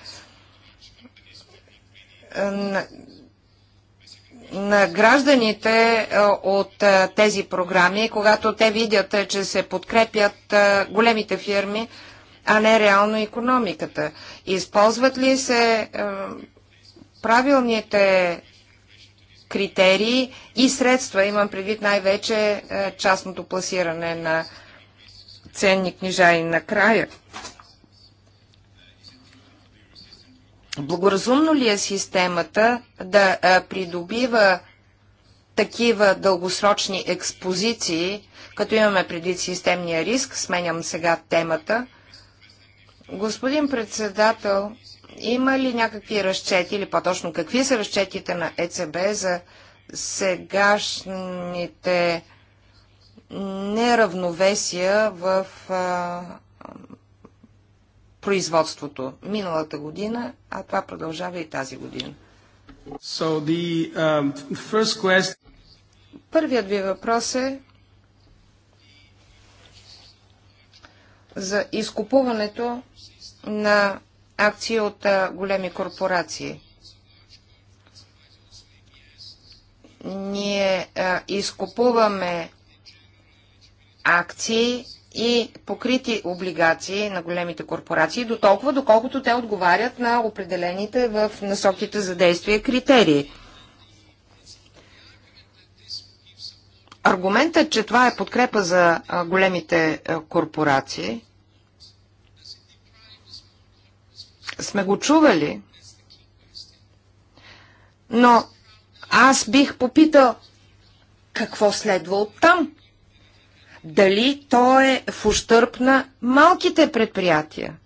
S2: на, на гражданите от тези програми, когато те видят, че се подкрепят големите фирми, а не реално економиката. Използват ли се е, правилните критерии и средства, имам предвид най-вече е, частното пласиране на ценни книжа и накрая. Благоразумно ли е системата да е, придобива такива дългосрочни експозиции, като имаме предвид системния риск, сменям сега темата – Господин председател, има ли някакви разчети, или по-точно какви са разчетите на ЕЦБ за сегашните неравновесия в а, производството миналата година, а това продължава и тази година? So the, uh, first quest... Първият ви въпрос е за изкупуването на акции от големи корпорации. Ние изкупуваме акции и покрити облигации на големите корпорации, до толкова, доколкото те отговарят на определените в насоките за действие критерии. Аргументът, че това е подкрепа за големите корпорации, сме го чували. Но аз бих попитал, какво следва от там? Дали то е в ущърп на малките предприятия?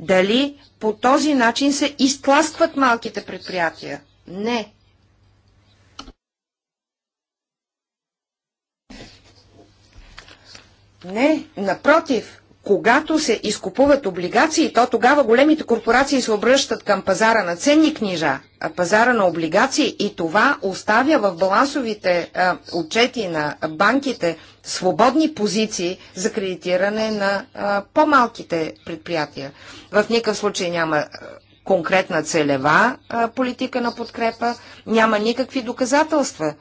S2: Дали по този начин се изтласкват малките предприятия? Не. Не, напротив, когато се изкупуват облигации, то тогава големите корпорации се обръщат към пазара на ценни книжа, пазара на облигации и това оставя в балансовите а, отчети на банките свободни позиции за кредитиране на по-малките предприятия. В никакъв случай няма конкретна целева а, политика на подкрепа, няма никакви доказателства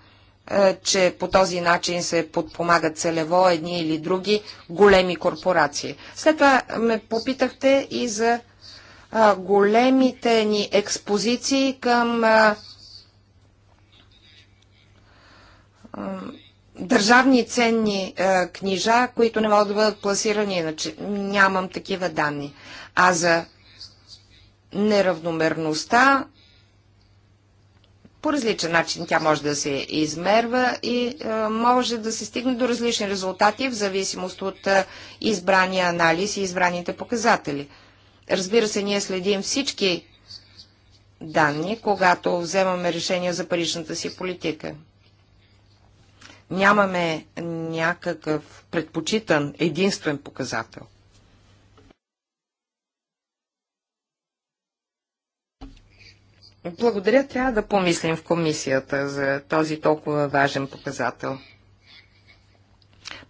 S2: е, че по този начин се подпомагат целево едни или други големи корпорации. След това ме попитахте и за е, големите ни експозиции към е, държавни ценни книжа, които не могат да бъдат пласирани, иначе нямам такива данни. А за неравномерността по различен начин тя може да се измерва и е, може да се стигне до различни резултати в зависимост от е, избрания анализ и избраните показатели. Разбира се, ние следим всички данни, когато вземаме решение за паричната си политика. Нямаме някакъв предпочитан единствен показател. Благодаря. Трябва да помислим в комисията за този толкова важен показател.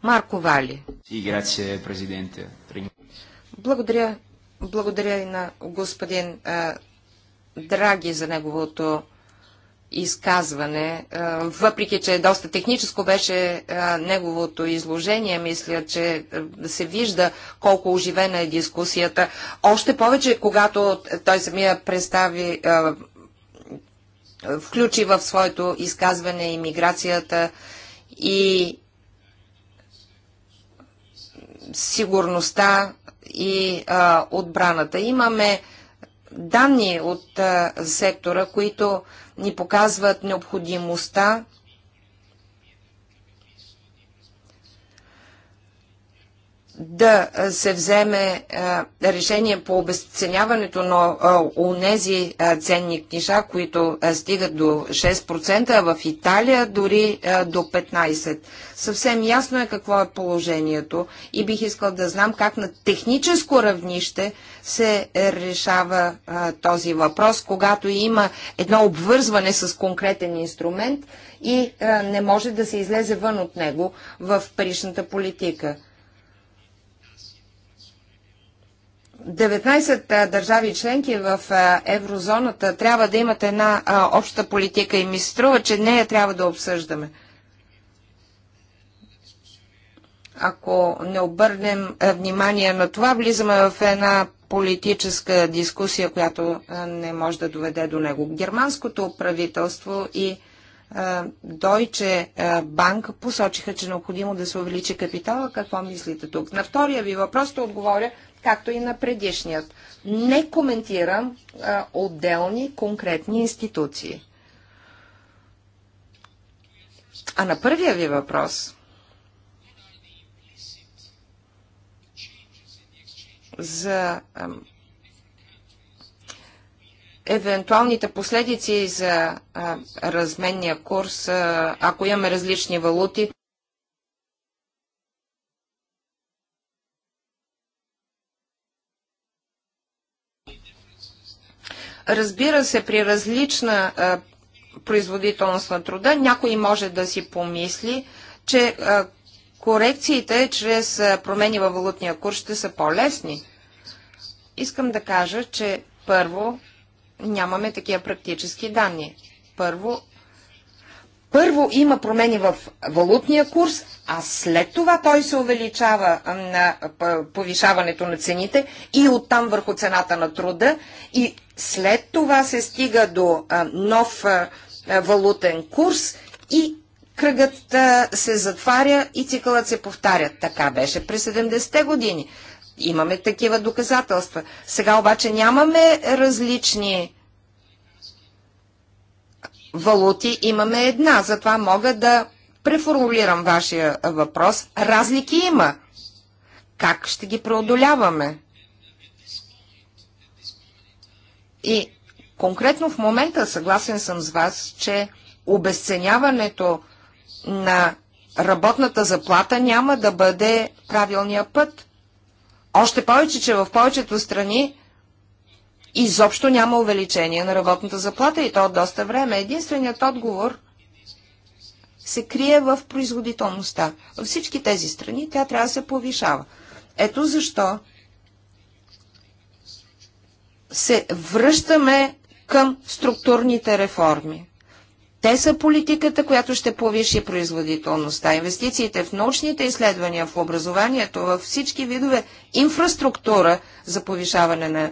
S2: Марко Вали.
S1: И президенте.
S2: Благодаря. Благодаря и на господин а, Драги за неговото изказване. А, въпреки, че е доста техническо беше а, неговото изложение, мисля, че а, се вижда колко оживена е дискусията. Още повече, когато той самия представи а, включи в своето изказване иммиграцията и сигурността и а, отбраната. Имаме данни от а, сектора, които ни показват необходимостта да се вземе решение по обесценяването на унези ценни книжа, които стигат до 6%, а в Италия дори до 15%. Съвсем ясно е какво е положението и бих искал да знам как на техническо равнище се решава този въпрос, когато има едно обвързване с конкретен инструмент и не може да се излезе вън от него в паричната политика. 19 държави членки в еврозоната трябва да имат една обща политика и ми струва, че нея трябва да обсъждаме. Ако не обърнем внимание на това, влизаме в една политическа дискусия, която не може да доведе до него. Германското правителство и Deutsche Bank посочиха, че е необходимо да се увеличи капитала. Какво мислите тук? На втория ви въпрос ще отговоря както и на предишният. Не коментирам а, отделни конкретни институции. А на първия ви въпрос за а, евентуалните последици за а, разменния курс, а, ако имаме различни валути. Разбира се, при различна а, производителност на труда някой може да си помисли, че а, корекциите чрез а, промени във валутния курс ще са по-лесни. Искам да кажа, че първо нямаме такива практически данни. Първо, първо има промени в валутния курс, а след това той се увеличава на повишаването на цените и оттам върху цената на труда и след това се стига до нов валутен курс и кръгът се затваря и цикълът се повтаря. Така беше през 70-те години. Имаме такива доказателства. Сега обаче нямаме различни валути, имаме една. Затова мога да преформулирам вашия въпрос. Разлики има. Как ще ги преодоляваме? И конкретно в момента съгласен съм с вас, че обесценяването на работната заплата няма да бъде правилния път. Още повече, че в повечето страни изобщо няма увеличение на работната заплата и то от доста време. Единственият отговор се крие в производителността. Във всички тези страни тя трябва да се повишава. Ето защо се връщаме към структурните реформи. Те са политиката, която ще повиши производителността. Инвестициите в научните изследвания, в образованието, във всички видове инфраструктура за повишаване на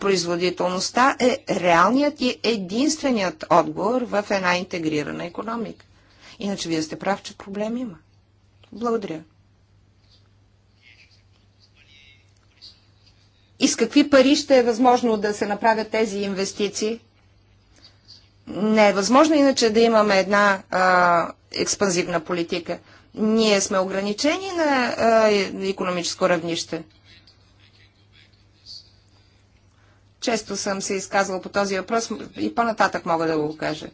S2: производителността е реалният и единственият отговор в една интегрирана економика. Иначе вие сте прав, че проблем има. Благодаря. и с какви пари ще е възможно да се направят тези инвестиции? Не е възможно иначе да имаме една а, експанзивна политика. Ние сме ограничени на а, економическо равнище. Често съм се изказвал по този въпрос и по-нататък мога да го кажа.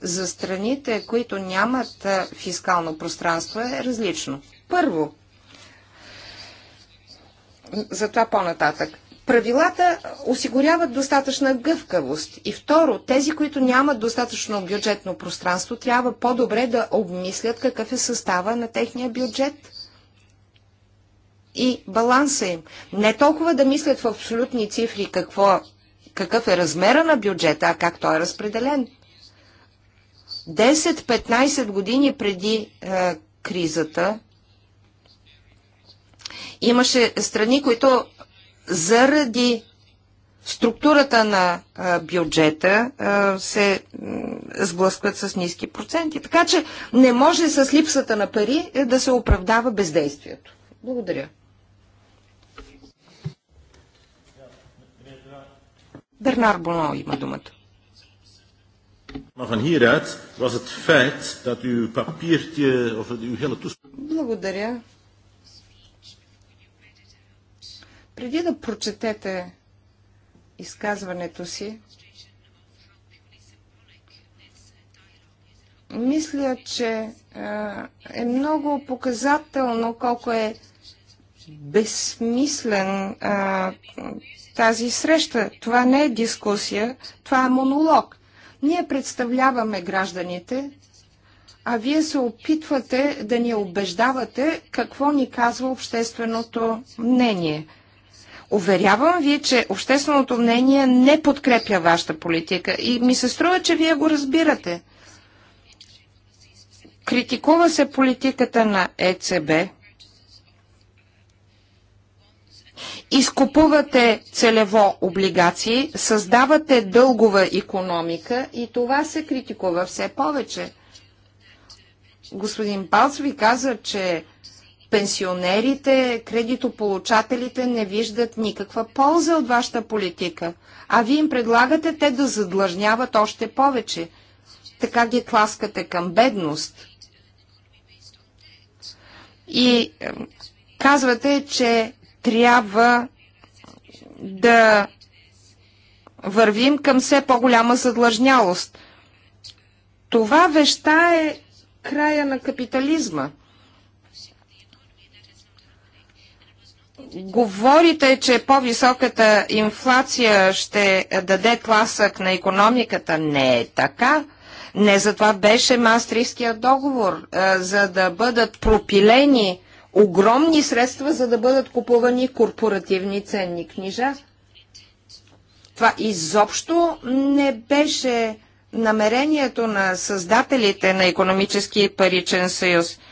S2: За страните, които нямат фискално пространство, е различно. Първо, за това по-нататък правилата осигуряват достатъчна гъвкавост. И второ, тези, които нямат достатъчно бюджетно пространство, трябва по-добре да обмислят какъв е състава на техния бюджет и баланса им. Не толкова да мислят в абсолютни цифри какво, какъв е размера на бюджета, а как той е разпределен. 10-15 години преди е, кризата имаше страни, които заради структурата на бюджета се сблъскват с ниски проценти. Така че не може с липсата на пари е, да се оправдава бездействието. Благодаря. Бернар Боно има думата. Благодаря. Преди да прочетете изказването си, мисля, че е много показателно колко е безсмислен а, тази среща. Това не е дискусия, това е монолог. Ние представляваме гражданите, а вие се опитвате да ни убеждавате какво ни казва общественото мнение. Уверявам ви, че общественото мнение не подкрепя вашата политика и ми се струва, че вие го разбирате. Критикува се политиката на ЕЦБ. Изкупувате целево облигации, създавате дългова економика и това се критикува все повече. Господин Палц ви каза, че пенсионерите, кредитополучателите не виждат никаква полза от вашата политика, а вие им предлагате те да задлъжняват още повече. Така ги тласкате към бедност. И казвате, че трябва да вървим към все по-голяма задлъжнялост. Това веща е края на капитализма – говорите, че по-високата инфлация ще даде тласък на економиката. Не е така. Не за това беше Мастрийския договор, за да бъдат пропилени огромни средства, за да бъдат купувани корпоративни ценни книжа. Това изобщо не беше намерението на създателите на економически паричен съюз –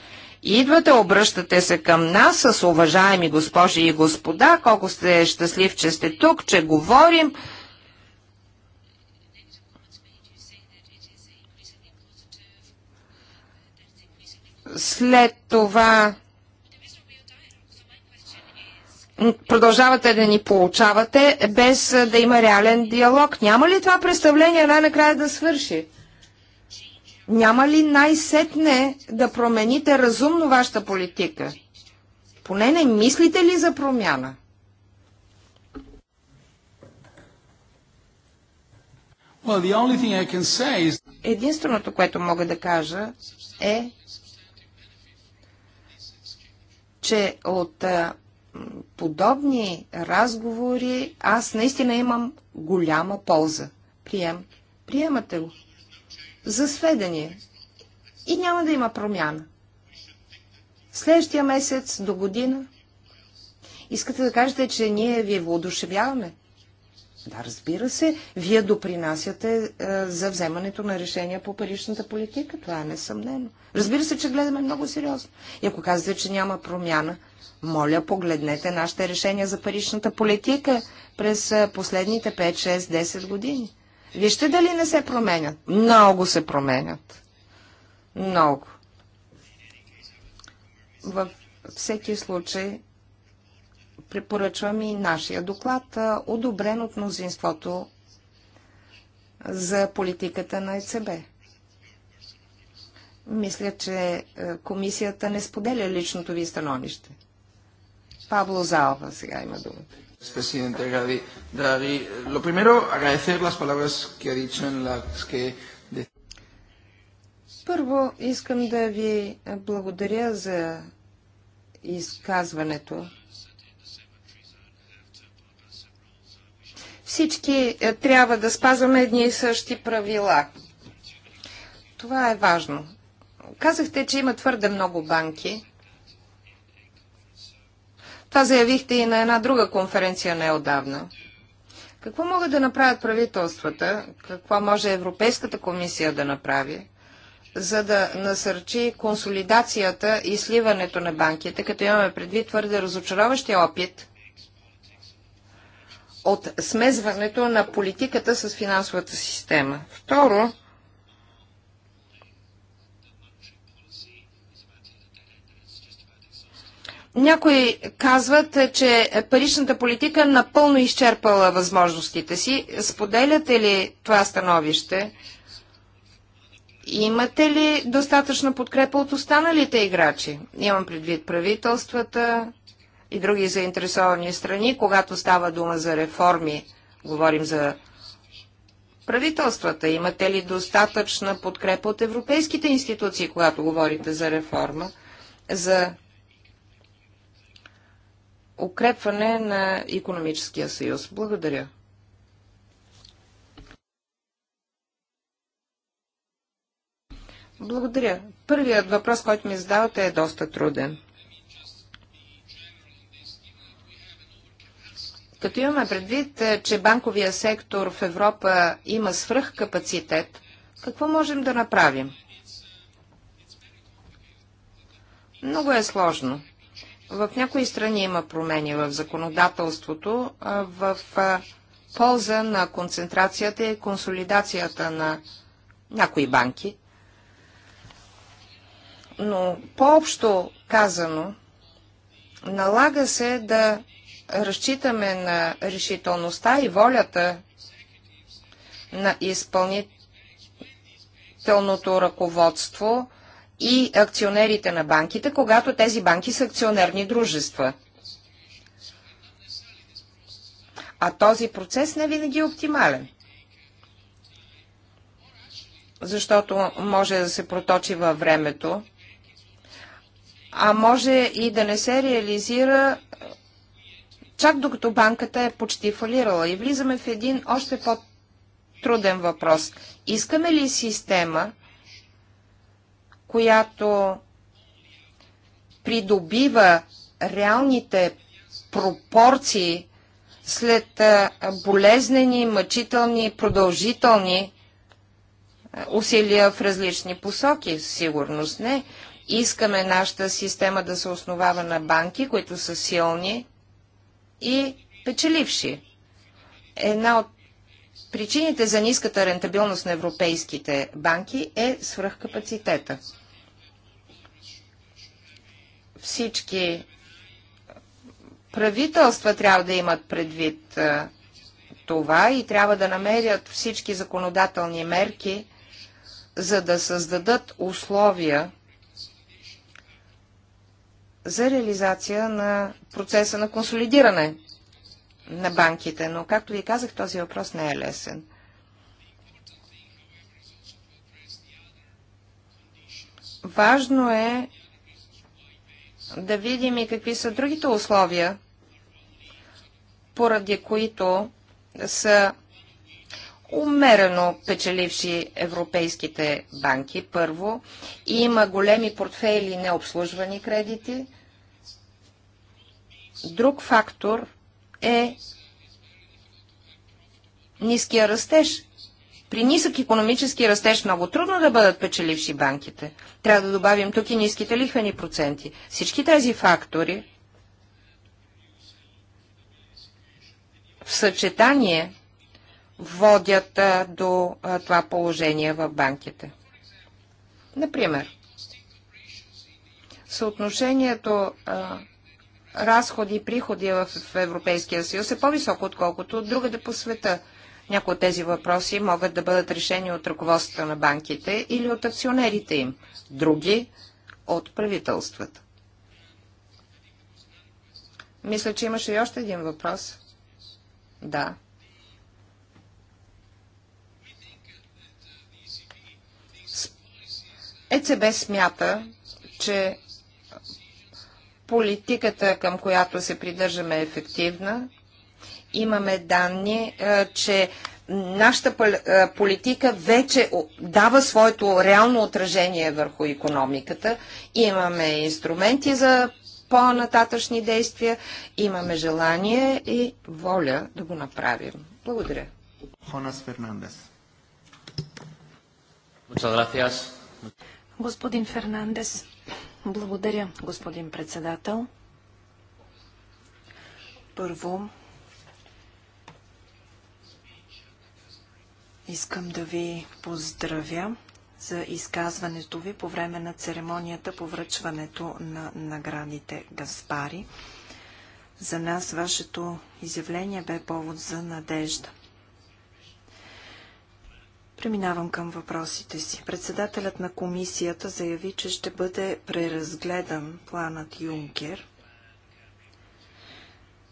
S2: Идвате, обръщате се към нас с уважаеми госпожи и господа, колко сте щастлив, че сте тук, че говорим. След това продължавате да ни получавате без да има реален диалог. Няма ли това представление най-накрая да свърши? Няма ли най-сетне да промените разумно вашата политика? Поне не мислите ли за промяна? Единственото, което мога да кажа е, че от подобни разговори аз наистина имам голяма полза. Прием. Приемате го за сведение. И няма да има промяна. Следващия месец, до година. Искате да кажете, че ние ви воодушевяваме? Да, разбира се, вие допринасяте е, за вземането на решения по паричната политика. Това е несъмнено. Разбира се, че гледаме много сериозно. И ако казвате, че няма промяна, моля, погледнете нашите решения за паричната политика през е, последните 5, 6, 10 години. Вижте дали не се променят. Много се променят. Много. Във всеки случай препоръчвам и нашия доклад, одобрен от мнозинството за политиката на ЕЦБ. Мисля, че комисията не споделя личното ви становище. Пабло Залва сега има думата.
S1: Presidente Draghi. Draghi, lo primero, agradecer las palabras que ha dicho en las que...
S2: Първо искам да ви благодаря за изказването. Всички е, трябва да спазваме едни и същи правила. Това е важно. Казахте, че има твърде много банки. Това заявихте и на една друга конференция неодавна. Какво могат да направят правителствата, какво може Европейската комисия да направи, за да насърчи консолидацията и сливането на банките, като имаме предвид твърде разочароващия опит от смезването на политиката с финансовата система. Второ, Някои казват, че паричната политика напълно изчерпала възможностите си. Споделяте ли това становище? Имате ли достатъчна подкрепа от останалите играчи? Имам предвид правителствата и други заинтересовани страни, когато става дума за реформи. Говорим за правителствата. Имате ли достатъчна подкрепа от европейските институции, когато говорите за реформа? За укрепване на економическия съюз. Благодаря. Благодаря. Първият въпрос, който ми задавате, е доста труден. Като имаме предвид, е, че банковия сектор в Европа има свръхкапацитет, какво можем да направим? Много е сложно. В някои страни има промени в законодателството в полза на концентрацията и консолидацията на някои банки. Но по-общо казано, налага се да разчитаме на решителността и волята на изпълнителното ръководство и акционерите на банките, когато тези банки са акционерни дружества. А този процес не винаги е оптимален. Защото може да се проточи във времето, а може и да не се реализира чак докато банката е почти фалирала. И влизаме в един още по-труден въпрос. Искаме ли система, която придобива реалните пропорции след болезнени, мъчителни, продължителни усилия в различни посоки? Сигурност не. Искаме нашата система да се основава на банки, които са силни и печеливши. Една от причините за ниската рентабилност на европейските банки е свръхкапацитета. Всички правителства трябва да имат предвид това и трябва да намерят всички законодателни мерки, за да създадат условия за реализация на процеса на консолидиране на банките. Но, както ви казах, този въпрос не е лесен. Важно е да видим и какви са другите условия, поради които са умерено печеливши европейските банки, първо, и има големи портфейли необслужвани кредити. Друг фактор е ниския растеж при нисък економически растеж много трудно да бъдат печеливши банките. Трябва да добавим тук и ниските лихвени проценти. Всички тези фактори в съчетание водят до това положение в банките. Например, съотношението разходи и приходи в Европейския съюз е по-високо, отколкото от другата по света – някои от тези въпроси могат да бъдат решени от ръководството на банките или от акционерите им, други от правителствата. Мисля, че имаше и още един въпрос. Да. ЕЦБ смята, че политиката, към която се придържаме е ефективна, имаме данни, че нашата политика вече дава своето реално отражение върху економиката. Имаме инструменти за по-нататъчни действия, имаме желание и воля да го направим. Благодаря.
S1: Хонас Фернандес.
S3: Господин Фернандес, благодаря, господин председател. Първо, Искам да ви поздравя за изказването ви по време на церемонията по връчването на наградите Гаспари. За нас вашето изявление бе повод за надежда. Преминавам към въпросите си. Председателят на комисията заяви, че ще бъде преразгледан планът Юнкер.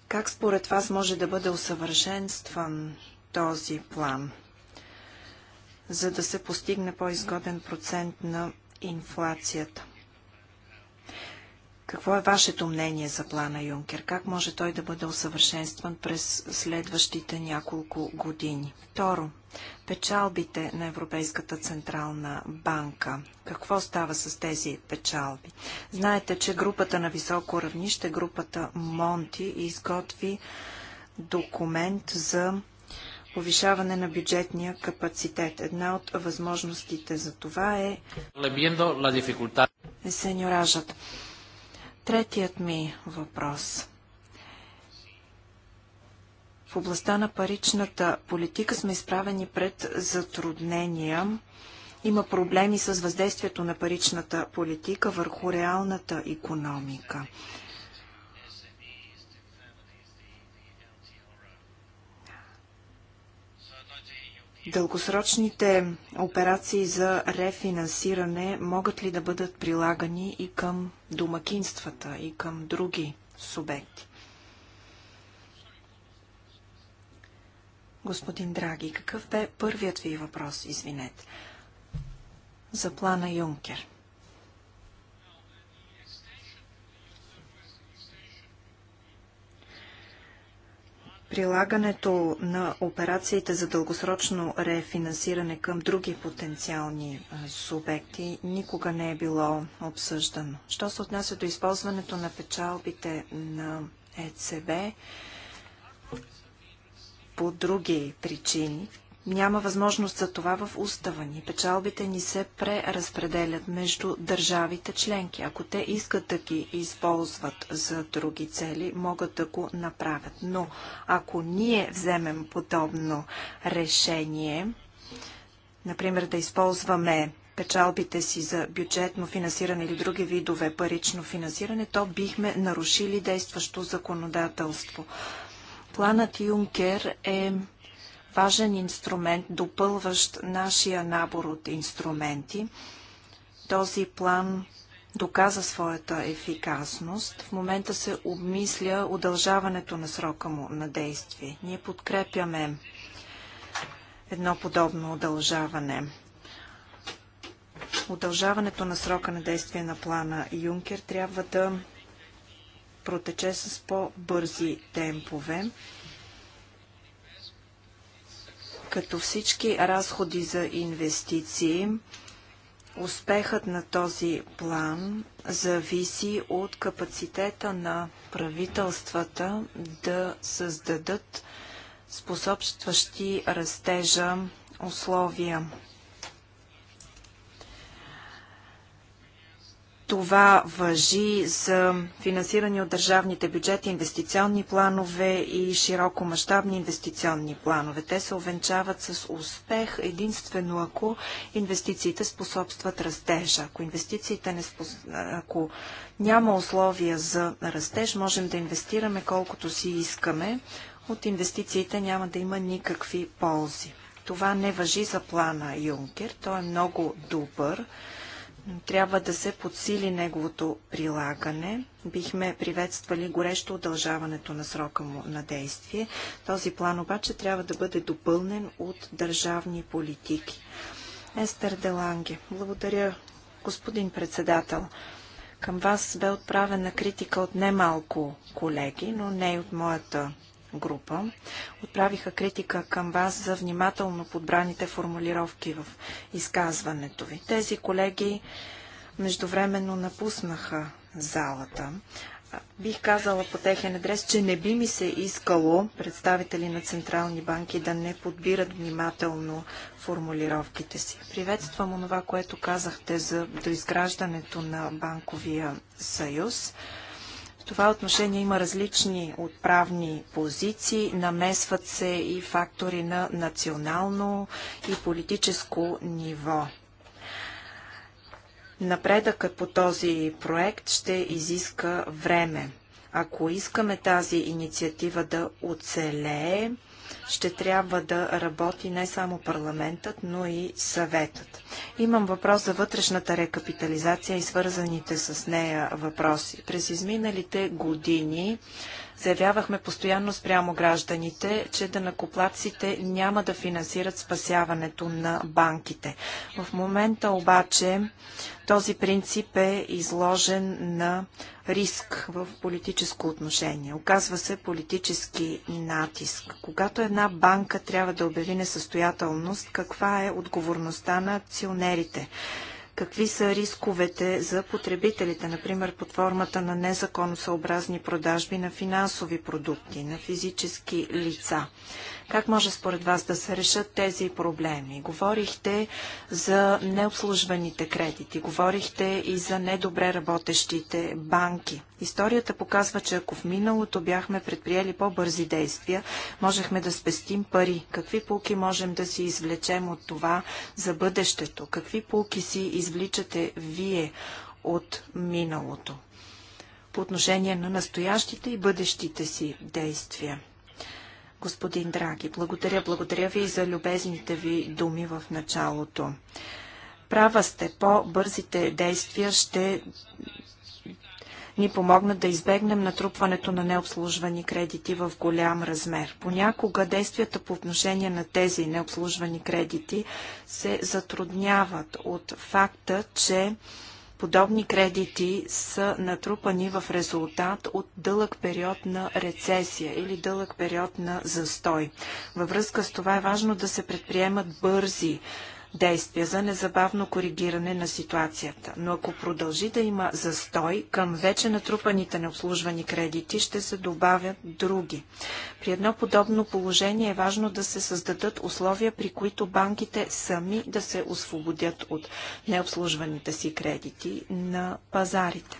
S3: Как според вас може да бъде усъвършенстван този план? за да се постигне по-изгоден процент на инфлацията. Какво е вашето мнение за плана Юнкер? Как може той да бъде усъвършенстван през следващите няколко години? Второ, печалбите на Европейската Централна банка. Какво става с тези печалби? Знаете, че групата на високо равнище, групата Монти, изготви документ за повишаване на бюджетния капацитет. Една от възможностите за това е сеньоражът. Третият ми въпрос. В областта на паричната политика сме изправени пред затруднения. Има проблеми с въздействието на паричната политика върху реалната економика. Дългосрочните операции за рефинансиране могат ли да бъдат прилагани и към домакинствата, и към други субекти? Господин Драги, какъв бе първият ви въпрос, извинете, за плана Юнкер? прилагането на операциите за дългосрочно рефинансиране към други потенциални субекти никога не е било обсъждано. Що се отнася до използването на печалбите на ЕЦБ по други причини, няма възможност за това в устава ни. Печалбите ни се преразпределят между държавите членки. Ако те искат да ги използват за други цели, могат да го направят. Но ако ние вземем подобно решение, например да използваме печалбите си за бюджетно финансиране или други видове парично финансиране, то бихме нарушили действащо законодателство. Планът Юнкер е важен инструмент, допълващ нашия набор от инструменти. Този план доказа своята ефикасност. В момента се обмисля удължаването на срока му на действие. Ние подкрепяме едно подобно удължаване. Удължаването на срока на действие на плана Юнкер трябва да протече с по-бързи темпове. Като всички разходи за инвестиции, успехът на този план зависи от капацитета на правителствата да създадат способстващи растежа условия. Това въжи за финансирани от държавните бюджети инвестиционни планове и широко мащабни инвестиционни планове. Те се овенчават с успех единствено ако инвестициите способстват растежа. Ако, инвестициите не спос... ако няма условия за растеж, можем да инвестираме колкото си искаме. От инвестициите няма да има никакви ползи. Това не въжи за плана Юнкер. Той е много добър трябва да се подсили неговото прилагане. Бихме приветствали горещо удължаването на срока му на действие. Този план обаче трябва да бъде допълнен от държавни политики. Естер Деланге, благодаря, господин председател. Към вас бе отправена критика от немалко колеги, но не и от моята група отправиха критика към вас за внимателно подбраните формулировки в изказването ви. Тези колеги междувременно напуснаха залата. Бих казала по техен адрес, че не би ми се искало представители на централни банки да не подбират внимателно формулировките си. Приветствам онова, което казахте за доизграждането на банковия съюз. В това отношение има различни отправни позиции, намесват се и фактори на национално и политическо ниво. Напредъкът по този проект ще изиска време. Ако искаме тази инициатива да оцелее, ще трябва да работи не само парламентът, но и съветът. Имам въпрос за вътрешната рекапитализация и свързаните с нея въпроси. През изминалите години Заявявахме постоянно спрямо гражданите, че накоплаците няма да финансират спасяването на банките. В момента обаче този принцип е изложен на риск в политическо отношение. Оказва се политически натиск. Когато една банка трябва да обяви несъстоятелност, каква е отговорността на акционерите? Какви са рисковете за потребителите, например под формата на незаконосъобразни продажби на финансови продукти, на физически лица? Как може според вас да се решат тези проблеми? Говорихте за необслужваните кредити, говорихте и за недобре работещите банки. Историята показва, че ако в миналото бяхме предприели по-бързи действия, можехме да спестим пари. Какви полки можем да си извлечем от това за бъдещето? Какви полки си извличате вие от миналото? по отношение на настоящите и бъдещите си действия господин Драги. Благодаря, благодаря ви и за любезните ви думи в началото. Права сте, по-бързите действия ще ни помогнат да избегнем натрупването на необслужвани кредити в голям размер. Понякога действията по отношение на тези необслужвани кредити се затрудняват от факта, че Подобни кредити са натрупани в резултат от дълъг период на рецесия или дълъг период на застой. Във връзка с това е важно да се предприемат бързи действия за незабавно коригиране на ситуацията. Но ако продължи да има застой, към вече натрупаните необслужвани кредити ще се добавят други. При едно подобно положение е важно да се създадат условия, при които банките сами да се освободят от необслужваните си кредити на пазарите.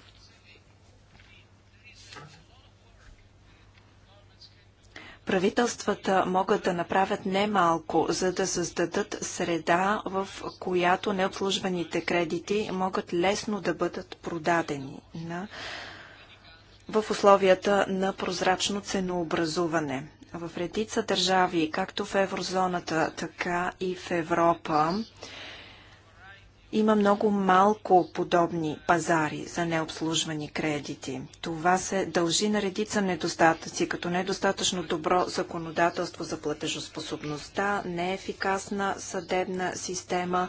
S3: Правителствата могат да направят немалко, за да създадат среда, в която необслужваните кредити могат лесно да бъдат продадени на в условията на прозрачно ценообразуване. В редица държави, както в еврозоната, така и в Европа, има много малко подобни пазари за необслужвани кредити. Това се дължи на редица недостатъци, като недостатъчно добро законодателство за платежоспособността, неефикасна съдебна система,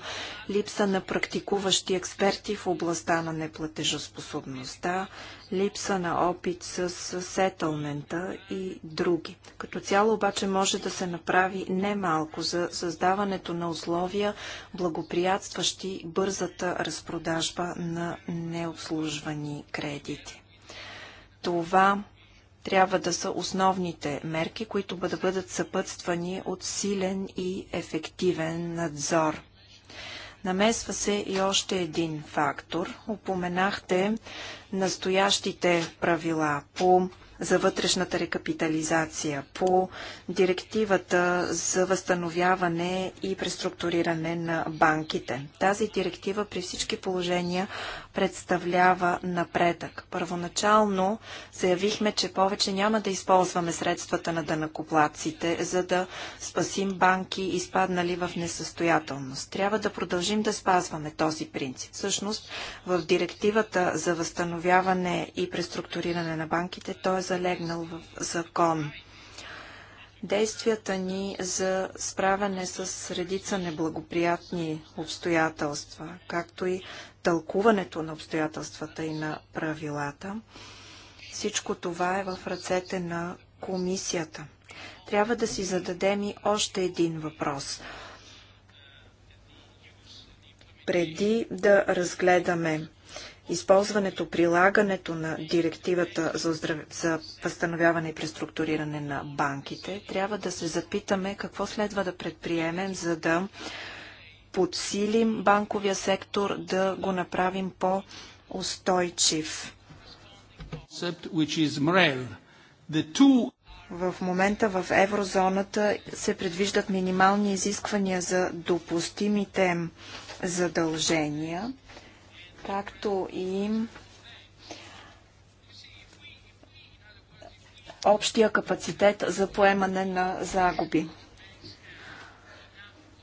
S3: липса на практикуващи експерти в областта на неплатежоспособността, липса на опит с сетълмента и други. Като цяло обаче може да се направи немалко за създаването на условия, благоприятстващи бързата разпродажба на необслужвани кредити. Това трябва да са основните мерки, които да бъдат съпътствани от силен и ефективен надзор. Намесва се и още един фактор. Упоменахте настоящите правила по за вътрешната рекапитализация, по директивата за възстановяване и преструктуриране на банките. Тази директива при всички положения представлява напредък. Първоначално заявихме, че повече няма да използваме средствата на дънакоплаците, за да спасим банки, изпаднали в несъстоятелност. Трябва да продължим да спазваме този принцип. Всъщност, в директивата за възстановяване и преструктуриране на банките той е залегнал в закон действията ни за справяне с редица неблагоприятни обстоятелства, както и тълкуването на обстоятелствата и на правилата. Всичко това е в ръцете на комисията. Трябва да си зададем и още един въпрос. Преди да разгледаме използването, прилагането на директивата за, оздрав... за възстановяване и преструктуриране на банките, трябва да се запитаме какво следва да предприемем, за да подсилим банковия сектор, да го направим по-устойчив. В момента в еврозоната се предвиждат минимални изисквания за допустимите задължения, както и общия капацитет за поемане на загуби.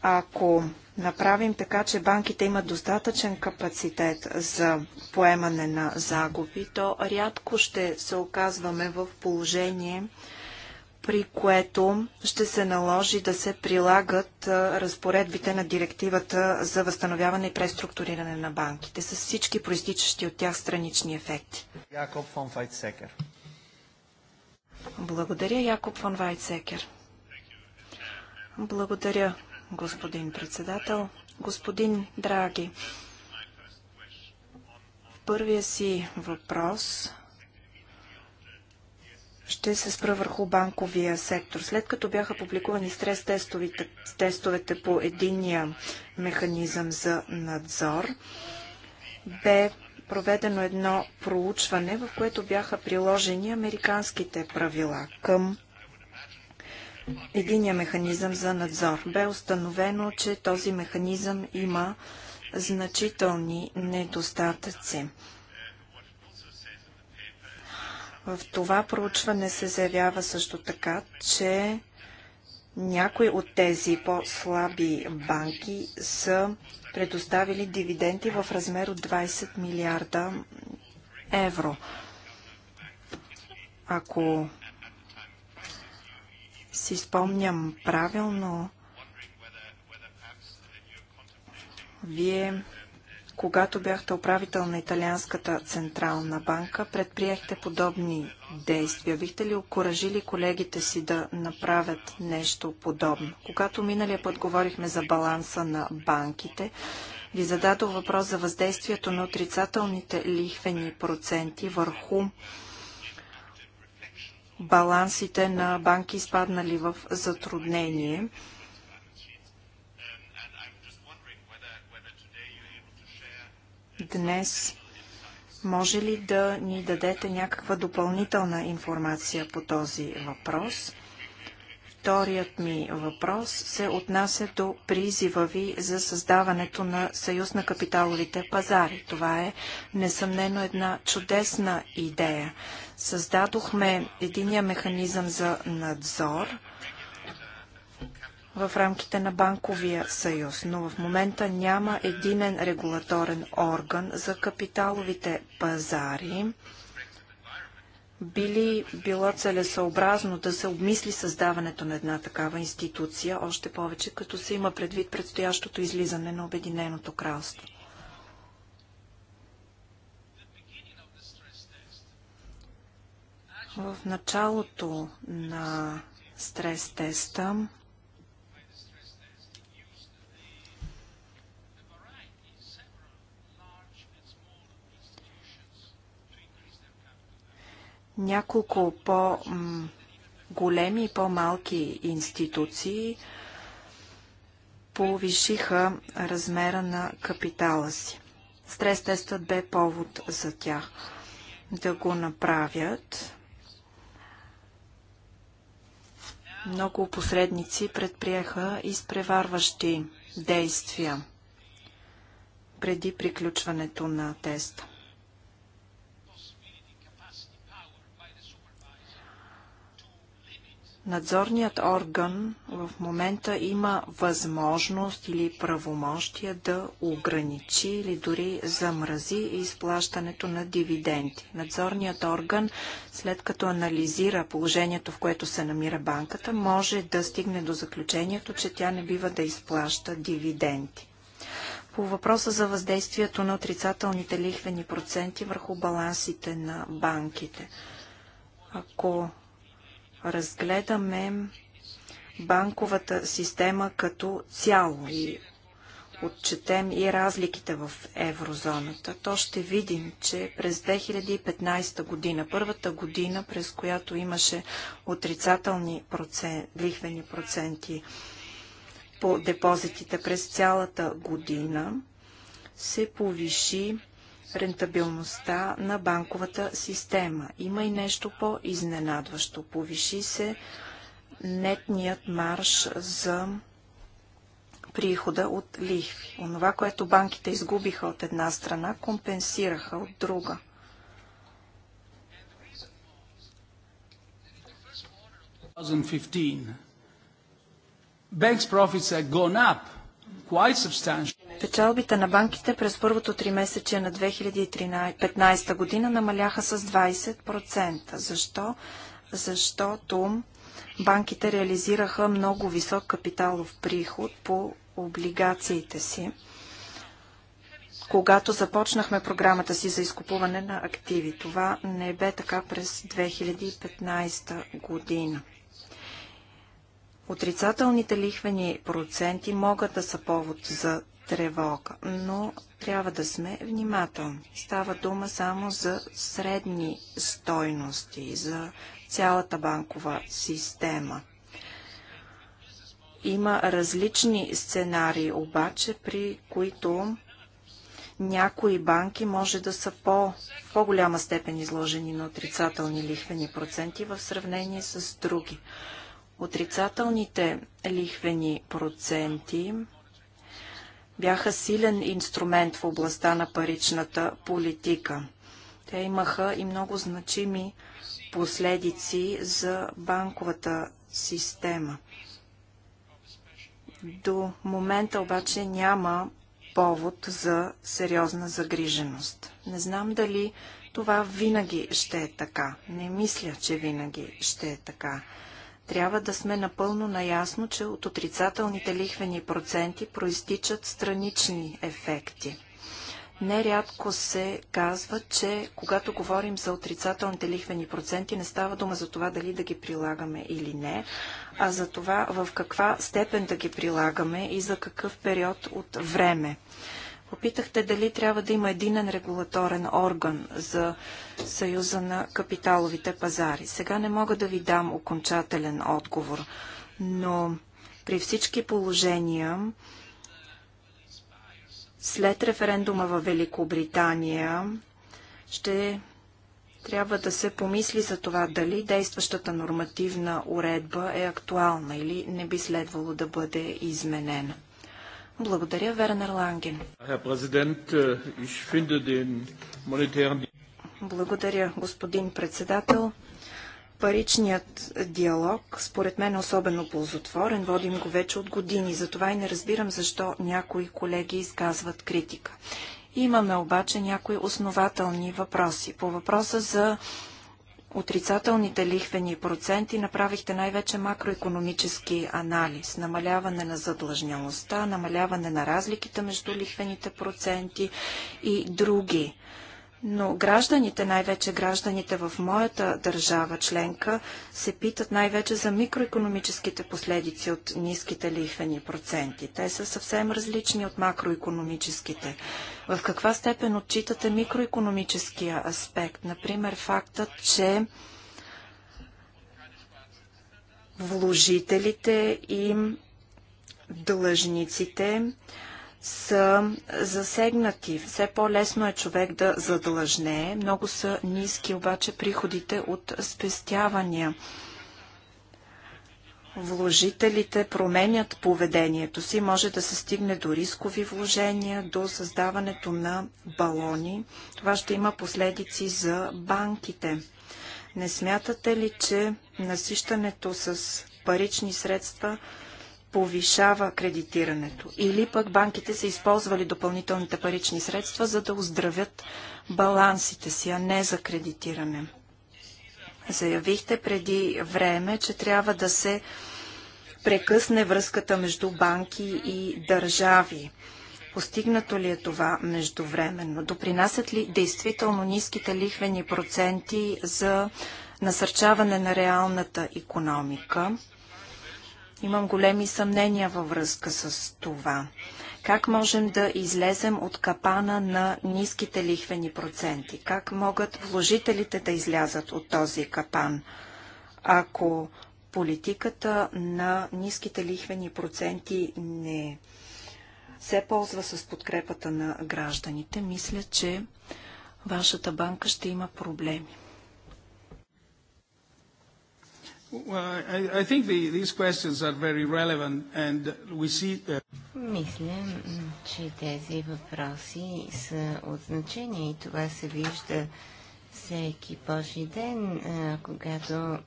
S3: Ако направим така, че банките имат достатъчен капацитет за поемане на загуби, то рядко ще се оказваме в положение, при което ще се наложи да се прилагат разпоредбите на директивата за възстановяване и преструктуриране на банките с всички проистичащи от тях странични ефекти.
S1: Якоб фон Вайтсекер.
S3: Благодаря, Якоб фон Вайтсекер. Благодаря, господин председател. Господин Драги, в първия си въпрос ще се спра върху банковия сектор. След като бяха публикувани стрес тестовете, тестовете по единия механизъм за надзор, бе проведено едно проучване, в което бяха приложени американските правила към единия механизъм за надзор. Бе установено, че този механизъм има значителни недостатъци. В това проучване се заявява също така, че някои от тези по-слаби банки са предоставили дивиденти в размер от 20 милиарда евро. Ако си спомням правилно, вие, когато бяхте управител на Италианската централна банка, предприехте подобни действия. Бихте ли окоръжили колегите си да направят нещо подобно? Когато миналия път говорихме за баланса на банките, ви зададох въпрос за въздействието на отрицателните лихвени проценти върху балансите на банки изпаднали в затруднение. Днес може ли да ни дадете някаква допълнителна информация по този въпрос? Вторият ми въпрос се отнася до призива ви за създаването на Съюз на капиталовите пазари. Това е несъмнено една чудесна идея. Създадохме единия механизъм за надзор в рамките на Банковия съюз, но в момента няма единен регулаторен орган за капиталовите пазари Били било целесообразно да се обмисли създаването на една такава институция, още повече като се има предвид предстоящото излизане на Обединеното кралство? В началото на стрес теста няколко по-големи и по-малки институции повишиха размера на капитала си. Стрес тестът бе повод за тях да го направят. Много посредници предприеха изпреварващи действия преди приключването на теста. надзорният орган в момента има възможност или правомощия да ограничи или дори замрази изплащането на дивиденти. Надзорният орган, след като анализира положението, в което се намира банката, може да стигне до заключението, че тя не бива да изплаща дивиденти. По въпроса за въздействието на отрицателните лихвени проценти върху балансите на банките. Ако разгледаме банковата система като цяло и отчетем и разликите в еврозоната, то ще видим, че през 2015 година, първата година, през която имаше отрицателни процент, лихвени проценти по депозитите през цялата година, се повиши рентабилността на банковата система. Има и нещо по-изненадващо. Повиши се нетният марш за прихода от лихви. Онова, което банките изгубиха от една страна, компенсираха от друга.
S1: Banks profits have gone up
S3: Печалбите на банките през първото три месече на 2015 година намаляха с 20%. Защо? Защото банките реализираха много висок капиталов приход по облигациите си, когато започнахме програмата си за изкупуване на активи. Това не бе така през 2015 година. Отрицателните лихвени проценти могат да са повод за тревога, но трябва да сме внимателни. Става дума само за средни стойности, за цялата банкова система. Има различни сценарии, обаче, при които някои банки може да са по, в по-голяма степен изложени на отрицателни лихвени проценти в сравнение с други. Отрицателните лихвени проценти бяха силен инструмент в областта на паричната политика. Те имаха и много значими последици за банковата система. До момента обаче няма повод за сериозна загриженост. Не знам дали това винаги ще е така. Не мисля, че винаги ще е така трябва да сме напълно наясно, че от отрицателните лихвени проценти проистичат странични ефекти. Нерядко се казва, че когато говорим за отрицателните лихвени проценти, не става дума за това дали да ги прилагаме или не, а за това в каква степен да ги прилагаме и за какъв период от време. Попитахте дали трябва да има единен регулаторен орган за Съюза на капиталовите пазари. Сега не мога да ви дам окончателен отговор, но при всички положения след референдума във Великобритания ще трябва да се помисли за това дали действащата нормативна уредба е актуална или не би следвало да бъде изменена. Благодаря, Вернер Ланген. Äh, Благодаря, господин председател. Паричният диалог, според мен, е особено ползотворен. Водим го вече от години. Затова и не разбирам защо някои колеги изказват критика. Имаме обаче някои основателни въпроси. По въпроса за отрицателните лихвени проценти направихте най-вече макроекономически анализ, намаляване на задлъжнялостта, намаляване на разликите между лихвените проценти и други но гражданите, най-вече гражданите в моята държава членка, се питат най-вече за микроекономическите последици от ниските лихвени проценти. Те са съвсем различни от макроекономическите. В каква степен отчитате микроекономическия аспект? Например, фактът, че вложителите и длъжниците са засегнати. Все по-лесно е човек да задлъжне. Много са ниски обаче приходите от спестявания. Вложителите променят поведението си. Може да се стигне до рискови вложения, до създаването на балони. Това ще има последици за банките. Не смятате ли, че насищането с парични средства – повишава кредитирането. Или пък банките са използвали допълнителните парични средства, за да оздравят балансите си, а не за кредитиране. Заявихте преди време, че трябва да се прекъсне връзката между банки и държави. Постигнато ли е това междувременно? Допринасят ли действително ниските лихвени проценти за насърчаване на реалната економика? Имам големи съмнения във връзка с това. Как можем да излезем от капана на ниските лихвени проценти? Как могат вложителите да излязат от този капан? Ако политиката на ниските лихвени проценти не се ползва с подкрепата на гражданите, мисля, че вашата банка ще има проблеми.
S1: Uh,
S4: Мисля, че тези въпроси са от значение и това се вижда всеки Божи ден, когато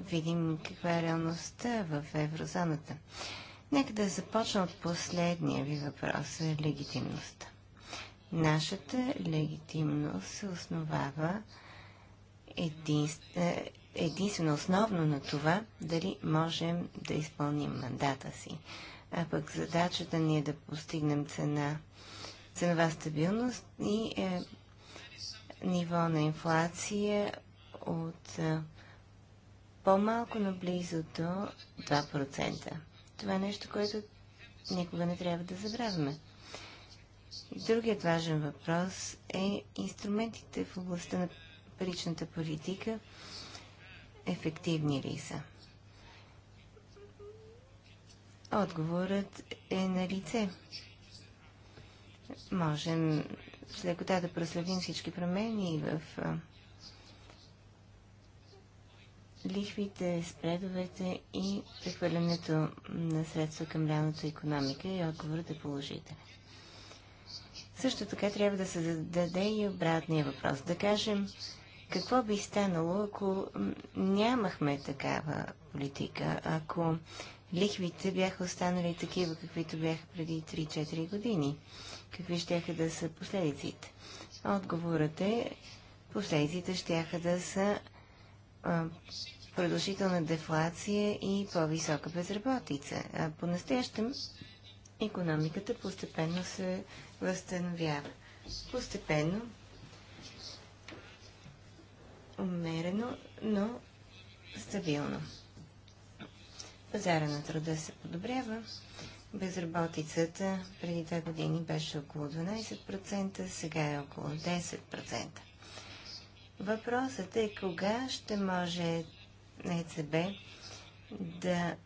S4: видим каква е реалността в еврозоната. Нека да започна от последния ви въпрос е – легитимността. Нашата легитимност се основава един, е, единствено основно на това, дали можем да изпълним мандата си. А пък задачата ни е да постигнем цена, ценова стабилност и е, ниво на инфлация от е, по-малко наблизо до 2%. Това е нещо, което никога не трябва да забравяме. Другият важен въпрос е инструментите в областта на паричната политика ефективни ли са? Отговорът е на лице. Можем с лекота да проследим всички промени в лихвите, спредовете и прехвърлянето на средства към реалната економика и отговорът е положителен. Също така трябва да се зададе и обратния въпрос. Да кажем, какво би станало, ако нямахме такава политика, ако лихвите бяха останали такива, каквито бяха преди 3-4 години? Какви ще да са последиците? Отговорът е, последиците ще да са а, продължителна дефлация и по-висока безработица. А по-настоящем економиката постепенно се възстановява. Постепенно умерено, но стабилно. Пазара на труда се подобрява. Безработицата преди две години беше около 12%, сега е около 10%. Въпросът е кога ще може ЕЦБ да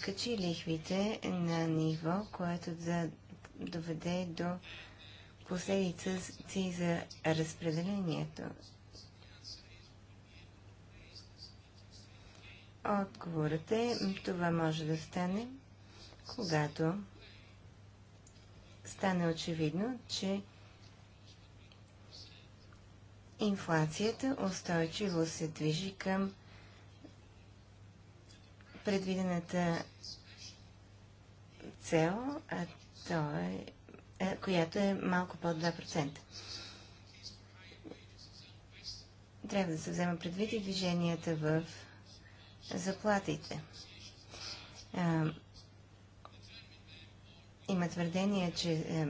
S4: качи лихвите на ниво, което да доведе до последица за разпределението Отговорът е, това може да стане, когато стане очевидно, че инфлацията устойчиво се движи към предвидената цел, а то е, е която е малко под 2%. Трябва да се взема предвид и движенията в заплатите. има твърдение, че е,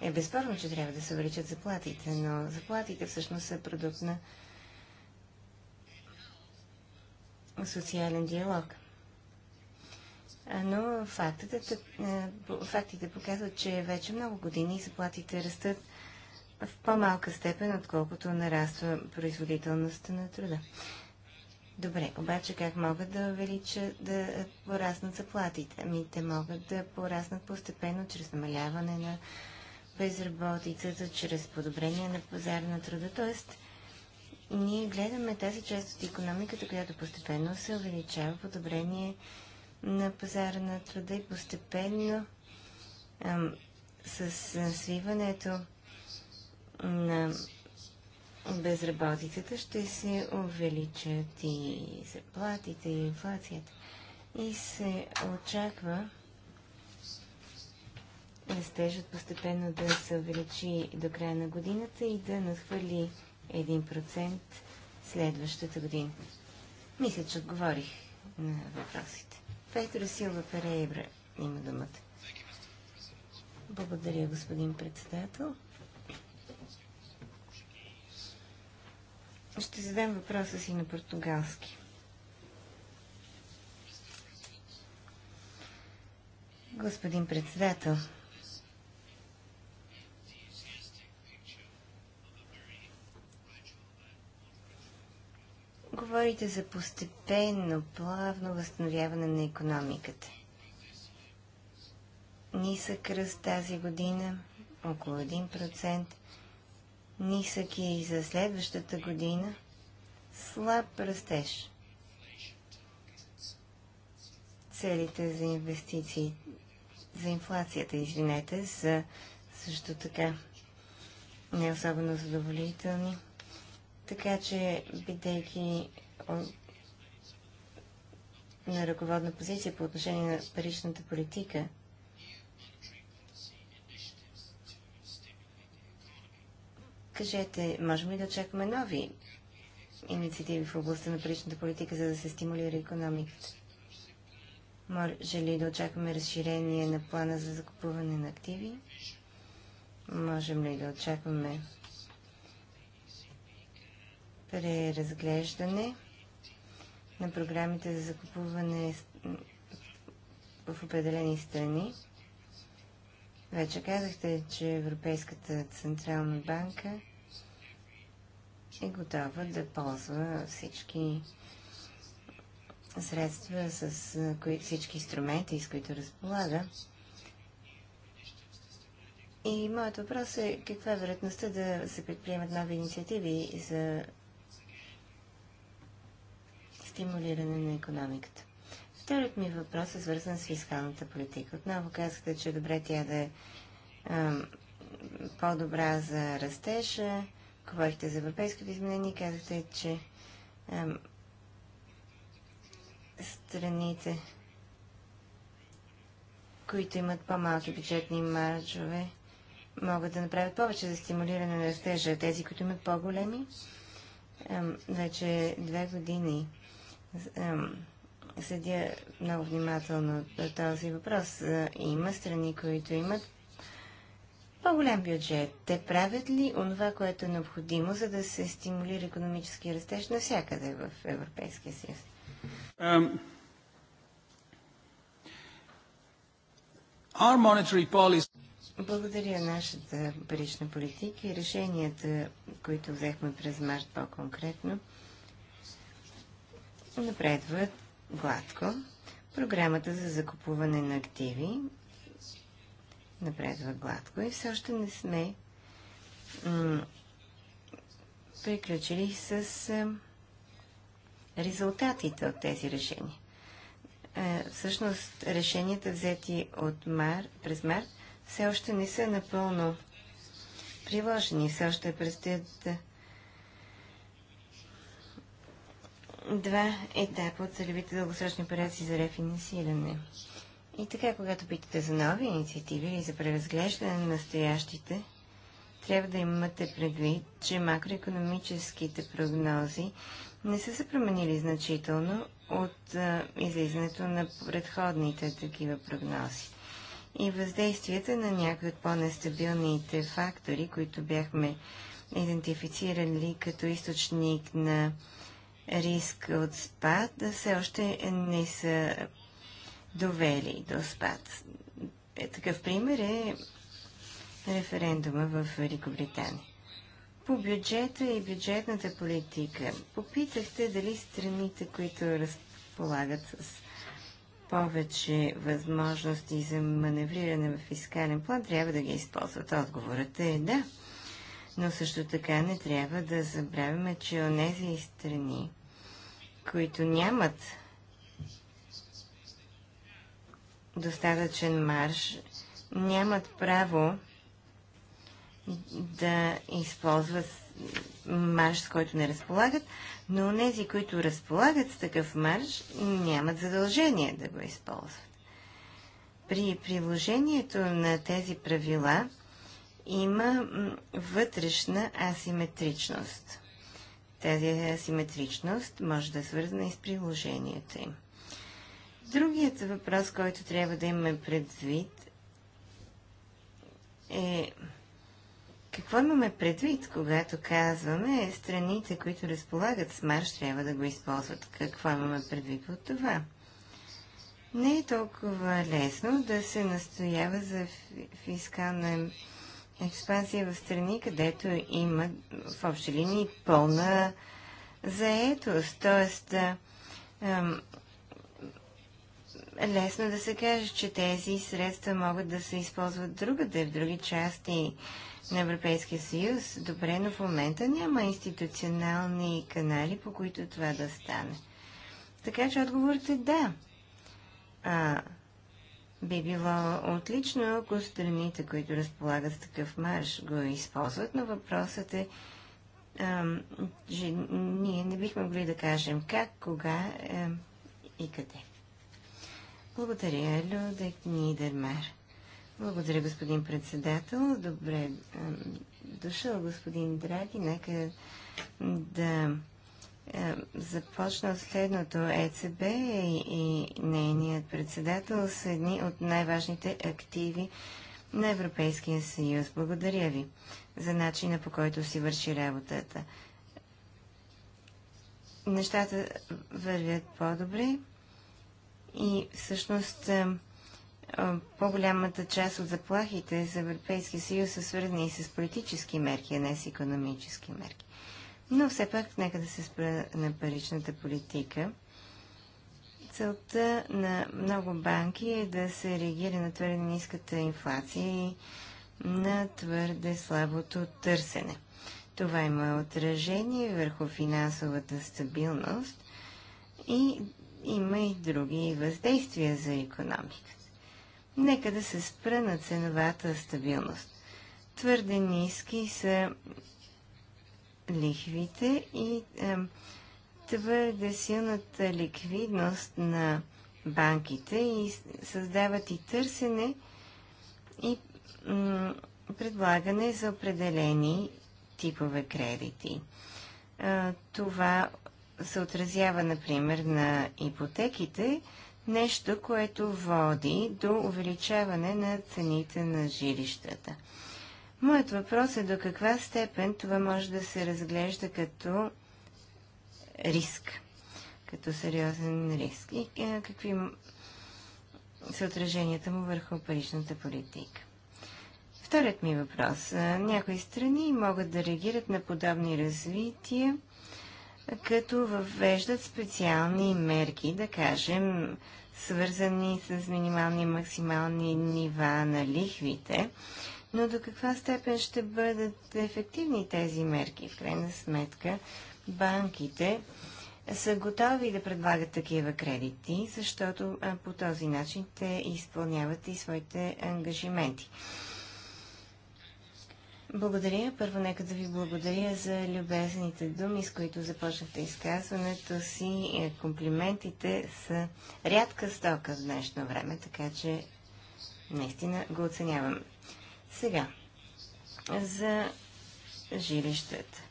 S4: е безспорно, че трябва да се увеличат заплатите, но заплатите всъщност са продукт на социален диалог. Но фактите, е, фактите показват, че вече много години заплатите растат в по-малка степен, отколкото нараства производителността на труда. Добре, обаче как могат да увеличат, да пораснат заплатите? Ами те могат да пораснат постепенно чрез намаляване на безработицата, чрез подобрение на пазара на труда. Тоест, ние гледаме тази част от економиката, която постепенно се увеличава, подобрение на пазара на труда и постепенно ам, с свиването на безработицата, ще се увеличат и заплатите, и инфлацията. И се очаква растежът постепенно да се увеличи до края на годината и да надхвърли 1% следващата година. Мисля, че отговорих на въпросите. Петро Силва Перейбра има думата. Благодаря, господин председател. Ще задам въпроса си на португалски. Господин председател, говорите за постепенно, плавно възстановяване на економиката. Нисък ръст тази година, около 1% нисък е и за следващата година. Слаб растеж. Целите за инвестиции, за инфлацията, извинете, са също така не особено задоволителни. Така че, бидейки на ръководна позиция по отношение на паричната политика, кажете, можем ли да очакваме нови инициативи в областта на паричната политика, за да се стимулира економиката? Може ли да очакваме разширение на плана за закупуване на активи? Можем ли да очакваме преразглеждане на програмите за закупуване в определени страни? Вече казахте, че Европейската Централна банка е готова да ползва всички средства, с кои, всички инструменти, с които разполага. И моят въпрос е каква е вероятността да се предприемат нови инициативи за стимулиране на економиката. Вторият ми въпрос е свързан с фискалната политика. Отново казахте, че е добре тя да е по-добра за растежа, говорихте за европейското изменение, казвате, че ам, страните, които имат по-малки бюджетни маржове, могат да направят повече за стимулиране на растежа. Тези, които имат по-големи, вече две години ам, следя много внимателно този въпрос. Има страни, които имат по-голям бюджет. Те правят ли онова, което е необходимо, за да се стимулира економически растеж навсякъде в Европейския съюз? Um,
S1: our monetary
S4: policy... Благодаря нашата парична политика и решенията, които взехме през март по-конкретно, напредват гладко. Програмата за закупуване на активи напредва гладко и все още не сме приключили с е, резултатите от тези решения. Е, всъщност, решенията взети от мар, през март все още не са напълно приложени. Все още предстоят е, два етапа от целевите дългосрочни операции за рефинансиране. И така, когато питате за нови инициативи или за преразглеждане на настоящите, трябва да имате предвид, че макроекономическите прогнози не са се променили значително от излизането на предходните такива прогнози. И въздействията на някои от по-нестабилните фактори, които бяхме идентифицирали като източник на риск от спад, все още не са довели до спад. Е, такъв пример е референдума в Великобритания. По бюджета и бюджетната политика попитахте дали страните, които разполагат с повече възможности за маневриране в фискален план, трябва да ги използват. Отговорът е да. Но също така не трябва да забравяме, че онези страни, които нямат достатъчен марш, нямат право да използват марш, с който не разполагат, но тези, които разполагат с такъв марш, нямат задължение да го използват. При приложението на тези правила има вътрешна асиметричност. Тази асиметричност може да е свързана и с приложението им. Другият въпрос, който трябва да имаме предвид е какво имаме предвид, когато казваме страните, които разполагат с марш, трябва да го използват? Какво имаме предвид от това? Не е толкова лесно да се настоява за фискална експансия в страни, където има в общи линии пълна заетост. Тоест, лесно да се каже, че тези средства могат да се използват другаде, в други части на Европейския съюз. Добре, но в момента няма институционални канали, по които това да стане. Така че отговорът е да. А, би било отлично, ако страните, които разполагат с такъв марш, го използват, но въпросът е, че ние не бихме могли да кажем как, кога ам, и къде. Благодаря, Людек Нидермер. Благодаря, господин председател. Добре дошъл, господин Драги. Нека да започна от следното. ЕЦБ и нейният председател са едни от най-важните активи на Европейския съюз. Благодаря ви за начина по който си върши работата. Нещата вървят по-добре и всъщност е, е, по-голямата част от заплахите за Европейския съюз са свързани и с политически мерки, а не с економически мерки. Но все пак нека да се спра на паричната политика. Целта на много банки е да се реагира на твърде ниската инфлация и на твърде слабото търсене. Това има отражение върху финансовата стабилност и има и други въздействия за економиката. Нека да се спра на ценовата стабилност. Твърде ниски са лихвите и е, твърде силната ликвидност на банките и създават и търсене и предлагане за определени типове кредити. Е, това се отразява, например, на ипотеките, нещо, което води до увеличаване на цените на жилищата. Моят въпрос е до каква степен това може да се разглежда като риск, като сериозен риск и е, какви са отраженията му върху паричната политика. Вторият ми въпрос. Е, някои страни могат да реагират на подобни развития като въвеждат специални мерки, да кажем, свързани с минимални и максимални нива на лихвите, но до каква степен ще бъдат ефективни тези мерки? В крайна сметка, банките са готови да предлагат такива кредити, защото по този начин те изпълняват и своите ангажименти. Благодаря. Първо нека да ви благодаря за любезните думи, с които започнахте изказването си. Е, комплиментите са рядка стока в днешно време, така че наистина го оценявам. Сега, за жилищата.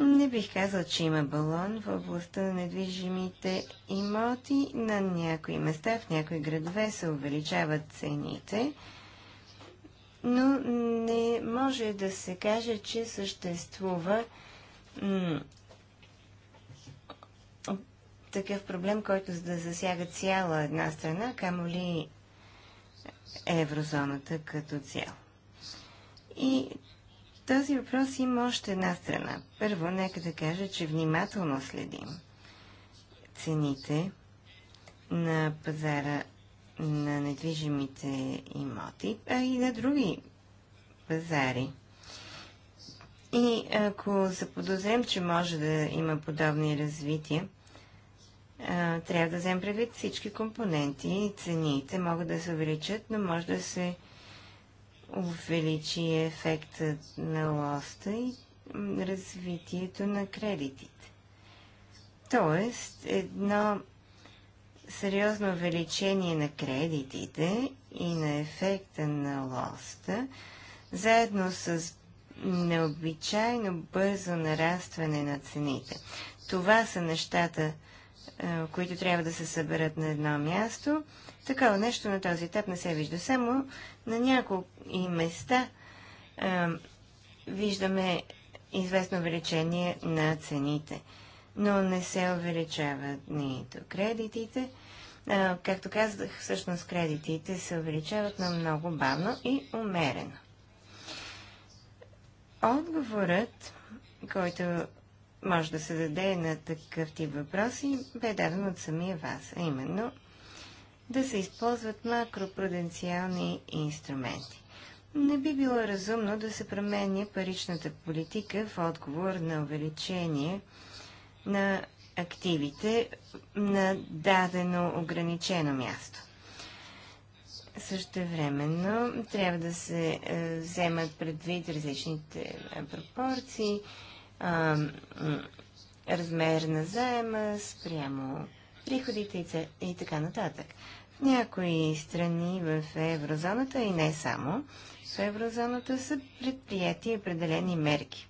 S4: Не бих казал, че има балон в областта на недвижимите имоти. На някои места, в някои градове се увеличават цените но не може да се каже, че съществува такъв проблем, който да засяга цяла една страна, камо ли еврозоната като цяло. И този въпрос има още една страна. Първо, нека да кажа, че внимателно следим цените на пазара на недвижимите имоти, а и на други пазари. И ако подозрем, че може да има подобни развития, трябва да вземем предвид всички компоненти. Цените могат да се увеличат, но може да се увеличи ефектът на лоста и развитието на кредитите. Тоест, едно сериозно увеличение на кредитите и на ефекта на лоста, заедно с необичайно бързо нарастване на цените. Това са нещата, е, които трябва да се съберат на едно място. Такова нещо на този етап не се вижда. Само на няколко и места е, виждаме известно увеличение на цените но не се увеличават нито кредитите. А, както казах, всъщност кредитите се увеличават на много бавно и умерено. Отговорът, който може да се даде на такъв тип въпроси, бе даден от самия вас, а именно да се използват макропруденциални инструменти. Не би било разумно да се променя паричната политика в отговор на увеличение на активите на дадено ограничено място. Същевременно трябва да се е, вземат предвид различните е, пропорции, размер на заема спрямо приходите и така нататък. В някои страни в еврозоната и не само в еврозоната са предприяти определени мерки.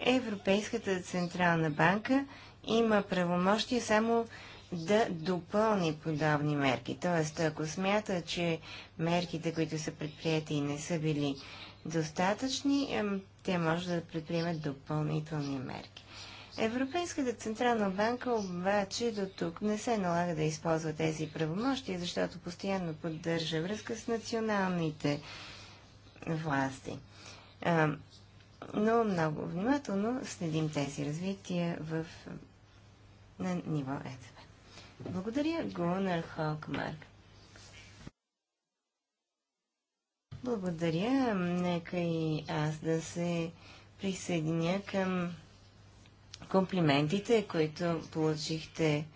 S4: Европейската централна банка – има правомощие само да допълни подобни мерки. Тоест, ако смята, че мерките, които са предприяти не са били достатъчни, те може да предприемат допълнителни мерки. Европейската централна банка обаче до тук не се налага да използва тези правомощи, защото постоянно поддържа връзка с националните власти. но много внимателно следим тези развития в на ниво ЕЦБ. Благодаря, Гунър Хокмарк. Благодаря. Нека и аз да се присъединя към комплиментите, които получихте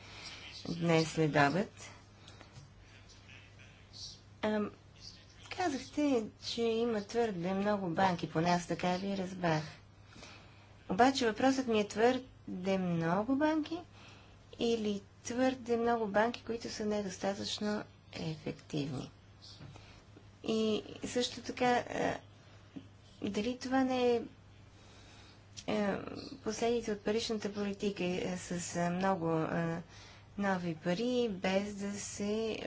S4: днес след обед. казахте, че има твърде много банки, поне аз така ви разбрах. Обаче въпросът ми е твърде много банки или твърде много банки, които са недостатъчно ефективни. И също така, дали това не е последните от паричната политика с много нови пари, без да се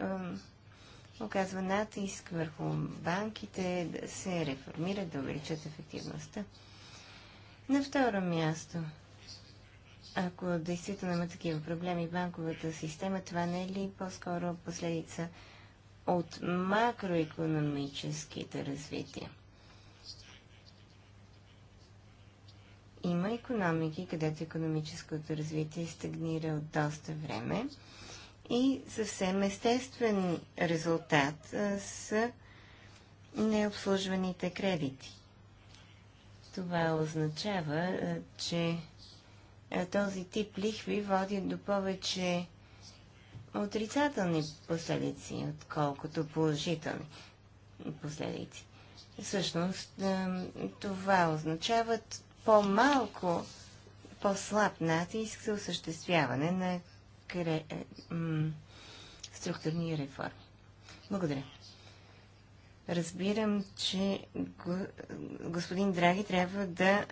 S4: оказва натиск върху банките, да се реформират, да увеличат ефективността. На второ място – ако действително има такива проблеми в банковата система, това не е ли по-скоро последица от макроекономическите развития? Има економики, където економическото развитие стагнира от доста време и съвсем естествен резултат са необслужваните кредити. Това означава, че е, този тип лихви води до повече отрицателни последици, отколкото положителни последици. Всъщност, това означават по-малко, по-слаб натиск за осъществяване на кре... Е, структурни реформи. Благодаря. Разбирам, че господин Драги трябва да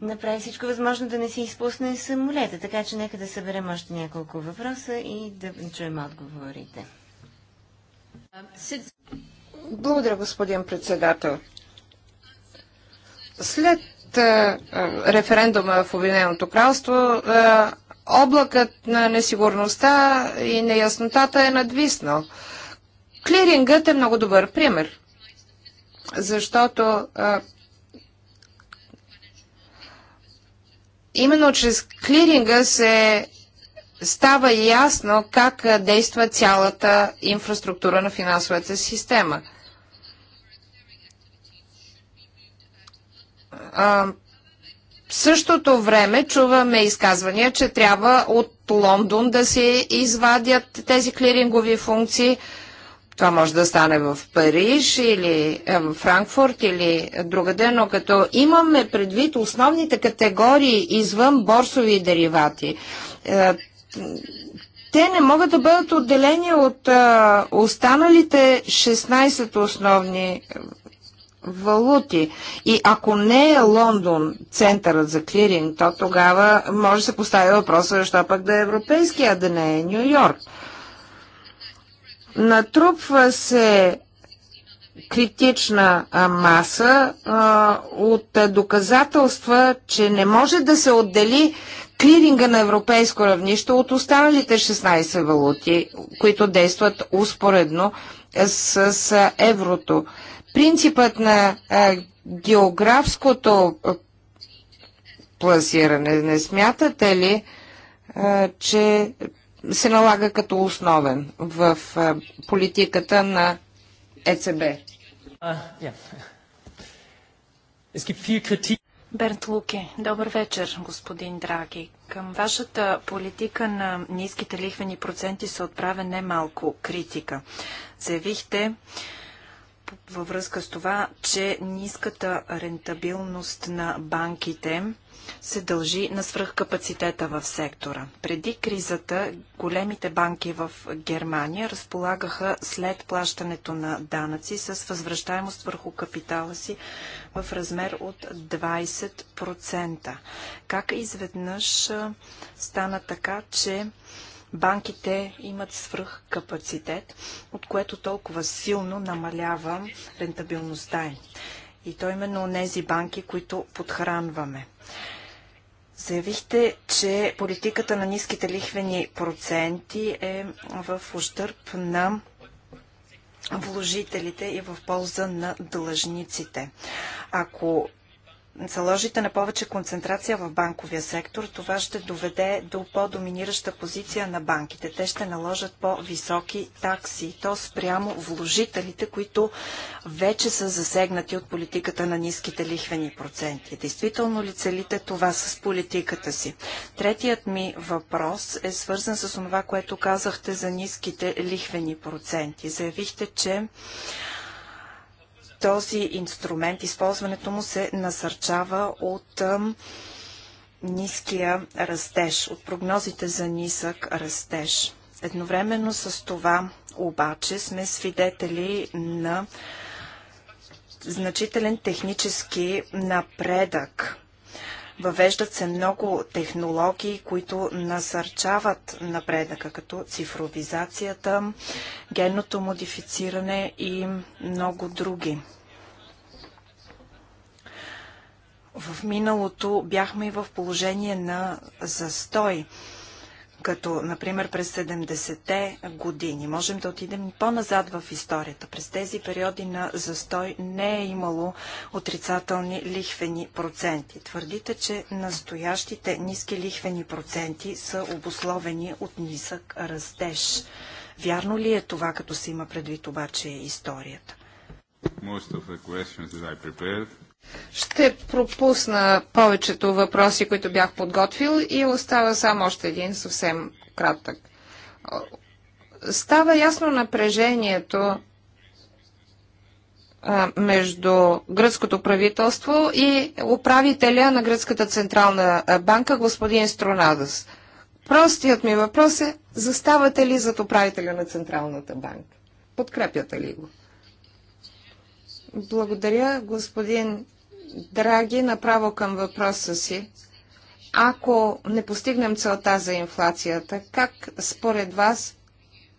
S4: направи всичко възможно да не си изпусне самолета, така че нека да съберем още няколко въпроса и да чуем отговорите.
S2: Благодаря, господин председател. След референдума в Обединеното кралство, облакът на несигурността и неяснотата е надвиснал. Клирингът е много добър пример, защото а, Именно чрез клиринга се става ясно как действа цялата инфраструктура на финансовата система. в същото време чуваме изказвания, че трябва от Лондон да се извадят тези клирингови функции – това може да стане в Париж или е, в Франкфурт или другаде, но като имаме предвид основните категории извън борсови деривати, е, те не могат да бъдат отделени от е, останалите 16 основни валути. И ако не е Лондон центърът за клиринг, то тогава може да се поставя въпроса, защо пък да е европейски, а да не е Нью Йорк. Натрупва се критична маса от доказателства, че не може да се отдели клиринга на европейско равнище от останалите 16 валути, които действат успоредно с, с еврото. Принципът на а, географското пласиране, не смятате ли, а, че се налага като основен в е, политиката на ЕЦБ. Е, Бернт Луке,
S3: добър вечер, господин Драги. Към вашата политика на ниските лихвени проценти се отправя немалко критика. Заявихте, във връзка с това, че ниската рентабилност на банките се дължи на свръхкапацитета в сектора. Преди кризата големите банки в Германия разполагаха след плащането на данъци с възвръщаемост върху капитала си в размер от 20%. Как изведнъж стана така, че банките имат свръхкапацитет, от което толкова силно намалява рентабилността им. И то именно тези банки, които подхранваме. Заявихте, че политиката на ниските лихвени проценти е в ущърп на вложителите и в полза на длъжниците. Ако заложите на повече концентрация в банковия сектор, това ще доведе до по-доминираща позиция на банките. Те ще наложат по-високи такси, то спрямо вложителите, които вече са засегнати от политиката на ниските лихвени проценти. Действително ли целите това с политиката си? Третият ми въпрос е свързан с това, което казахте за ниските лихвени проценти. Заявихте, че този инструмент, използването му се насърчава от ниския растеж, от прогнозите за нисък растеж. Едновременно с това обаче сме свидетели на значителен технически напредък Въвеждат се много технологии, които насърчават напредъка, като цифровизацията, генното модифициране и много други. В миналото бяхме и в положение на застой като, например, през 70-те години. Можем да отидем по-назад в историята. През тези периоди на застой не е имало отрицателни лихвени проценти. Твърдите, че настоящите ниски лихвени проценти са обусловени от нисък растеж. Вярно ли е това, като се има предвид обаче историята?
S1: Most of the questions that I prepared
S2: ще пропусна повечето въпроси, които бях подготвил и остава само още един съвсем кратък. Става ясно напрежението между гръцкото правителство и управителя на Гръцката централна банка господин Стронадас. Простият ми въпрос е, заставате ли зад управителя на Централната банка? Подкрепяте ли го? Благодаря, господин Драги, направо към въпроса си. Ако не постигнем целта за инфлацията, как според вас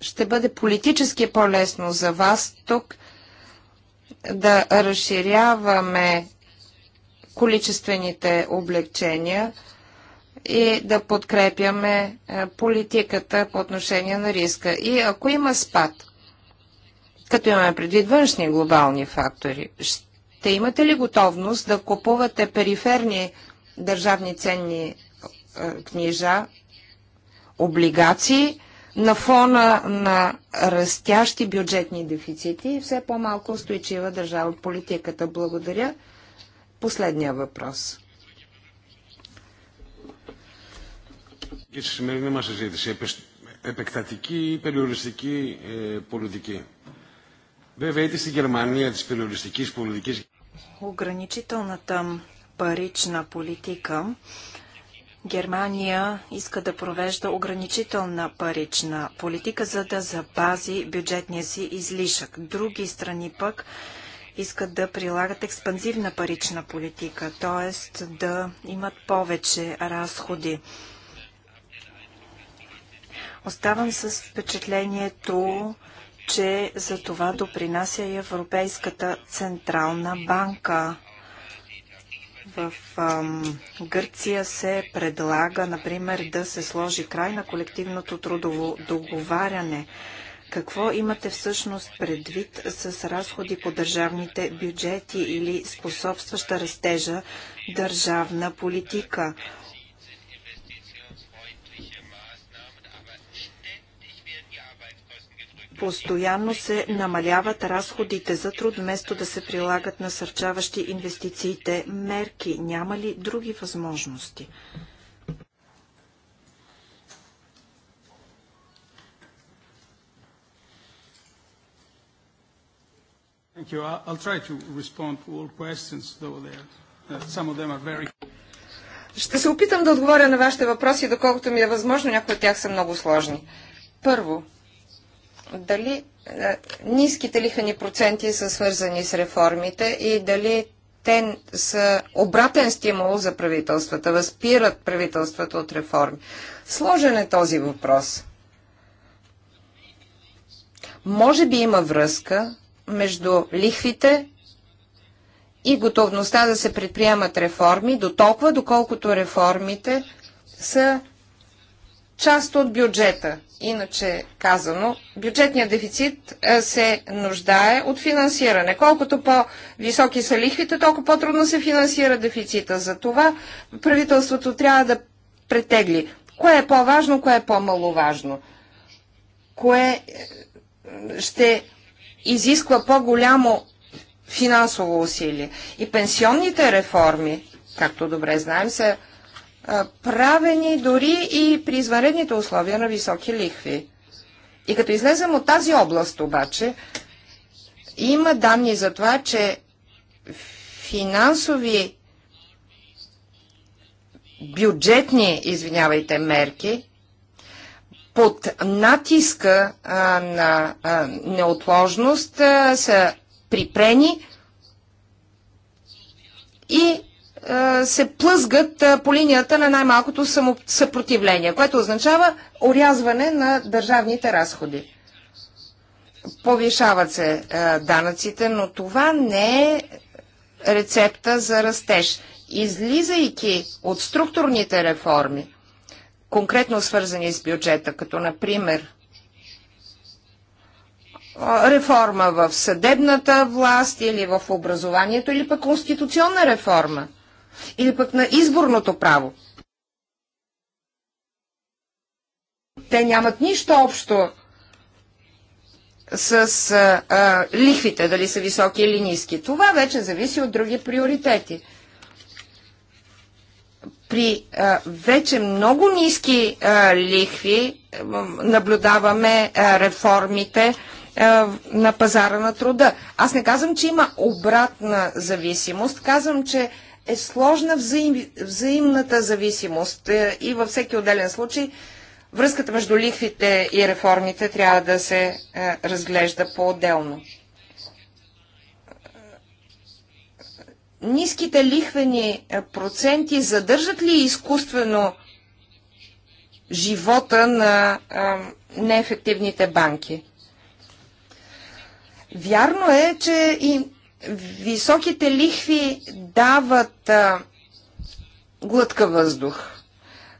S2: ще бъде политически по-лесно за вас тук да разширяваме количествените облегчения и да подкрепяме е, политиката по отношение на риска. И ако има спад, като имаме предвид външни глобални фактори, ще те имате ли готовност да купувате периферни държавни ценни е, книжа, облигации на фона на растящи бюджетни дефицити и все по-малко устойчива държава политиката? Благодаря. Последния въпрос.
S1: και στη σημερινή μας συζήτηση, επεκτατική ή περιοριστική ε, πολιτική. Βέβαια, είτε στη Γερμανία της περιοριστικής πολιτικής
S3: ограничителната парична политика, Германия иска да провежда ограничителна парична политика, за да запази бюджетния си излишък. Други страни пък искат да прилагат експанзивна парична политика, т.е. да имат повече разходи. Оставам с впечатлението, че за това допринася и Европейската централна банка. В ам, Гърция се предлага, например, да се сложи край на колективното трудово договаряне. Какво имате всъщност предвид с разходи по държавните бюджети или способстваща растежа държавна политика? Постоянно се намаляват разходите за труд, вместо да се прилагат насърчаващи инвестициите мерки. Няма ли други възможности?
S1: Uh,
S2: Ще се опитам да отговоря на вашите въпроси, доколкото ми е възможно. Някои от тях са много сложни. Първо, дали е, ниските лихвени проценти са свързани с реформите и дали те са обратен стимул за правителствата, възпират правителствата от реформи. Сложен е този въпрос. Може би има връзка между лихвите и готовността да се предприемат реформи, до толкова доколкото реформите са част от бюджета Иначе казано, бюджетният дефицит е, се нуждае от финансиране. Колкото по-високи са лихвите, толкова по-трудно се финансира дефицита. За това правителството трябва да претегли кое е по-важно, кое е по-маловажно. Кое е, ще изисква по-голямо финансово усилие. И пенсионните реформи, както добре знаем, са правени дори и при извънредните условия на високи лихви. И като излезем от тази област обаче, има данни за това, че финансови бюджетни, извинявайте, мерки под натиска а, на а, неотложност а, са припрени и е, се плъзгат е, по линията на най-малкото съпротивление, което означава орязване на държавните разходи. Повишават се е, данъците, но това не е рецепта за растеж. Излизайки от структурните реформи, конкретно свързани с бюджета, като например реформа в съдебната власт или в образованието, или пък конституционна реформа – или пък на изборното право. Те нямат нищо общо с а, а, лихвите, дали са високи или ниски. Това вече зависи от други приоритети. При а, вече много ниски а, лихви а, наблюдаваме а, реформите а, на пазара на труда. Аз не казвам, че има обратна зависимост, казвам, че а, е сложна взаим, взаимната зависимост е, и във всеки отделен случай връзката между лихвите и реформите трябва да се е, разглежда по-отделно. Ниските лихвени е, проценти задържат ли изкуствено живота на неефективните банки? Вярно е, че и Високите лихви дават а, глътка въздух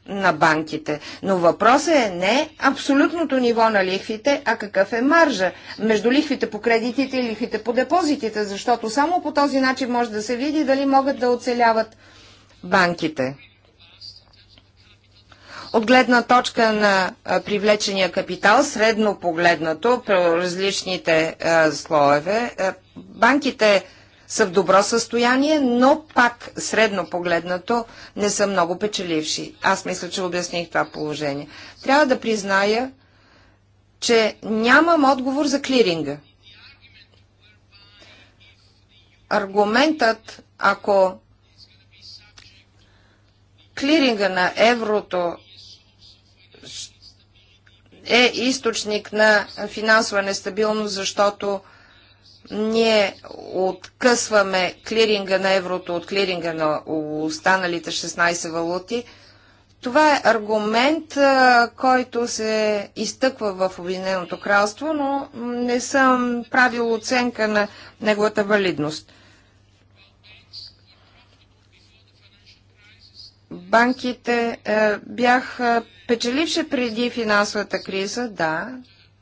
S2: на банките. Но въпросът е не абсолютното ниво на лихвите, а какъв е маржа между лихвите по кредитите и лихвите по депозитите, защото само по този начин може да се види дали могат да оцеляват банките. От гледна точка на привлечения капитал, средно погледнато, при различните а, слоеве, а, банките са в добро състояние, но пак средно погледнато не са много печеливши. Аз мисля, че обясних това положение. Трябва да призная, че нямам отговор за клиринга. Аргументът, ако клиринга на еврото е източник на финансова нестабилност, защото ние откъсваме клиринга на еврото от клиринга на останалите 16 валути, това е аргумент, който се изтъква в Обединеното кралство, но не съм правил оценка на неговата валидност. Банките е, бяха печеливши преди финансовата криза, да,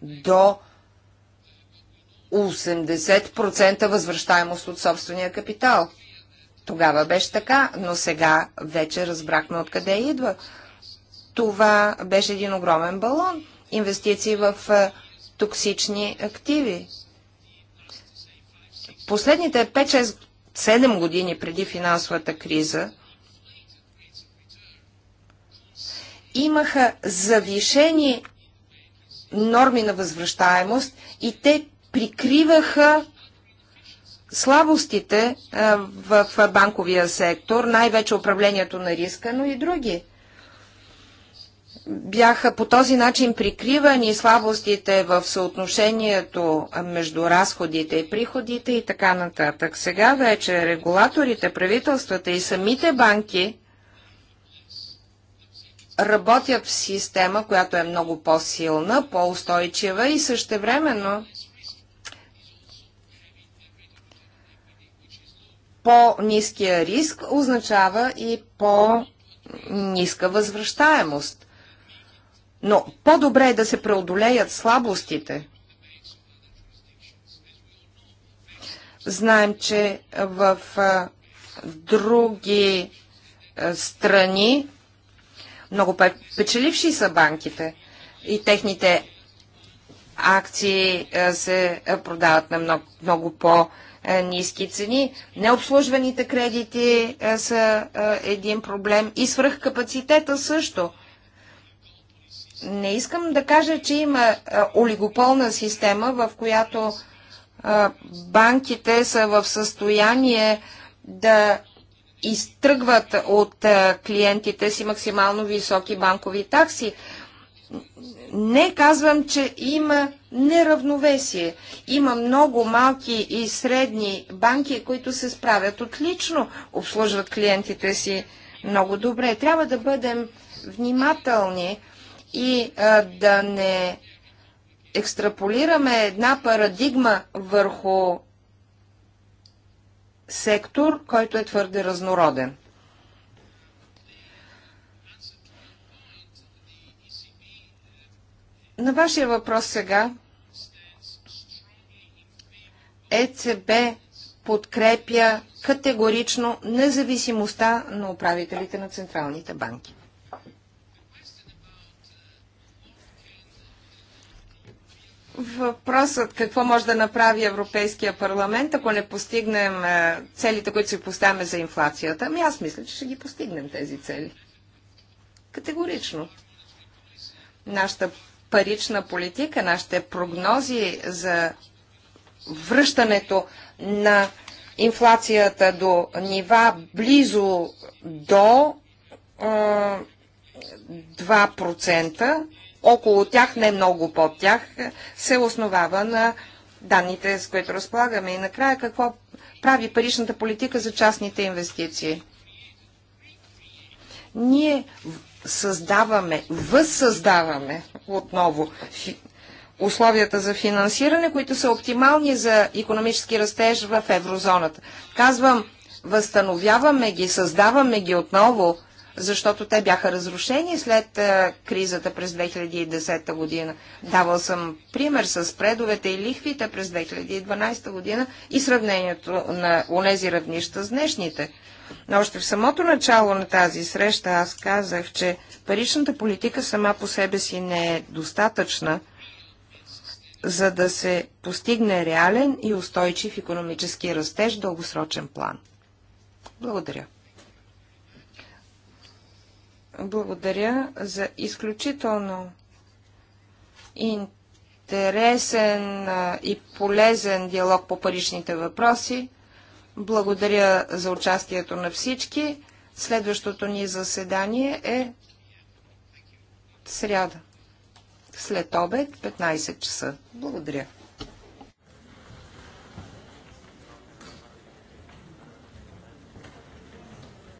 S2: до 80% възвръщаемост от собствения капитал. Тогава беше така, но сега вече разбрахме откъде идва. Това беше един огромен балон. Инвестиции в е, токсични активи. Последните 5-6-7 години преди финансовата криза имаха завишени норми на възвръщаемост и те прикриваха слабостите в банковия сектор, най-вече управлението на риска, но и други. Бяха по този начин прикривани слабостите в съотношението между разходите и приходите и така нататък. Сега вече регулаторите, правителствата и самите банки работят в система, която е много по-силна, по-устойчива и същевременно времено по-низкия риск означава и по-ниска възвръщаемост. Но по-добре е да се преодолеят слабостите. Знаем, че в други страни много печеливши са банките и техните акции се продават на много, много по-добре е, ниски цени. Необслужваните кредити е, са е, един проблем и свръхкапацитета също. Не искам да кажа, че има олигополна система, в която банките са в състояние да изтръгват от клиентите си максимално високи банкови такси. Не казвам, че има неравновесие. Има много малки и средни банки, които се справят отлично, обслужват клиентите си много добре. Трябва да бъдем внимателни и а, да не екстраполираме една парадигма върху сектор, който е твърде разнороден. На вашия въпрос сега. ЕЦБ подкрепя категорично независимостта на управителите на централните банки. Въпросът какво може да направи Европейския парламент, ако не постигнем е, целите, които си поставяме за инфлацията, ами аз мисля, че ще ги постигнем тези цели. Категорично. Нашата парична политика, нашите прогнози за връщането на инфлацията до нива близо до 2%, около тях, не много под тях, се основава на данните, с които разполагаме. И накрая какво прави паричната политика за частните инвестиции? Ние създаваме, възсъздаваме отново условията за финансиране, които са оптимални за економически растеж в еврозоната. Казвам, възстановяваме ги, създаваме ги отново, защото те бяха разрушени след а, е, кризата през 2010 година. Давал съм пример с предовете и лихвите през 2012 година и сравнението на онези равнища с днешните. Но още в самото начало на тази среща аз казах, че паричната политика сама по себе си не е достатъчна, за да се постигне реален и устойчив економически растеж в дългосрочен план. Благодаря. Благодаря за изключително интересен и полезен диалог по паричните въпроси. Благодаря за участието на всички. Следващото ни заседание е сряда. След обед, 15 часа. Благодаря.